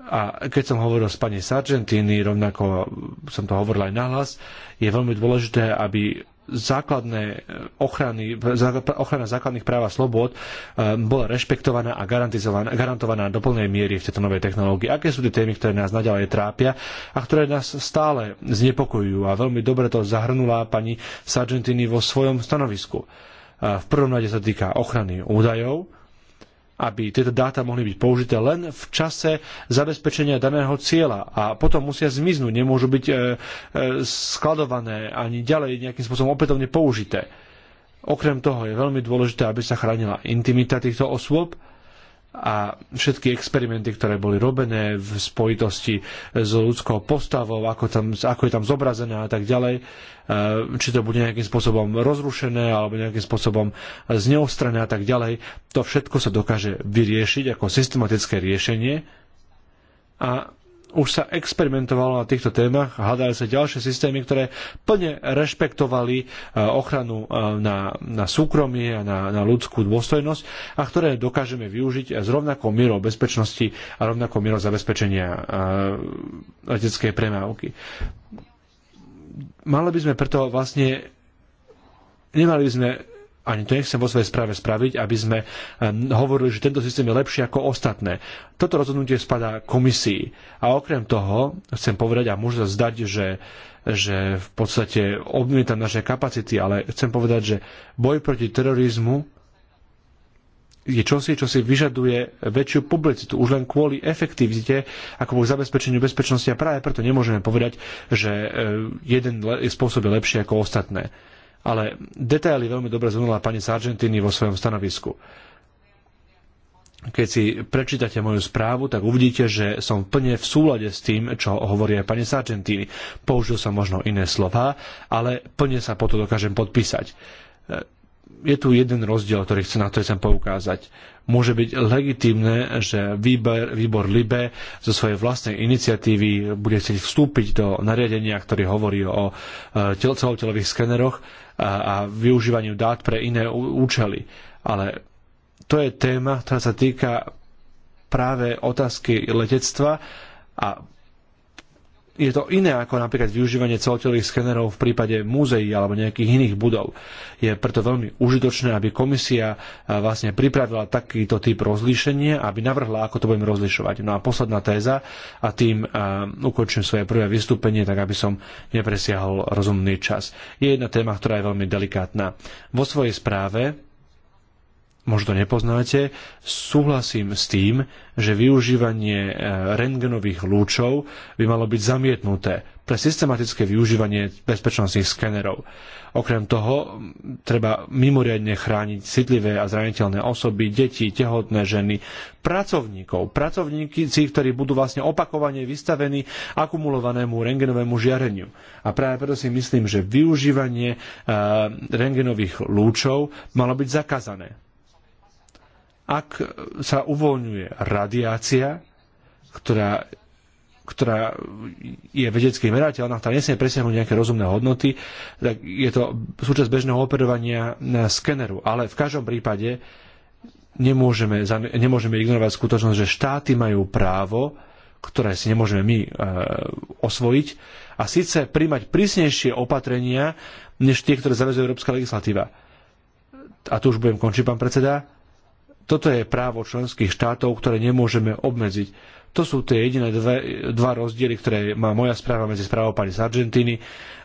a keď som hovoril s pani Sargentini, rovnako som to hovoril aj nahlas, je veľmi dôležité, aby základné ochrany, ochrana základných práv a slobod e, bola rešpektovaná a garantovaná do plnej miery v tejto novej technológii. Aké sú tie témy, ktoré nás naďalej trápia a ktoré nás stále znepokojujú a veľmi dobre to zahrnula pani Sargentini vo svojom stanovisku. E, v prvom rade sa týka ochrany údajov, aby tieto dáta mohli byť použité len v čase zabezpečenia daného cieľa a potom musia zmiznúť, nemôžu byť e, e, skladované ani ďalej nejakým spôsobom opätovne použité. Okrem toho je veľmi dôležité, aby sa chránila intimita týchto osôb a všetky experimenty, ktoré boli robené v spojitosti s ľudskou postavou, ako, tam, ako je tam zobrazená a tak ďalej, e, či to bude nejakým spôsobom rozrušené alebo nejakým spôsobom zneostrené a tak ďalej, to všetko sa dokáže vyriešiť ako systematické riešenie a už sa experimentovalo na týchto témach, hľadali sa ďalšie systémy, ktoré plne rešpektovali e, ochranu e, na, na súkromie a na, na ľudskú dôstojnosť a ktoré dokážeme využiť s rovnakou mierou bezpečnosti a rovnakou mierou zabezpečenia e, leteckej premávky. Mali by sme preto vlastne nemali by sme ani to nechcem vo svojej správe spraviť, aby sme eh, hovorili, že tento systém je lepší ako ostatné. Toto rozhodnutie spadá komisii. A okrem toho chcem povedať, a môže sa zdať, že že v podstate obmietam naše kapacity, ale chcem povedať, že boj proti terorizmu je čosi, čo si vyžaduje väčšiu publicitu. Už len kvôli efektivite, ako bol zabezpečeniu bezpečnosti a práve preto nemôžeme povedať, že eh, jeden spôsob je lepší ako ostatné ale detaily veľmi dobre zhrnula pani Sargentini vo svojom stanovisku. Keď si prečítate moju správu, tak uvidíte, že som plne v súlade s tým, čo hovorí aj pani Sargentini. Použil som možno iné slova, ale plne sa po to dokážem podpísať je tu jeden rozdiel, ktorý chcem, na ktorý chcem poukázať. Môže byť legitimné, že výber, výbor LIBE zo svojej vlastnej iniciatívy bude chcieť vstúpiť do nariadenia, ktorý hovorí o e, celotelových skeneroch a využívaniu dát pre iné účely. Ale to je téma, ktorá sa týka práve otázky letectva a je to iné ako napríklad využívanie celotelových skenerov v prípade múzeí alebo nejakých iných budov. Je preto veľmi užitočné, aby komisia e, vlastne pripravila takýto typ rozlíšenia, aby navrhla, ako to budeme rozlišovať. No a posledná téza a tým e, ukončím svoje prvé vystúpenie, tak aby som nepresiahol rozumný čas. Je jedna téma, ktorá je veľmi delikátna. Vo svojej správe možno nepoznáte, súhlasím s tým, že využívanie e, rengenových lúčov by malo byť zamietnuté pre systematické využívanie bezpečnostných skenerov. Okrem toho treba mimoriadne chrániť citlivé a zraniteľné osoby, deti, tehotné ženy, pracovníkov, pracovníci, ktorí budú vlastne opakovane vystavení akumulovanému rengenovému žiareniu. A práve preto si myslím, že využívanie e, rengenových lúčov malo byť zakázané ak sa uvoľňuje radiácia, ktorá, ktorá je vedecky merateľná, ktorá nesmie presiahnuť nejaké rozumné hodnoty, tak je to súčasť bežného operovania na skeneru. Ale v každom prípade nemôžeme, nemôžeme ignorovať skutočnosť, že štáty majú právo, ktoré si nemôžeme my e, osvojiť, a síce príjmať prísnejšie opatrenia, než tie, ktoré zavezuje európska legislatíva. A tu už budem končiť, pán predseda toto je právo členských štátov, ktoré nemôžeme obmedziť. To sú tie jediné dve, dva rozdiely, ktoré má moja správa medzi správou pani z Argentíny.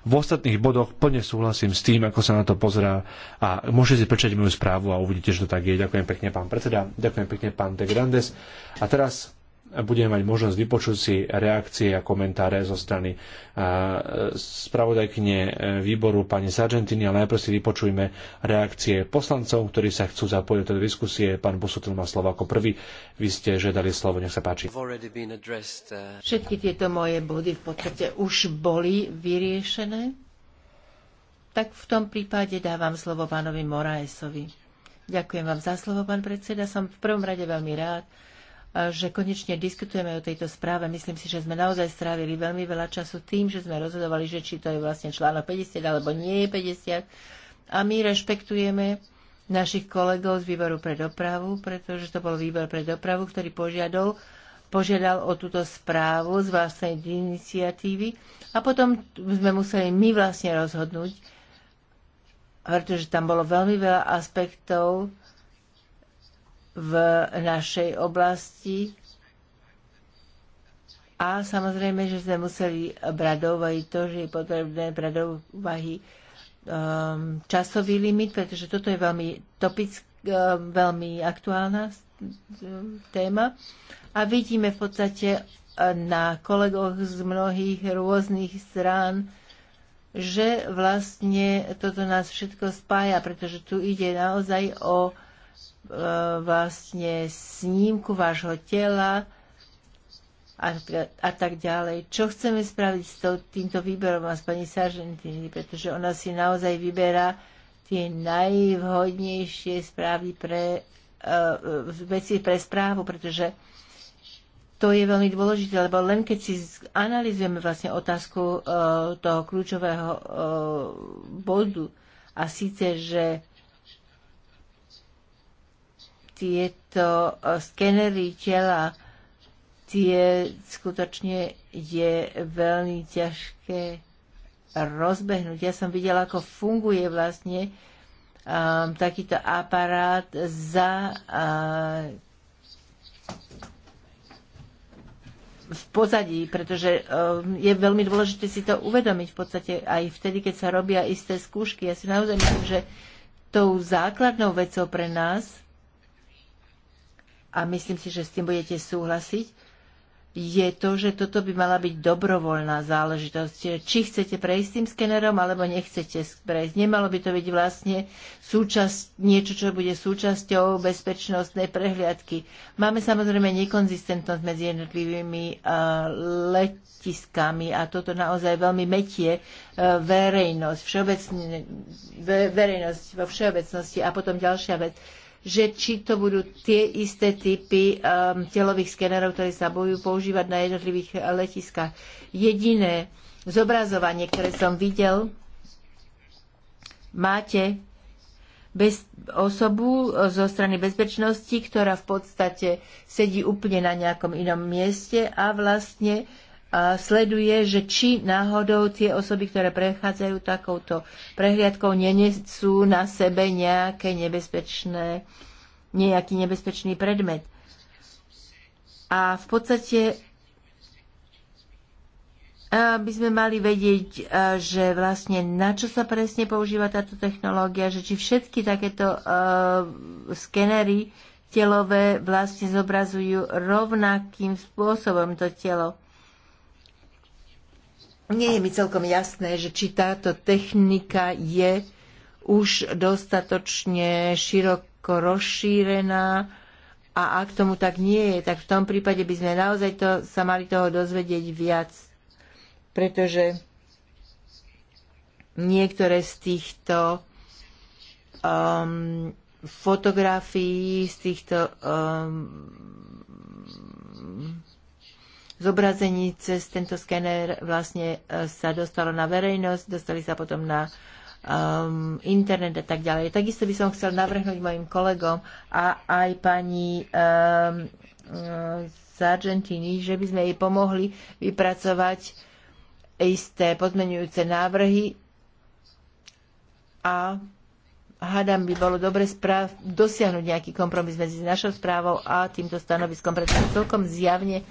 V ostatných bodoch plne súhlasím s tým, ako sa na to pozerá a môžete si prečať moju správu a uvidíte, že to tak je. Ďakujem pekne, pán predseda, ďakujem pekne, pán De Grandes. A teraz budeme mať možnosť vypočuť si reakcie a komentáre zo strany spravodajkyne e, výboru pani Sargentini, ale najprv si vypočujme reakcie poslancov, ktorí sa chcú zapojiť do diskusie. Pán Busutil má slovo ako prvý. Vy ste žiadali slovo, nech sa páči. Uh, Všetky tieto moje body v podstate už boli vyriešené. Tak v tom prípade dávam slovo pánovi Moraesovi. Ďakujem vám za slovo, pán predseda. Som v prvom rade veľmi rád, že konečne diskutujeme o tejto správe. Myslím si, že sme naozaj strávili veľmi veľa času tým, že sme rozhodovali, že či to je vlastne článok 50 alebo nie je 50. A my rešpektujeme našich kolegov z výboru pre dopravu, pretože to bol výbor pre dopravu, ktorý požiadol, požiadal o túto správu z vlastnej iniciatívy a potom sme museli my vlastne rozhodnúť, pretože tam bolo veľmi veľa aspektov, v našej oblasti. A samozrejme, že sme museli brať do to, že je potrebné brať do úvahy um, časový limit, pretože toto je veľmi topick, um, veľmi aktuálna téma. A vidíme v podstate e, na kolegoch z mnohých rôznych strán, že vlastne toto nás všetko spája, pretože tu ide naozaj o E, vlastne snímku vášho tela a, a tak ďalej. Čo chceme spraviť s týmto výberom a s pani Sargentini, pretože ona si naozaj vyberá tie najvhodnejšie správy pre uh, veci pre správu, pretože to je veľmi dôležité, lebo len keď si analizujeme vlastne otázku uh, toho kľúčového uh, bodu a síce, že tieto eh, skenery tela, tie skutočne je veľmi ťažké rozbehnúť. Ja som videla, ako funguje vlastne um, takýto aparát za uh, v pozadí, pretože um, je veľmi dôležité si to uvedomiť v podstate aj vtedy, keď sa robia isté skúšky. Ja si naozaj myslím, že tou základnou vecou pre nás a myslím si, že s tým budete súhlasiť, je to, že toto by mala byť dobrovoľná záležitosť. Či chcete prejsť tým skenerom, alebo nechcete prejsť. Nemalo by to byť vlastne súčasť, niečo, čo bude súčasťou bezpečnostnej prehliadky. Máme samozrejme nekonzistentnosť medzi jednotlivými eh, letiskami a toto naozaj veľmi metie eh, verejnosť, všeobecne, verejnosť vo všeobecnosti. A potom ďalšia vec že či to budú tie isté typy um, telových skenerov, ktoré sa budú používať na jednotlivých eh, letiskách. Jediné zobrazovanie, ktoré som videl, máte bez, osobu eh, zo strany bezpečnosti, ktorá v podstate sedí úplne na nejakom inom mieste a vlastne sleduje, že či náhodou tie osoby, ktoré prechádzajú takouto prehliadkou, nenesú na sebe nejaké nebezpečné, nejaký nebezpečný predmet. A v podstate by sme mali vedieť, že vlastne na čo sa presne používa táto technológia, že či všetky takéto skenery telové vlastne zobrazujú rovnakým spôsobom to telo. Nie je mi celkom jasné, že či táto technika je už dostatočne široko rozšírená a ak tomu tak nie je, tak v tom prípade by sme naozaj to, sa mali toho dozvedieť viac, pretože niektoré z týchto um, fotografií, z týchto um, zobrazení cez tento skener vlastne e, sa dostalo na verejnosť, dostali sa potom na um, internet a tak ďalej. Takisto by som chcel navrhnúť mojim kolegom a aj pani um, e, z Argentíny, že by sme jej pomohli vypracovať isté pozmenujúce návrhy a hádam by bolo dobre správ dosiahnuť nejaký kompromis medzi našou správou a týmto stanoviskom, pretože celkom zjavne uh,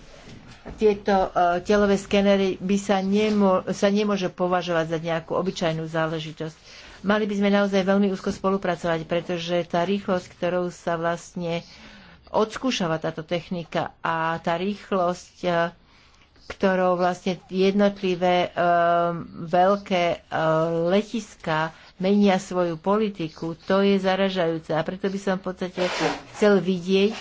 tieto e, telové skenery by sa, nemo, sa nemôže považovať za nejakú obyčajnú záležitosť. Mali by sme naozaj veľmi úzko spolupracovať, pretože tá rýchlosť, ktorou sa vlastne odskúšava táto technika a tá rýchlosť e, ktorou vlastne jednotlivé eh, veľké eh, letiska menia svoju politiku. To je zaražajúce a preto by som v podstate chcel vidieť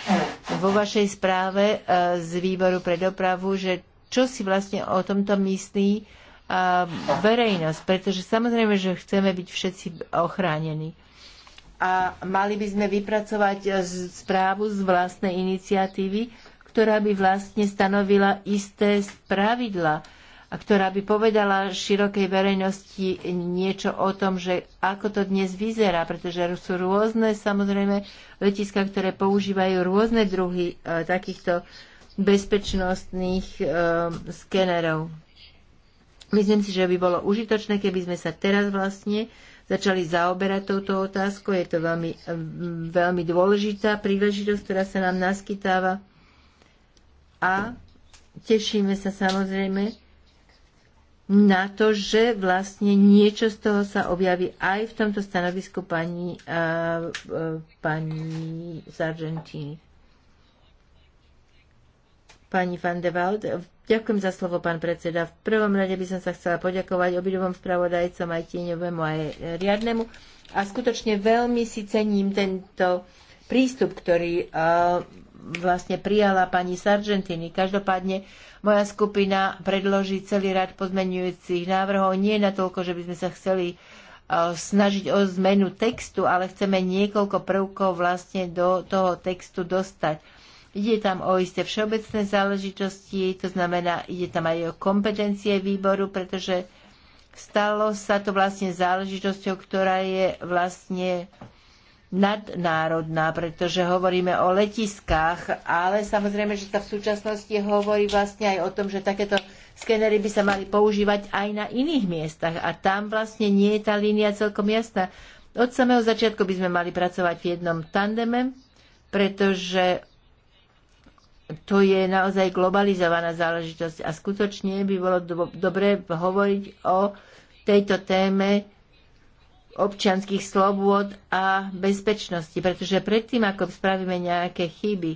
vo vašej správe eh, z výboru pre dopravu, že čo si vlastne o tomto myslí verejnosť, pretože samozrejme, že chceme byť všetci ochránení. A mali by sme vypracovať správu z vlastnej iniciatívy, ktorá by vlastne stanovila isté pravidla a ktorá by povedala širokej verejnosti niečo o tom, že ako to dnes vyzerá, pretože sú rôzne samozrejme letiska, ktoré používajú rôzne druhy e, takýchto bezpečnostných e, skenerov. Myslím si, že by bolo užitočné, keby sme sa teraz vlastne začali zaoberať touto otázkou. Je to veľmi, veľmi dôležitá príležitosť, ktorá sa nám naskytáva a tešíme sa samozrejme na to, že vlastne niečo z toho sa objaví aj v tomto stanovisku pani, uh, uh, pani Argentíny. Pani van de Wald, ďakujem za slovo, pán predseda. V prvom rade by som sa chcela poďakovať obidvom spravodajcom, aj tieňovému, aj riadnemu. A skutočne veľmi si cením tento prístup, ktorý uh, vlastne prijala pani Sargentini. Každopádne moja skupina predloží celý rad pozmenujúcich návrhov. Nie na toľko, že by sme sa chceli e, snažiť o zmenu textu, ale chceme niekoľko prvkov vlastne do toho textu dostať. Ide tam o isté všeobecné záležitosti, to znamená, ide tam aj o kompetencie výboru, pretože stalo sa to vlastne záležitosťou, ktorá je vlastne nadnárodná, pretože hovoríme o letiskách, ale samozrejme, že sa v súčasnosti hovorí vlastne aj o tom, že takéto skenery by sa mali používať aj na iných miestach a tam vlastne nie je tá línia celkom jasná. Od samého začiatku by sme mali pracovať v jednom tandeme, pretože to je naozaj globalizovaná záležitosť a skutočne by bolo do- dobre hovoriť o tejto téme občanských slobôd a bezpečnosti, pretože predtým, ako spravíme nejaké chyby,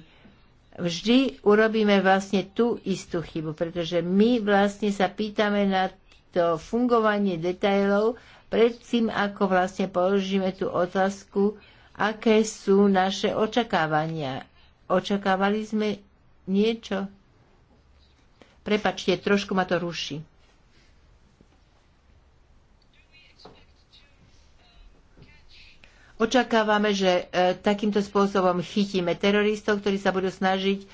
vždy urobíme vlastne tú istú chybu, pretože my vlastne sa pýtame na to fungovanie detailov predtým, ako vlastne položíme tú otázku, aké sú naše očakávania. Očakávali sme niečo? Prepačte, trošku ma to ruší. Očakávame, že e, takýmto spôsobom chytíme teroristov, ktorí sa budú snažiť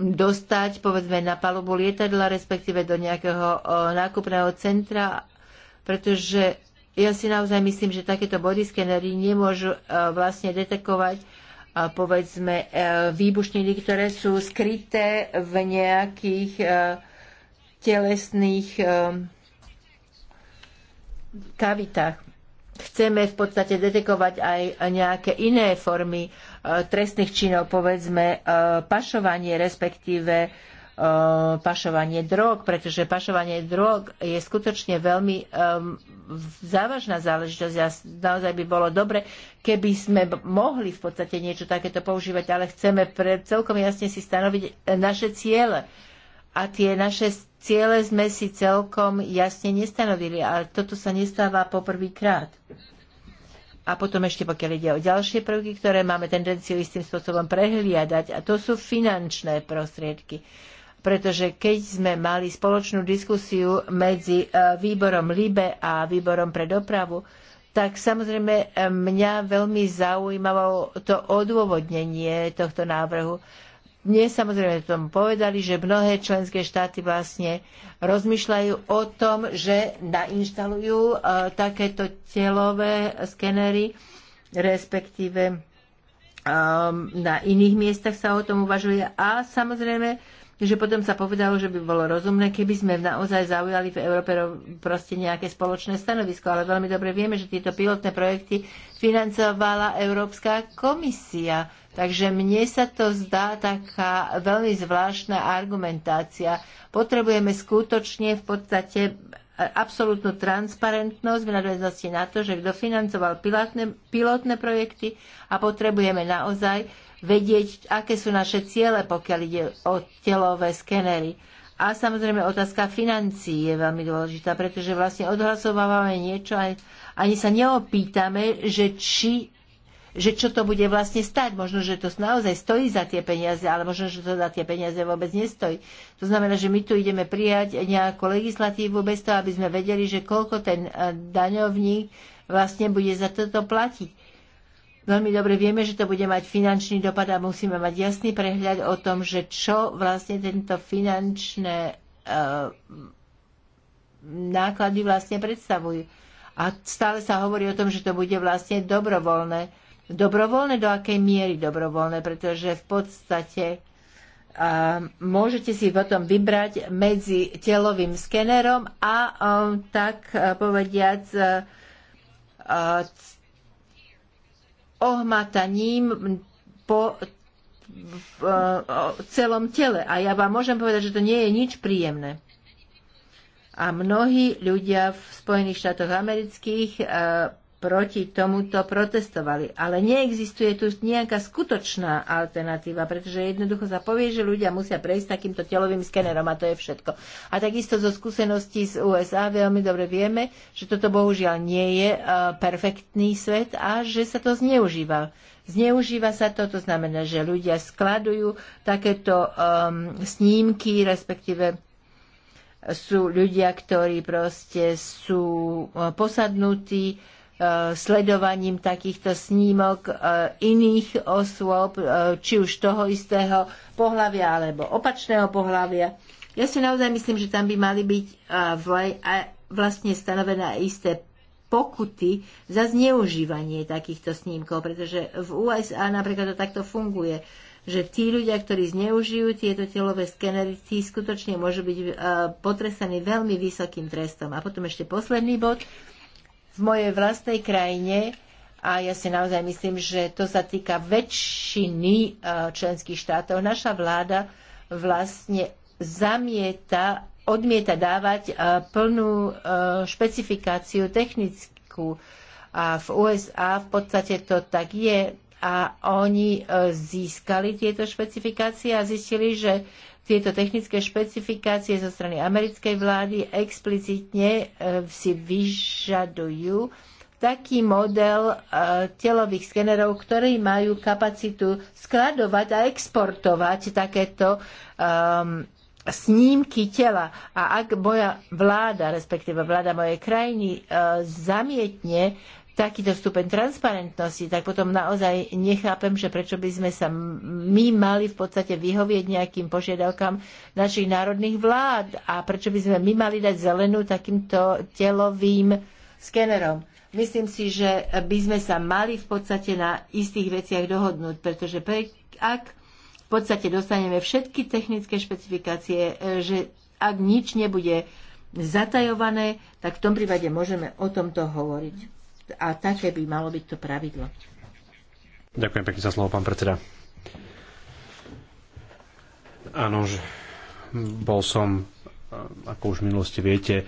dostať povedzme na palubu lietadla, respektíve do nejakého nákupného centra, pretože ja si naozaj myslím, že takéto body skenery nemôžu e, vlastne detekovať povedzme e, výbušniny, ktoré sú skryté v nejakých telesných kavitách chceme v podstate detekovať aj nejaké iné formy e, trestných činov, povedzme e, pašovanie, respektíve e, pašovanie drog, pretože pašovanie drog je skutočne veľmi um, závažná záležitosť a naozaj by bolo dobre, keby sme mohli v podstate niečo takéto používať, ale chceme pre, celkom jasne si stanoviť naše ciele. A tie naše Ciele sme si celkom jasne nestanovili, ale toto sa nestáva poprvýkrát. A potom ešte pokiaľ ide o ďalšie prvky, ktoré máme tendenciu istým spôsobom prehliadať, a to sú finančné prostriedky. Pretože keď sme mali spoločnú diskusiu medzi e, výborom LIBE a výborom pre dopravu, tak samozrejme e, mňa veľmi zaujímalo to odôvodnenie tohto návrhu. Mne samozrejme tom povedali, že mnohé členské štáty vlastne rozmýšľajú o tom, že nainštalujú e, takéto telové skenery, respektíve e, na iných miestach sa o tom uvažuje a samozrejme, že potom sa povedalo, že by bolo rozumné, keby sme naozaj zaujali v Európe proste nejaké spoločné stanovisko, ale veľmi dobre vieme, že tieto pilotné projekty financovala Európska komisia. Takže mne sa to zdá taká veľmi zvláštna argumentácia. Potrebujeme skutočne v podstate e, absolútnu transparentnosť v nadväznosti na to, že kto financoval pilotné, pilotné projekty a potrebujeme naozaj vedieť, aké sú naše ciele, pokiaľ ide o telové skenery. A samozrejme otázka financií je veľmi dôležitá, pretože vlastne odhlasovávame niečo a ani sa neopýtame, že či že čo to bude vlastne stať. Možno, že to naozaj stojí za tie peniaze, ale možno, že to za tie peniaze vôbec nestojí. To znamená, že my tu ideme prijať nejakú legislatívu bez toho, aby sme vedeli, že koľko ten eh, daňovník vlastne bude za toto platiť. Veľmi dobre vieme, že to bude mať finančný dopad a musíme mať jasný prehľad o tom, že čo vlastne tento finančné eh, náklady vlastne predstavujú. A stále sa hovorí o tom, že to bude vlastne dobrovoľné dobrovoľné, do akej miery dobrovoľné, pretože v podstate uh, môžete si potom vybrať medzi telovým skenerom a um, tak povediac uh, ohmataním po v celom tele. A ja vám môžem povedať, že to nie je nič príjemné. A mnohí ľudia v Spojených štátoch amerických proti tomuto protestovali. Ale neexistuje tu nejaká skutočná alternatíva, pretože jednoducho sa povie, že ľudia musia prejsť takýmto telovým skenerom a to je všetko. A takisto zo skúseností z USA veľmi dobre vieme, že toto bohužiaľ nie je e, perfektný svet a že sa to zneužíva. Zneužíva sa to, to znamená, že ľudia skladujú takéto um, snímky, respektíve sú ľudia, ktorí proste sú e, posadnutí sledovaním takýchto snímok e, iných osôb, e, či už toho istého pohľavia alebo opačného pohľavia. Ja si naozaj myslím, že tam by mali byť vlastne stanovené isté pokuty za zneužívanie takýchto snímkov, pretože v USA napríklad to takto funguje že tí ľudia, ktorí zneužijú tieto telové skenery, tí skutočne môžu byť e, potrestaní veľmi vysokým trestom. A potom ešte posledný bod v mojej vlastnej krajine a ja si naozaj myslím, že to sa týka väčšiny e, členských štátov. Naša vláda vlastne zamieta, odmieta dávať e, plnú e, špecifikáciu technickú. A v USA v podstate to tak je a oni e, získali tieto špecifikácie a zistili, že tieto technické špecifikácie zo strany americkej vlády explicitne e, si vyžadujú taký model e, telových skenerov, ktorí majú kapacitu skladovať a exportovať takéto um, snímky tela. A ak moja vláda, respektíve vláda mojej krajiny, zamietne takýto stupeň transparentnosti, tak potom naozaj nechápem, že prečo by sme sa my mali v podstate vyhovieť nejakým požiadavkám našich národných vlád a prečo by sme my mali dať zelenú takýmto telovým skenerom. Myslím si, že by sme sa mali v podstate na istých veciach dohodnúť, pretože pre, ak v podstate dostaneme všetky technické špecifikácie, e, že ak nič nebude zatajované, tak v tom prípade môžeme o tomto hovoriť a také by malo byť to pravidlo. Ďakujem pekne za slovo, pán predseda. Áno, že bol som, ako už v minulosti viete,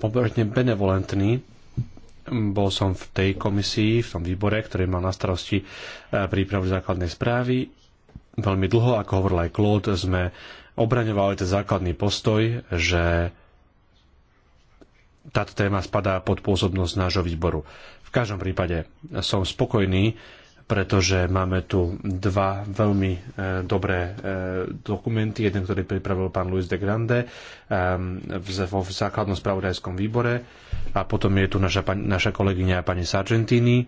pomerne benevolentný. Bol som v tej komisii, v tom výbore, ktorý mal na starosti e, prípravu základnej správy. Veľmi dlho, ako hovoril aj Claude, sme obraňovali ten základný postoj, že táto téma spadá pod pôsobnosť nášho výboru. V každom prípade som spokojný, pretože máme tu dva veľmi e, dobré e, dokumenty. Jeden, ktorý pripravil pán Luis de Grande e, v, vo v základnom spravodajskom výbore a potom je tu naša, naša kolegyňa pani Sargentini,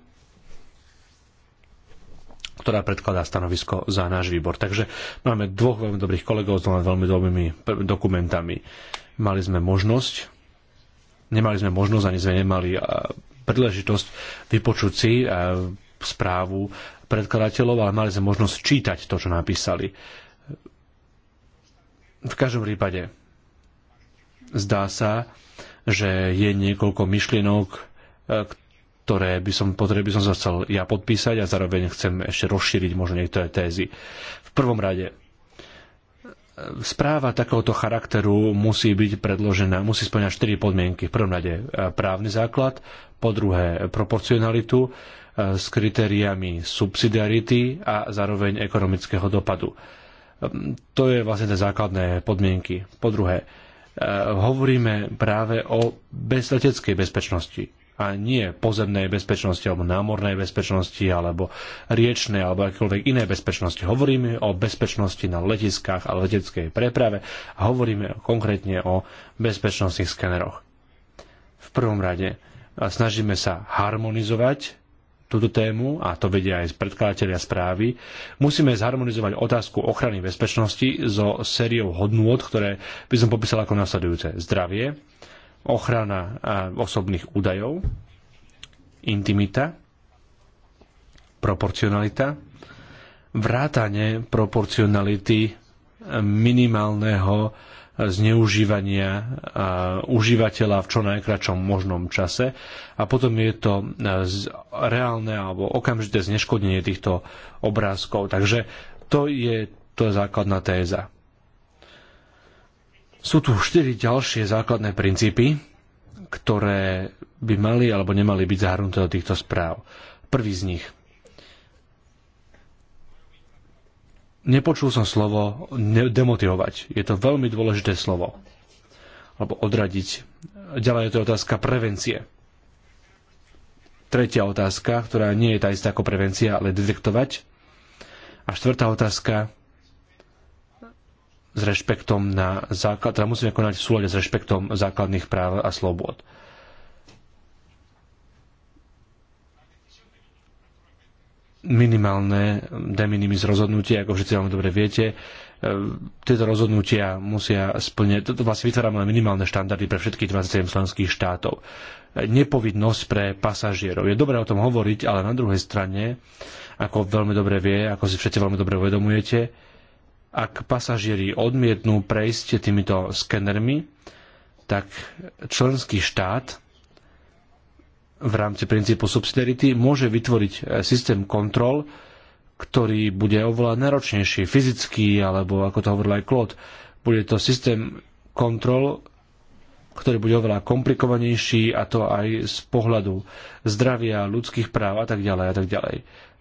ktorá predkladá stanovisko za náš výbor. Takže máme dvoch veľmi dobrých kolegov s veľmi dobrými dokumentami. Mali sme možnosť, nemali sme možnosť, ani sme nemali príležitosť vypočuť si e, správu predkladateľov, ale mali sme možnosť čítať to, čo napísali. V každom prípade zdá sa, že je niekoľko myšlienok, e, ktoré by som, by som chcel ja podpísať a zároveň chcem ešte rozšíriť možno niektoré tézy. V prvom rade správa takéhoto charakteru musí byť predložená, musí splňať 4 podmienky. V prvom rade e, právny základ, po druhé proporcionalitu e, s kritériami subsidiarity a zároveň ekonomického dopadu. E, to je vlastne tie základné podmienky. Po druhé, hovoríme práve o bezleteckej bezpečnosti a nie pozemnej bezpečnosti alebo námornej bezpečnosti alebo riečnej alebo akékoľvek inej bezpečnosti. Hovoríme o bezpečnosti na letiskách a leteckej preprave a hovoríme konkrétne o bezpečnostných skeneroch. V prvom rade snažíme sa harmonizovať túto tému, a to vedia aj predkladatelia správy, musíme zharmonizovať otázku ochrany bezpečnosti so sériou hodnôt, ktoré by som popísal ako nasledujúce. Zdravie, ochrana e, osobných údajov, intimita, proporcionalita, vrátanie proporcionality e, minimálneho zneužívania e, užívateľa v čo najkračom možnom čase a potom je to reálne alebo okamžité zneškodnenie týchto obrázkov. Takže to je, to je základná téza. Sú tu štyri ďalšie základné princípy, ktoré by mali alebo nemali byť zahrnuté do týchto správ. Prvý z nich. Nepočul som slovo demotivovať. Je to veľmi dôležité slovo. Alebo odradiť. Ďalej je to otázka prevencie. Tretia otázka, ktorá nie je tá istá ako prevencia, ale detektovať. A štvrtá otázka, s rešpektom na základ, teda musíme konať v súlade s rešpektom základných práv a slobod. minimálne de minimis rozhodnutie, ako všetci veľmi dobre viete. E, tieto rozhodnutia musia splňať, toto vlastne vytvárame minimálne štandardy pre všetkých 27 slovenských štátov. Nepovinnosť pre pasažierov. Je dobré o tom hovoriť, ale na druhej strane, ako veľmi dobre vie, ako si všetci veľmi dobre uvedomujete, ak pasažieri odmietnú prejsť týmito skenermi, tak členský štát v rámci princípu subsidiarity môže vytvoriť e, systém kontrol, ktorý bude oveľa náročnejší fyzicky, alebo ako to hovoril aj Claude, bude to systém kontrol, ktorý bude oveľa komplikovanejší a to aj z pohľadu zdravia, ľudských práv a tak ďalej a tak ďalej.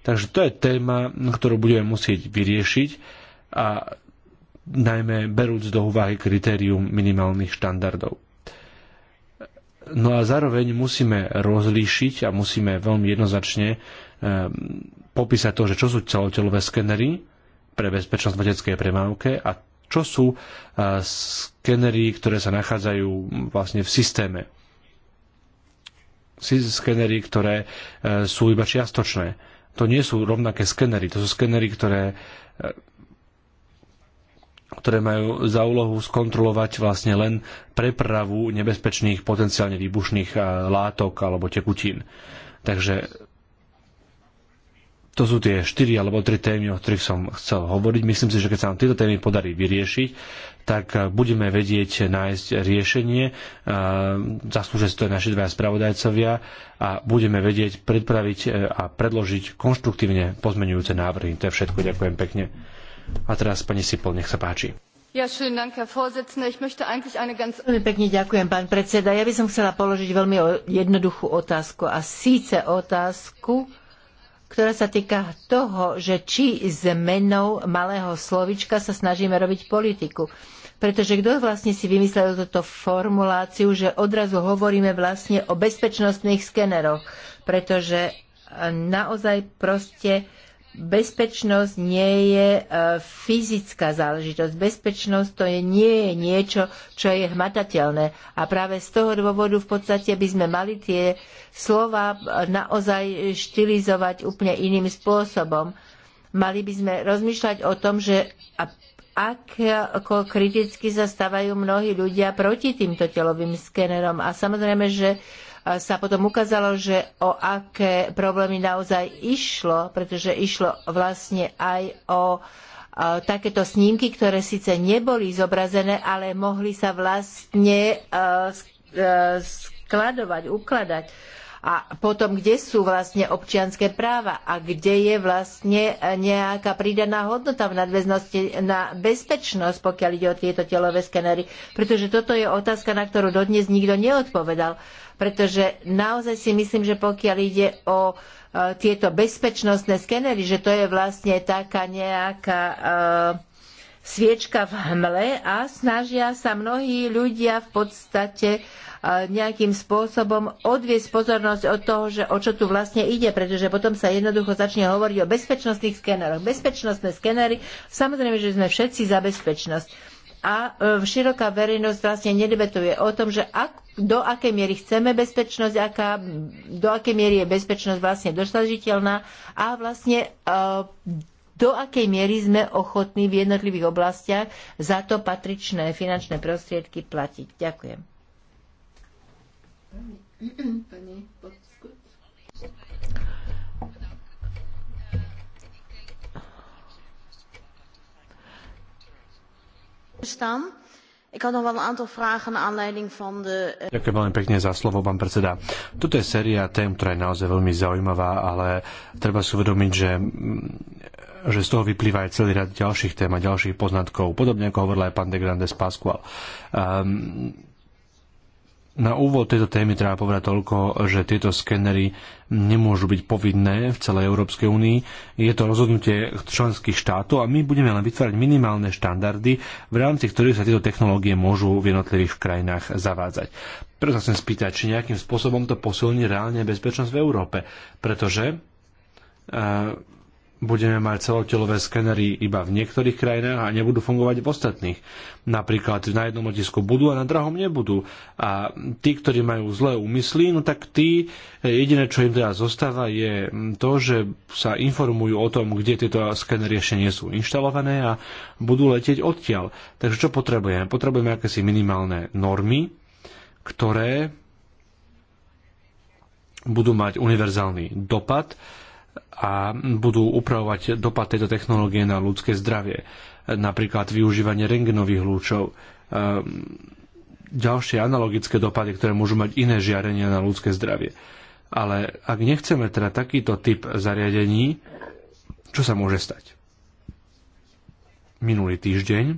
Takže to je téma, ktorú budeme musieť vyriešiť a najmä berúc do úvahy kritérium minimálnych štandardov. No a zároveň musíme rozlíšiť a musíme veľmi jednoznačne eh, popísať to, že čo sú celotelové skenery pre bezpečnosť leteckej premávke a čo sú eh, skenery, ktoré sa nachádzajú vlastne v systéme. Skenery, ktoré eh, sú iba čiastočné. To nie sú rovnaké skenery, to sú skenery, ktoré ktoré majú za úlohu skontrolovať vlastne len prepravu nebezpečných potenciálne výbušných eh, látok alebo tekutín. Takže to sú tie štyri alebo tri témy, o ktorých som chcel hovoriť. Myslím si, že keď sa nám tieto témy podarí vyriešiť, tak eh, budeme vedieť nájsť riešenie, eh, zaslúžia si to naši dvaja spravodajcovia a budeme vedieť predpraviť a predložiť konštruktívne pozmenujúce návrhy. To je všetko. Ďakujem pekne. A teraz pani Sipol, nech sa páči. Ja, Veľmi pekne ďakujem, pán predseda. Ja by som chcela položiť veľmi jednoduchú otázku. A síce otázku, ktorá sa týka toho, že či zmenou malého slovička sa snažíme robiť politiku. Pretože kto vlastne si vymyslel túto formuláciu, že odrazu hovoríme vlastne o bezpečnostných skeneroch. Pretože naozaj proste bezpečnosť nie je e, fyzická záležitosť. Bezpečnosť to je, nie je niečo, čo je hmatateľné. A práve z toho dôvodu v podstate by sme mali tie slova e, naozaj štilizovať úplne iným spôsobom. Mali by sme rozmýšľať o tom, že ak ako kriticky zastávajú mnohí ľudia proti týmto telovým skenerom. A samozrejme, že uh, sa potom ukázalo, že o aké problémy naozaj išlo, pretože išlo vlastne aj o takéto snímky, ktoré síce neboli zobrazené, ale mohli sa vlastne skladovať, ukladať. A potom, kde sú vlastne občianske práva a kde je vlastne eh, nejaká pridaná hodnota v nadväznosti na bezpečnosť, pokiaľ ide o tieto telové skenery. Pretože toto je otázka, na ktorú dodnes nikto neodpovedal. Pretože naozaj si myslím, že pokiaľ ide o eh, tieto bezpečnostné skenery, že to je vlastne taká nejaká eh, sviečka v hmle a snažia sa mnohí ľudia v podstate nejakým spôsobom odviesť pozornosť od toho, že o čo tu vlastne ide, pretože potom sa jednoducho začne hovoriť o bezpečnostných skéneroch. Bezpečnostné skenery, samozrejme, že sme všetci za bezpečnosť a e, široká verejnosť vlastne nedebatuje o tom, že ak, do akej miery chceme bezpečnosť, aká, do akej miery je bezpečnosť vlastne dosažiteľná a vlastne e, do akej miery sme ochotní v jednotlivých oblastiach za to patričné finančné prostriedky platiť. Ďakujem. Pani, Podskut. Staan. Ik had nog wel een aantal vragen naar aanleiding van de... Eh, Ďakujem veľmi pekne za slovo, pán predseda. Toto je séria tém, ktorá je naozaj veľmi zaujímavá, ale treba si uvedomiť, že mm, že z toho vyplýva aj celý rad ďalších tém a ďalších poznatkov, podobne ako hovorila aj pán de Grandes Pascual. Um, na úvod tejto témy treba povedať toľko, že tieto skenery nemôžu byť povinné v celej Európskej únii. Je to rozhodnutie členských štátov a my budeme len vytvárať minimálne štandardy, v rámci ktorých sa tieto technológie môžu v jednotlivých krajinách zavádzať. Preto sa chcem spýtať, či nejakým spôsobom to posilní reálne bezpečnosť v Európe, pretože uh, budeme mať celotelové skenery iba v niektorých krajinách a nebudú fungovať v ostatných. Napríklad na jednom letisku budú a na drahom nebudú. A tí, ktorí majú zlé úmysly, no tak tí, e, jediné, čo im teda zostáva, je to, že sa informujú o tom, kde tieto skenery ešte nie sú inštalované a budú letieť odtiaľ. Takže čo potrebujeme? Potrebujeme akési minimálne normy, ktoré budú mať univerzálny dopad a budú upravovať dopad tejto technológie na ľudské zdravie, napríklad využívanie rengenových lúčov, ehm, ďalšie analogické dopady, ktoré môžu mať iné žiarenia na ľudské zdravie. Ale ak nechceme teda takýto typ zariadení, čo sa môže stať? Minulý týždeň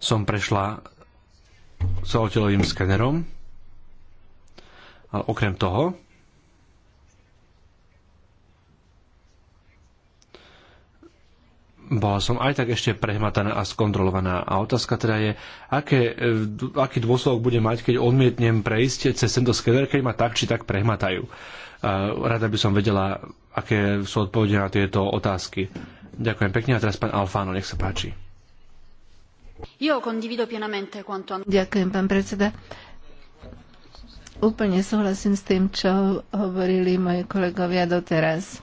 som prešla celotelovým skenerom, ale okrem toho bola som aj tak ešte prehmataná a skontrolovaná. A otázka teda je, aké, eh, aký dôsledok bude mať, keď odmietnem prejsť cez tento skener, keď ma tak či tak prehmatajú. Rada by som vedela, aké sú odpovede na tieto otázky. Ďakujem pekne a teraz pán Alfáno, nech sa páči. Ďakujem, pán predseda. Úplne súhlasím s tým, čo hovorili moji kolegovia doteraz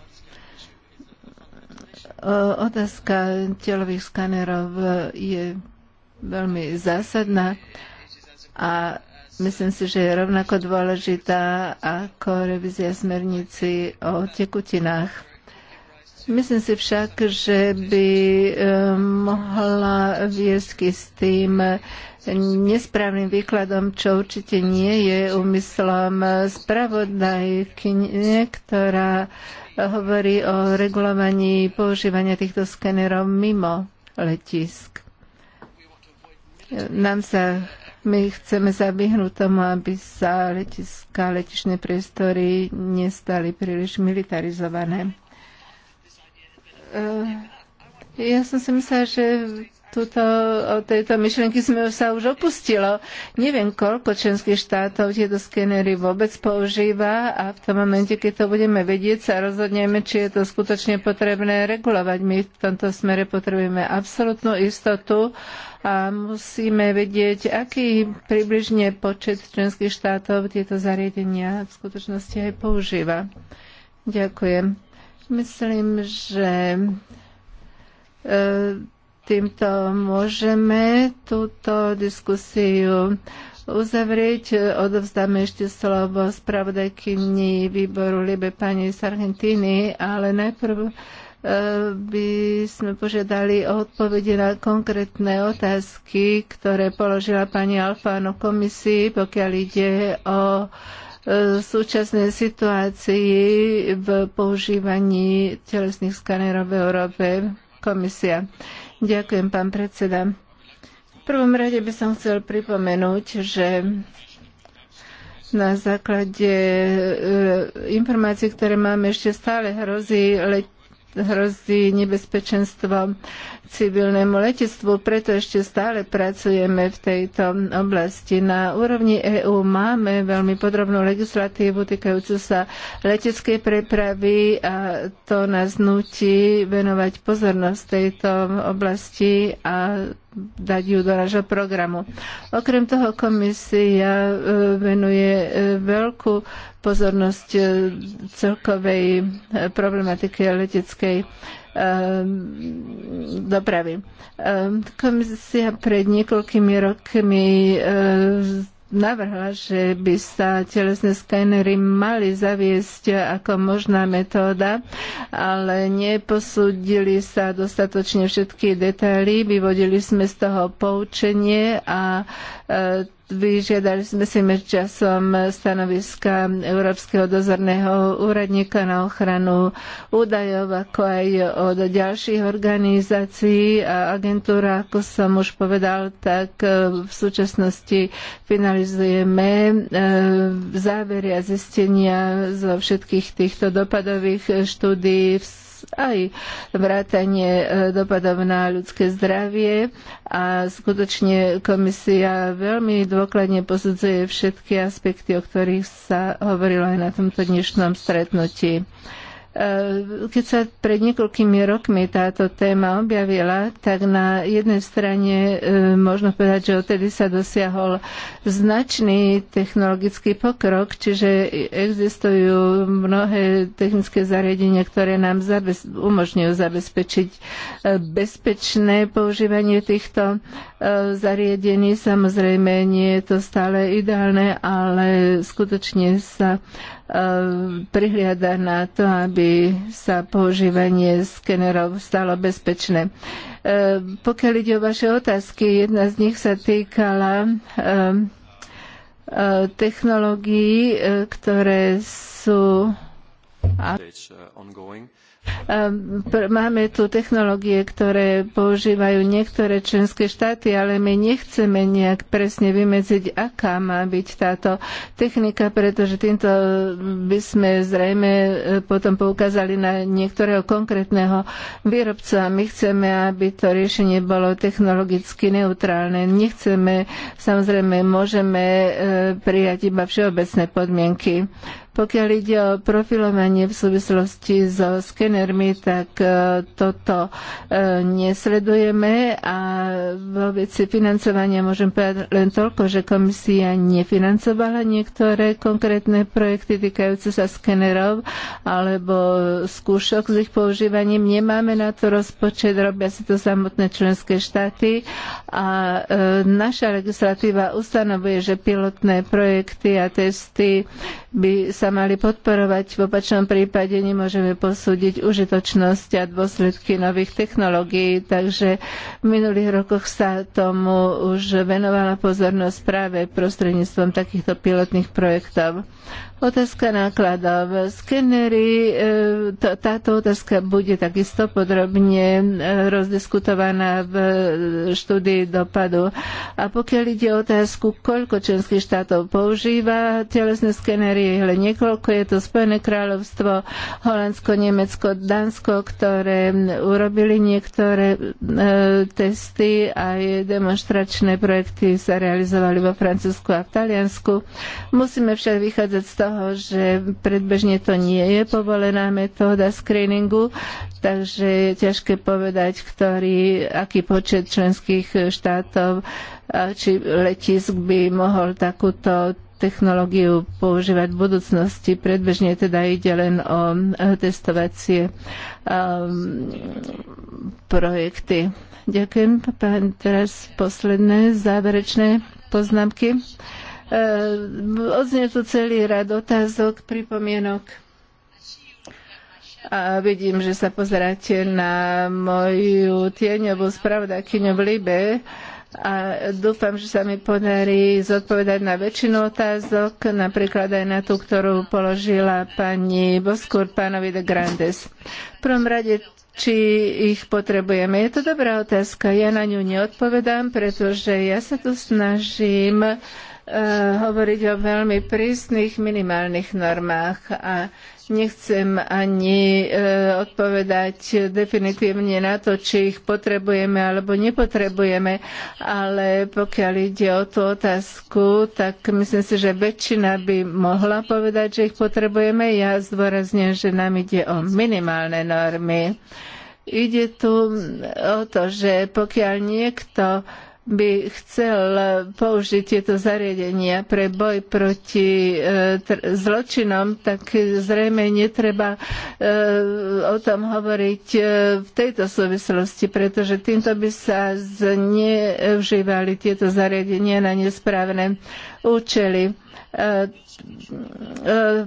Otázka telových skanerov je veľmi zásadná a myslím si, že je rovnako dôležitá ako revízia smernici o tekutinách. Myslím si však, že by mohla viesť k s tým nesprávnym výkladom, čo určite nie je úmyslom spravodajky, ktorá hovorí o regulovaní používania týchto skenerov mimo letisk. Nám sa, my chceme sa vyhnúť tomu, aby sa letiska, letišné priestory nestali príliš militarizované. E, ja som si myslela, že Tuto o tejto myšlenky sme sa už opustilo. Neviem, koľko členských štátov tieto skenery vôbec používa a v tom momente, keď to budeme vedieť, sa rozhodneme, či je to skutočne potrebné regulovať. My v tomto smere potrebujeme absolútnu istotu a musíme vedieť, aký približne počet členských štátov tieto zariadenia v skutočnosti aj používa. Ďakujem. Myslím, že e, Týmto môžeme túto diskusiu uzavrieť. Odovzdáme ešte slovo spravodajkyni výboru Libe pani z Argentíny, ale najprv e, by sme požiadali o odpovede na konkrétne otázky, ktoré položila pani Alfáno komisii, pokiaľ ide o e, súčasnej situácii v používaní telesných skanerov v Európe komisia. Ďakujem, pán predseda. V prvom rade by som chcel pripomenúť, že na základe e, informácií, ktoré máme, ešte stále hrozí let hrozí nebezpečenstvo civilnému letectvu, preto ešte stále pracujeme v tejto oblasti. Na úrovni EÚ máme veľmi podrobnú legislatívu týkajúcu sa leteckej prepravy a to nás nutí venovať pozornosť tejto oblasti a dať ju do nášho programu. Okrem toho komisia e, venuje e, veľkú pozornosť e, celkovej problematike leteckej dopravy. Komisia pred niekoľkými rokmi navrhla, že by sa telesné skenery mali zaviesť ako možná metóda, ale neposúdili sa dostatočne všetky detaily, vyvodili sme z toho poučenie a e, Vyžiadali sme si medzičasom stanoviska Európskeho dozorného úradníka na ochranu údajov, ako aj od ďalších organizácií a agentúra, ako som už povedal, tak e, v súčasnosti finalizujeme e, závery a zistenia zo všetkých týchto dopadových štúdií v aj vrátanie e, dopadov na ľudské zdravie a skutočne komisia veľmi dôkladne posudzuje všetky aspekty, o ktorých sa hovorilo aj na tomto dnešnom stretnutí. E, keď sa pred niekoľkými rokmi táto téma objavila, tak na jednej strane e, možno povedať, že odtedy sa dosiahol značný technologický pokrok, čiže existujú mnohé technické zariadenia, ktoré nám zabez- umožňujú zabezpečiť e, bezpečné používanie týchto zariadení. Samozrejme, nie je to stále ideálne, ale skutočne sa E, prihliada na to, aby sa používanie skenerov stalo bezpečné. E, pokiaľ ide o vaše otázky, jedna z nich sa týkala e, technológií, ktoré sú uh, Ehm, máme tu technológie, ktoré používajú niektoré členské štáty, ale my nechceme nejak presne vymedziť, aká má byť táto technika, pretože týmto ehm, by sme zrejme ehm, potom poukázali na niektorého konkrétneho výrobca. My chceme, aby to riešenie bolo technologicky neutrálne. Nechceme, samozrejme, môžeme prijať iba všeobecné podmienky. Pokiaľ ide o profilovanie v súvislosti so skenermi, tak e, toto e, nesledujeme a vo veci financovania môžem povedať len toľko, že komisia nefinancovala niektoré konkrétne projekty týkajúce sa skenerov alebo skúšok s ich používaním. Nemáme na to rozpočet, robia si to samotné členské štáty a e, naša legislatíva ustanovuje, že pilotné projekty a testy by sa sa mali podporovať. V opačnom prípade nemôžeme posúdiť užitočnosť a dôsledky nových technológií, takže v minulých rokoch sa tomu už venovala pozornosť práve prostredníctvom takýchto pilotných projektov. Otázka nákladov. Skenery, e, táto otázka bude takisto podrobne e, rozdiskutovaná v e, štúdii dopadu. A pokiaľ ide o otázku, koľko členských štátov používa telesné skenery, je len niekoľko. Je to Spojené kráľovstvo, Holandsko, Nemecko, Dánsko, ktoré urobili niektoré e, testy a aj demonstračné projekty sa realizovali vo Francúzsku a v Taliansku. Musíme však vychádzať z toho, že predbežne to nie je povolená metóda screeningu, takže je ťažké povedať, ktorý, aký počet členských štátov či letisk by mohol takúto technológiu používať v budúcnosti. Predbežne teda ide len o e, testovacie e, projekty. Ďakujem. Pán, teraz posledné záverečné poznámky. E, odznie tu celý rad otázok, pripomienok. A vidím, že sa pozeráte na moju tieňovú spravodajkyňu v Libe a dúfam, že sa mi podarí zodpovedať na väčšinu otázok, napríklad aj na tú, ktorú položila pani Boskur pánovi de Grandes. V prvom rade či ich potrebujeme. Je to dobrá otázka. Ja na ňu neodpovedám, pretože ja sa tu snažím uh, Eh, hovoriť o veľmi prísnych minimálnych normách a nechcem ani eh, odpovedať definitívne na to, či ich potrebujeme alebo nepotrebujeme, ale pokiaľ ide o tú otázku, tak myslím si, že väčšina by mohla povedať, že ich potrebujeme. Ja zdôrazňujem, že nám ide o minimálne normy. Ide tu o to, že pokiaľ niekto by chcel použiť tieto zariadenia pre boj proti e, zločinom, tak zrejme netreba e, o tom hovoriť e, v tejto súvislosti, pretože týmto by sa zneužívali tieto zariadenia na nesprávne účely. E,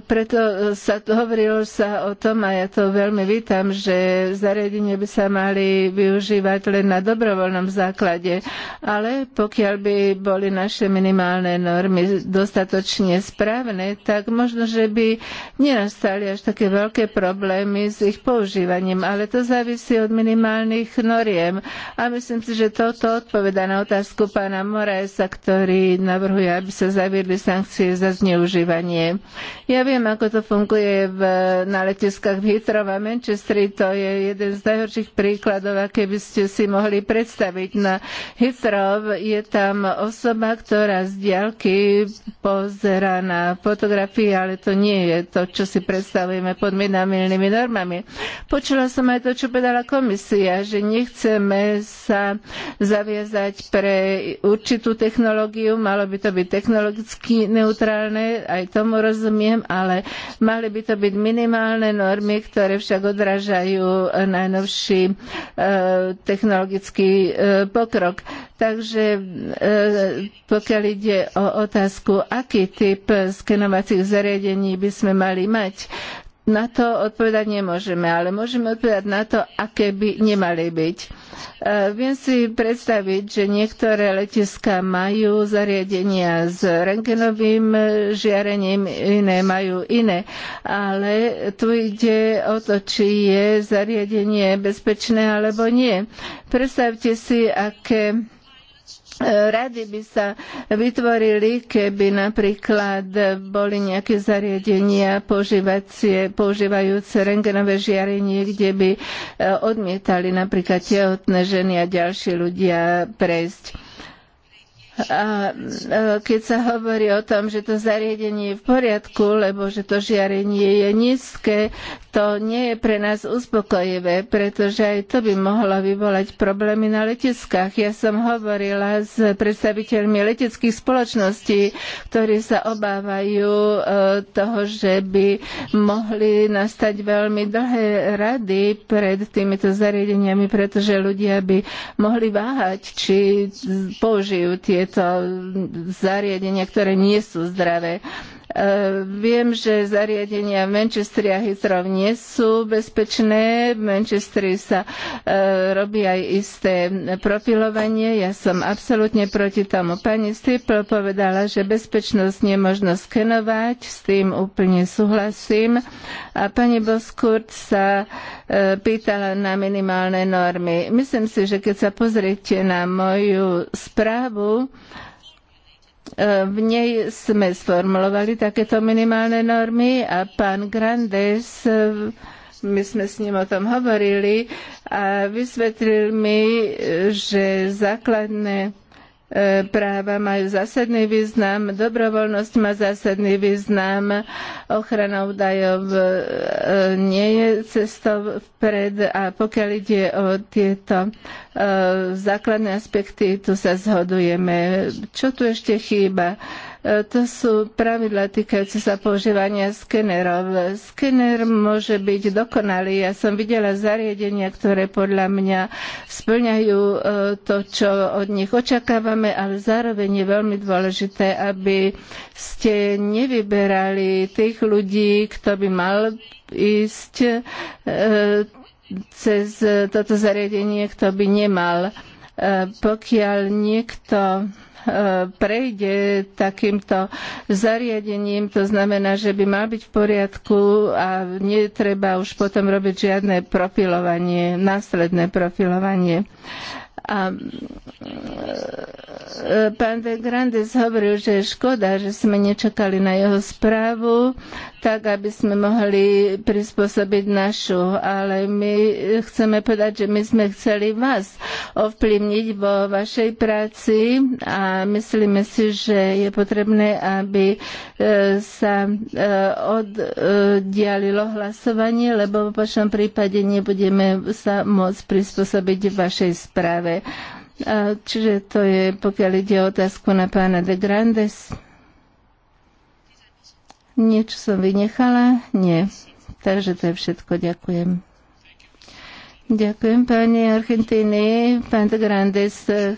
preto sa hovorilo sa o tom a ja to veľmi vítam, že zariadenie by sa mali využívať len na dobrovoľnom základe, ale pokiaľ by boli naše minimálne normy dostatočne správne, tak možno, že by nenastali až také veľké problémy s ich používaním, ale to závisí od minimálnych noriem. A myslím si, že toto odpoveda na otázku pána Moraesa, ktorý navrhuje, aby sa zaviedli sankcie za zneužívanie. Ja viem, ako to funguje v, na letiskách v Hitrov a Manchestri. To je jeden z najhorších príkladov, aké by ste si mohli predstaviť. Na Hitrov je tam osoba, ktorá z diaľky pozera na fotografii, ale to nie je to, čo si predstavujeme pod minamilnými normami. Počula som aj to, čo povedala komisia, že nechceme sa zaviazať pre určitú technológiu, malo by to byť technológia, technologicky neutrálne, aj tomu rozumiem, ale mali by to byť minimálne normy, ktoré však odrážajú najnovší e, technologický e, pokrok. Takže e, pokiaľ ide o otázku, aký typ skenovacích zariadení by sme mali mať, na to odpovedať nemôžeme, ale môžeme odpovedať na to, aké by nemali byť. E, viem si predstaviť, že niektoré letiska majú zariadenia s rengenovým žiarením, iné majú iné, ale tu ide o to, či je zariadenie bezpečné alebo nie. Predstavte si, aké E, rady by sa vytvorili, keby napríklad boli nejaké zariadenia používajúce rengenové žiarenie, kde by e, odmietali napríklad tehotné ženy a ďalší ľudia prejsť. A keď sa hovorí o tom, že to zariadenie je v poriadku, lebo že to žiarenie je nízke, to nie je pre nás uspokojivé, pretože aj to by mohlo vyvolať problémy na letiskách. Ja som hovorila s predstaviteľmi leteckých spoločností, ktorí sa obávajú e, toho, že by mohli nastať veľmi dlhé rady pred týmito zariadeniami, pretože ľudia by mohli váhať, či použijú tie tieto zariadenia, ktoré nie sú zdravé. Ehm, viem, že zariadenia v Manchesteri a Heathrow nie sú bezpečné. V Manchestri sa ehm, robí aj isté profilovanie. Ja som absolútne proti tomu. Pani Stipl povedala, že bezpečnosť nemožno skenovať. S tým úplne súhlasím. A pani Boskurt sa ehm, pýtala na minimálne normy. Myslím si, že keď sa pozriete na moju správu, E, v nej sme sformulovali takéto minimálne normy a pán Grandes e, my sme s ním o tom hovorili a vysvetlil mi, e, že základné E, práva majú zásadný význam, dobrovoľnosť má zásadný význam, ochrana údajov e, nie je cestou vpred a pokiaľ ide o tieto e, základné aspekty, tu sa zhodujeme. Čo tu ešte chýba? E, to sú pravidla týkajúce sa používania skenerov. Skener môže byť dokonalý. Ja som videla zariadenia, ktoré podľa mňa splňajú e, to, čo od nich očakávame, ale zároveň je veľmi dôležité, aby ste nevyberali tých ľudí, kto by mal ísť e, cez toto zariadenie, kto by nemal. Pokiaľ niekto E, prejde takýmto zariadením, to znamená, že by mal byť v poriadku a netreba už potom robiť žiadne profilovanie, následné profilovanie. A e, pán de Grandes hovoril, že je škoda, že sme nečakali na jeho správu, tak aby sme mohli prispôsobiť našu. Ale my chceme povedať, že my sme chceli vás ovplyvniť vo vašej práci a myslíme si, že je potrebné, aby e, sa e, oddialilo hlasovanie, lebo v vašom prípade nebudeme sa môcť prispôsobiť vašej správe práve. E, čiže to je, pokiaľ ide o otázku na pána de Grandes. Niečo som vynechala? Nie. Takže to je všetko. Ďakujem. Ďakujem, pani Argentíny. Pán de Grandes. E,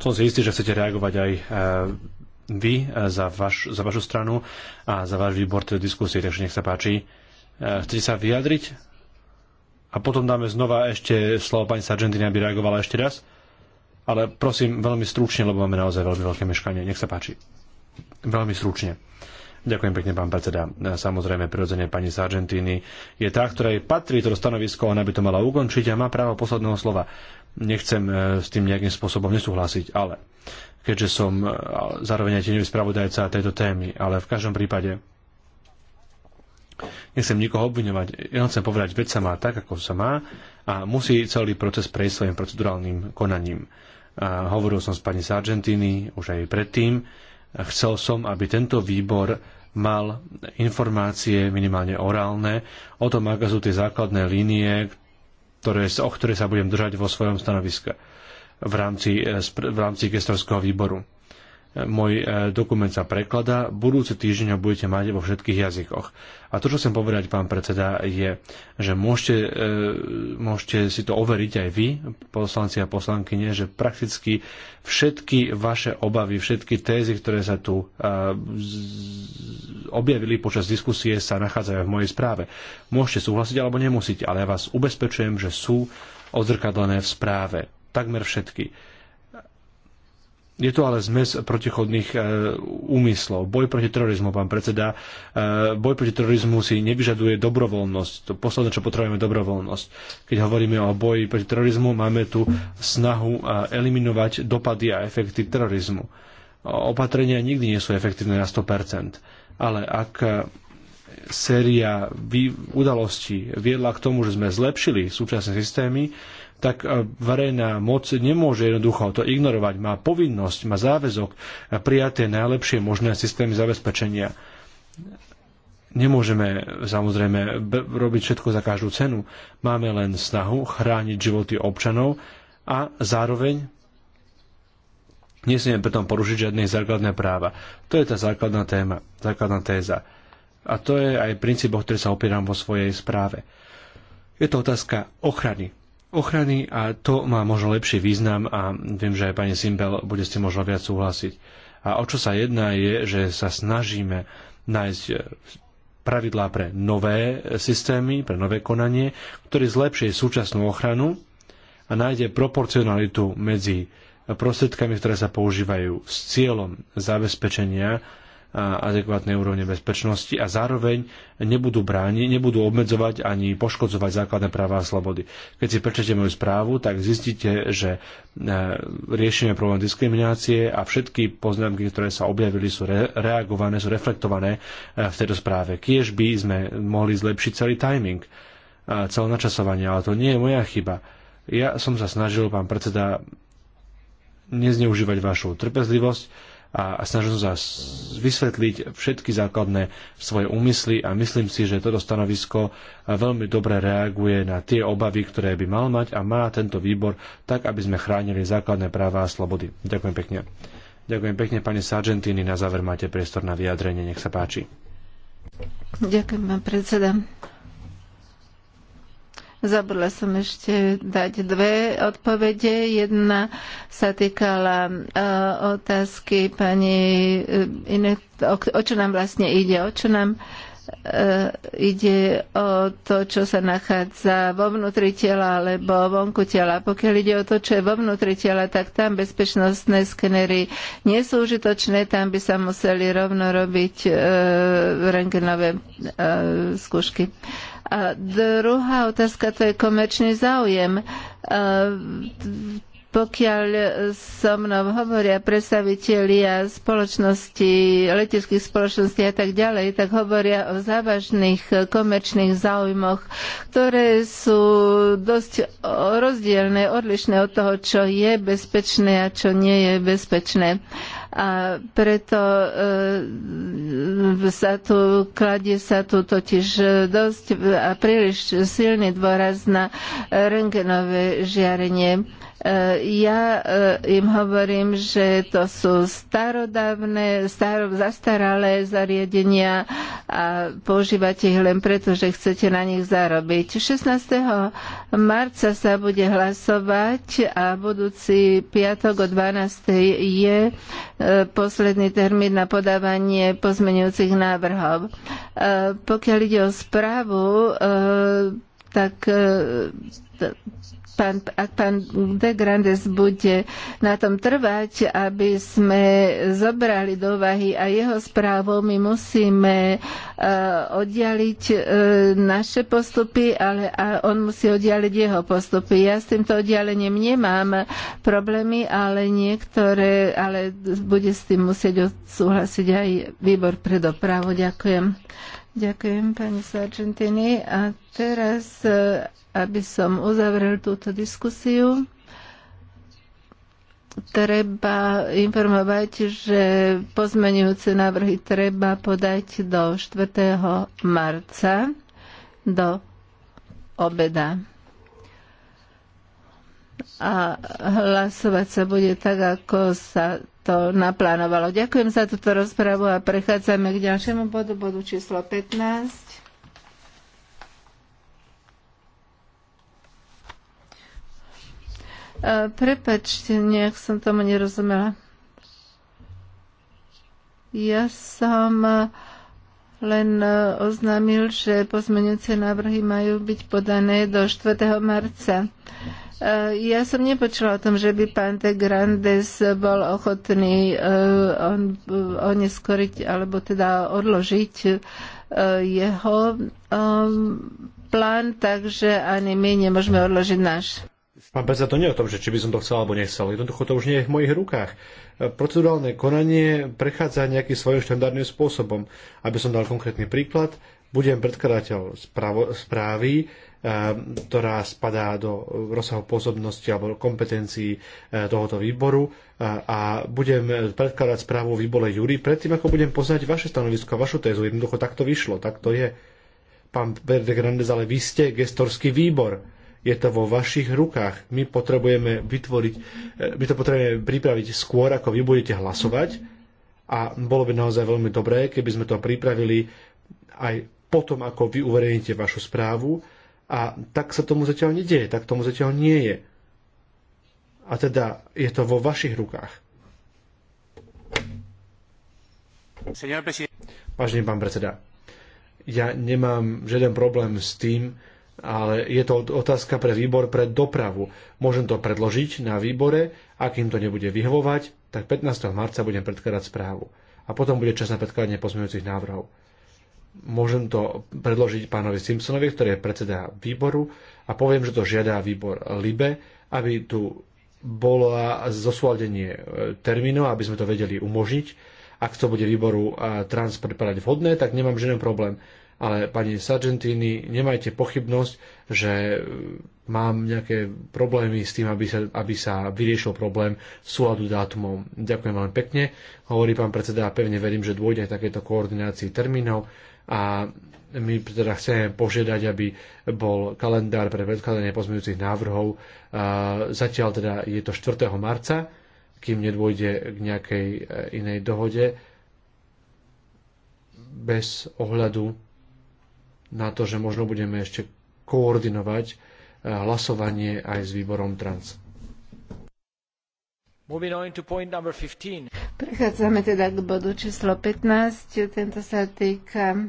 som si istý, že chcete reagovať aj e, vy za, vaš, za vašu stranu a za váš výbor tej diskusie, takže nech sa páči. Chcete sa vyjadriť? a potom dáme znova ešte slovo pani Sargentini, aby reagovala ešte raz. Ale prosím, veľmi stručne, lebo máme naozaj veľmi veľké meškanie. Nech sa páči. Veľmi stručne. Ďakujem pekne, pán predseda. Samozrejme, prirodzene pani Sargentini je tá, ktorej patrí to stanovisko, ona by to mala ukončiť a má právo posledného slova. Nechcem e, s tým nejakým spôsobom nesúhlasiť, ale keďže som e, zároveň aj tieňový spravodajca tejto témy, ale v každom prípade Nechcem nikoho obviňovať, ja chcem povedať, veď sa má tak, ako sa má a musí celý proces prejsť svojim procedurálnym konaním. A hovoril som s pani z Argentíny už aj predtým. Chcel som, aby tento výbor mal informácie minimálne orálne o tom, aké sú tie základné línie, ktoré, o ktoré sa budem držať vo svojom stanoviska v rámci, eh, v rámci gestorského výboru môj e, dokument sa prekladá, budúci týždeň ho budete mať vo všetkých jazykoch. A to, čo chcem povedať, pán predseda, je, že môžete, e, môžete si to overiť aj vy, poslanci a poslankyne, že prakticky všetky vaše obavy, všetky tézy, ktoré sa tu e, objavili počas diskusie, sa nachádzajú v mojej správe. Môžete súhlasiť alebo nemusíte, ale ja vás ubezpečujem, že sú odzrkadlené v správe. Takmer všetky je to ale zmes protichodných e, úmyslov. Boj proti terorizmu, pán predseda, e, boj proti terorizmu si nevyžaduje dobrovoľnosť. To posledné, čo potrebujeme, je dobrovoľnosť. Keď hovoríme o boji proti terorizmu, máme tu snahu e, eliminovať dopady a efekty terorizmu. Opatrenia nikdy nie sú efektívne na 100%. Ale ak séria udalostí viedla k tomu, že sme zlepšili súčasné systémy, tak e, verejná moc nemôže jednoducho to ignorovať. Má povinnosť, má záväzok prijať tie najlepšie možné systémy zabezpečenia. Nemôžeme samozrejme robiť všetko za každú cenu. Máme len snahu chrániť životy občanov a zároveň nesmieme pritom porušiť žiadne základné práva. To je tá základná téma, základná téza. A to je aj princíp, o ktorý sa opieram vo svojej správe. Je to otázka ochrany ochrany a to má možno lepší význam a viem, že aj pani Simbel bude ste možno viac súhlasiť. A o čo sa jedná je, že sa snažíme nájsť e, pravidlá pre nové systémy, pre nové konanie, ktoré zlepšie súčasnú ochranu a nájde proporcionalitu medzi prostriedkami, ktoré sa používajú s cieľom zabezpečenia adekvátnej úrovne bezpečnosti a zároveň nebudú brániť, nebudú obmedzovať ani poškodzovať základné práva a slobody. Keď si prečete moju správu, tak zistíte, že e, riešime problém diskriminácie a všetky poznámky, ktoré sa objavili, sú re- reagované, sú reflektované e, v tejto správe. Kiež by sme mohli zlepšiť celý timing, e, celé načasovanie, ale to nie je moja chyba. Ja som sa snažil, pán predseda, nezneužívať vašu trpezlivosť, a, snažil som sa vysvetliť všetky základné svoje úmysly a myslím si, že toto stanovisko veľmi dobre reaguje na tie obavy, ktoré by mal mať a má tento výbor tak, aby sme chránili základné práva a slobody. Ďakujem pekne. Ďakujem pekne, pani Sargentini. Na záver máte priestor na vyjadrenie. Nech sa páči. Ďakujem, pán predseda. Zabudla som ešte dať dve odpovede. Jedna sa týkala uh, otázky pani e, iné, o, o čo nám vlastne ide, o čo nám e, ide o to, čo sa nachádza vo vnútri tela alebo vonku tela. Pokiaľ ide o to, čo je vo vnútri tela, tak tam bezpečnostné skenery nie sú užitočné, tam by sa museli rovno robiť uh, rengenové uh, skúšky. A druhá otázka to je komerčný záujem. Pokiaľ so mnou hovoria predstavitelia spoločnosti, leteckých spoločností a tak ďalej, tak hovoria o závažných komerčných záujmoch, ktoré sú dosť rozdielne, odlišné od toho, čo je bezpečné a čo nie je bezpečné. Uh, a preto e, sa tu kladie sa tu totiž dosť a príliš silný dôraz na rengenové žiarenie Eh, ja eh, im hovorím, že to sú starodávne, staro, zastaralé zariadenia a používate ich len preto, že chcete na nich zarobiť. 16. marca sa bude hlasovať a budúci piatok o 12. je eh, posledný termín na podávanie pozmenujúcich návrhov. Pokiaľ ide o správu, tak pán, ak pán De Grandes bude na tom trvať, aby sme zobrali do vahy a jeho správu, my musíme eh, oddialiť eh, naše postupy, ale a on musí oddialiť jeho postupy. Ja s týmto oddialením nemám problémy, ale niektoré, ale bude s tým musieť odsúhlasiť aj výbor pre dopravu. Ďakujem. Ďakujem, pani Sargentini. A teraz, e, aby som uzavrel túto diskusiu, treba informovať, že pozmenujúce návrhy treba podať do 4. marca do obeda a hlasovať sa bude tak, ako sa to naplánovalo. Ďakujem za túto rozpravu a prechádzame k ďalšiemu bodu, bodu číslo 15. E, prepačte, nejak som tomu nerozumela. Ja som len oznámil, že pozmenujúce návrhy majú byť podané do 4. marca. Eh, ja som nepočula o tom, že by pán de Grandes bol ochotný eh, on, eh, oneskoriť alebo teda odložiť jeho plán, takže ani my nemôžeme odložiť náš. Pán Beza, to nie je o tom, že či by som to chcel alebo nechcel. Jednoducho to už nie je v mojich rukách. Procedurálne konanie prechádza nejakým svojím štandardným spôsobom. Aby som dal konkrétny príklad, budem predkladateľ správy, Eh, ktorá spadá do rozsahu pôsobnosti alebo kompetencií eh, tohoto výboru eh, a budem predkladať správu výbore Júri predtým, ako budem poznať vaše stanovisko a vašu tézu. Jednoducho takto vyšlo, tak to je. Pán Verde Grandes, ale vy ste gestorský výbor je to vo vašich rukách. My potrebujeme vytvoriť, my to potrebujeme pripraviť skôr, ako vy budete hlasovať a bolo by naozaj veľmi dobré, keby sme to pripravili aj potom, ako vy uverejnite vašu správu a tak sa tomu zatiaľ nedieje, tak tomu zatiaľ nie je. A teda je to vo vašich rukách. Vážený pán predseda, ja nemám žiaden problém s tým, ale je to otázka pre výbor pre dopravu. Môžem to predložiť na výbore, ak im to nebude vyhovovať, tak 15. marca budem predkladať správu. A potom bude čas na predkladanie pozmeňujúcich návrhov môžem to predložiť pánovi Simpsonovi, ktorý je predseda výboru a poviem, že to žiada výbor LIBE, aby tu bolo zosúladenie e, termínov, aby sme to vedeli umožniť. Ak to bude výboru e, trans pripadať vhodné, tak nemám žiaden problém. Ale pani Sargentini, nemajte pochybnosť, že e, mám nejaké problémy s tým, aby sa, aby sa vyriešil problém súladu dátumom. Ďakujem veľmi pekne, hovorí pán predseda a pevne verím, že dôjde aj takéto koordinácii termínov a my teda chceme požiadať, aby bol kalendár pre predkladanie pozmeňujúcich návrhov. Zatiaľ teda je to 4. marca, kým nedôjde k nejakej e, inej dohode bez ohľadu na to, že možno budeme ešte koordinovať e, hlasovanie aj s výborom trans. Moving on to point number 15. Prechádzame teda k bodu číslo 15. Tento sa týka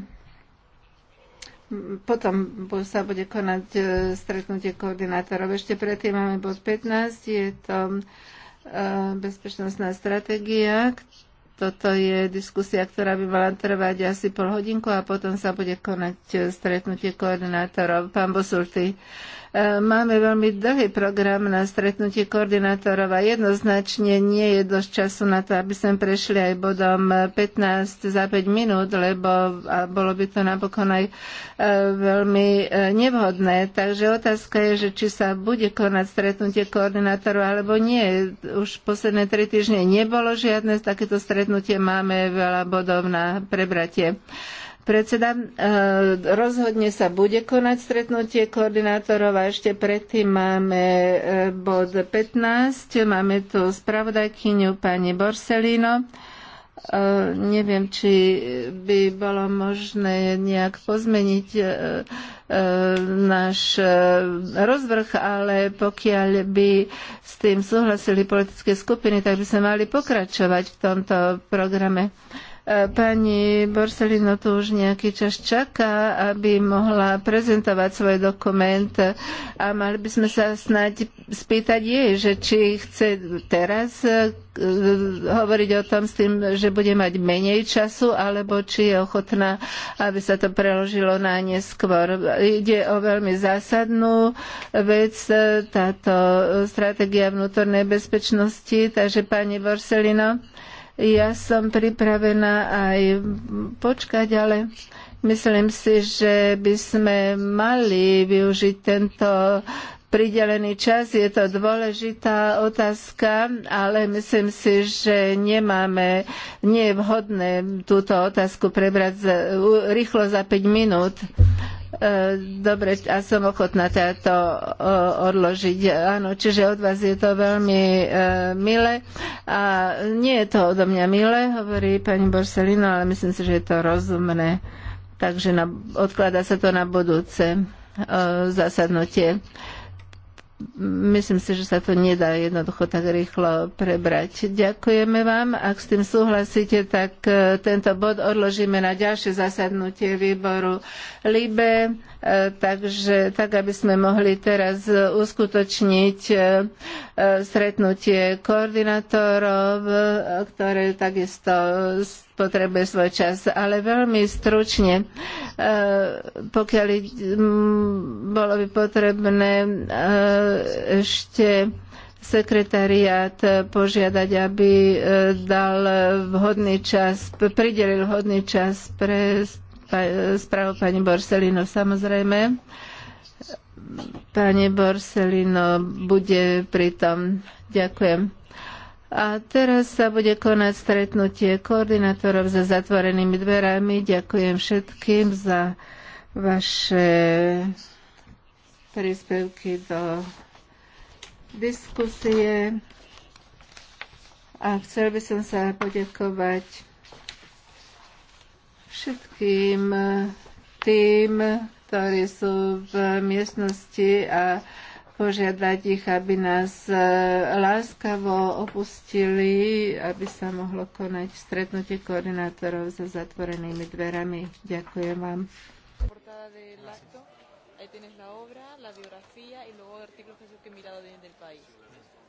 potom sa bude konať e, stretnutie koordinátorov. Ešte predtým máme bod 15. Je to e, bezpečnostná stratégia. Toto je diskusia, ktorá by mala trvať asi pol hodinku a potom sa bude konať e, stretnutie koordinátorov. Pán Bosulty, Máme veľmi dlhý program na stretnutie koordinátorov a jednoznačne nie je dosť času na to, aby sme prešli aj bodom 15 za 5 minút, lebo a bolo by to napokon aj e, veľmi e, nevhodné. Takže otázka je, že či sa bude konať stretnutie koordinátorov alebo nie. Už posledné tri týždne nebolo žiadne takéto stretnutie. Máme veľa bodov na prebratie. Predseda, e, rozhodne sa bude konať stretnutie koordinátorov a ešte predtým máme e, bod 15. Máme tu spravodajkyňu pani Borselino. E, neviem, či by bolo možné nejak pozmeniť náš rozvrh, ale pokiaľ by s tým súhlasili politické skupiny, tak by sme mali pokračovať v tomto programe. E, pani Borsellino tu už nejaký čas čaká, aby mohla prezentovať svoj dokument a mali by sme sa snáď spýtať jej, že či chce teraz e, hovoriť o tom s tým, že bude mať menej času, alebo či je ochotná, aby sa to preložilo na neskôr. Ide o veľmi zásadnú vec, e, táto stratégia vnútornej bezpečnosti, takže pani Borselino, ja som pripravená aj počkať, ale myslím si, že by sme mali využiť tento pridelený čas. Je to dôležitá otázka, ale myslím si, že nemáme, nie je vhodné túto otázku prebrať rýchlo za 5 minút. E, dobre, a som ochotná to e, odložiť. Áno, čiže od vás je to veľmi e, milé. A nie je to odo mňa milé, hovorí pani Borselino, ale myslím si, že je to rozumné. Takže na, sa to na budúce zasadnutie myslím si, že sa to nedá jednoducho tak rýchlo prebrať. Ďakujeme vám. Ak s tým súhlasíte, tak e, tento bod odložíme na ďalšie zasadnutie výboru LIBE E, takže tak, aby sme mohli teraz uskutočniť e, e, stretnutie koordinátorov, ktoré takisto potrebuje svoj čas. Ale veľmi stručne, pokiaľ bolo by potrebné ešte sekretariat požiadať, aby dal vhodný čas, pridelil vhodný čas pre správu pani Borselino samozrejme. Pani Borselino bude pritom. Ďakujem. A teraz sa bude konať stretnutie koordinátorov za zatvorenými dverami. Ďakujem všetkým za vaše príspevky do diskusie. A chcel by som sa poďakovať všetkým eh, tým, ktorí sú v miestnosti a požiadať ich, aby nás eh, láskavo opustili, aby sa mohlo konať stretnutie koordinátorov za zatvorenými dverami. Ďakujem vám. Ahí tienes la obra, la biografía y luego artículos que he mirado desde el país.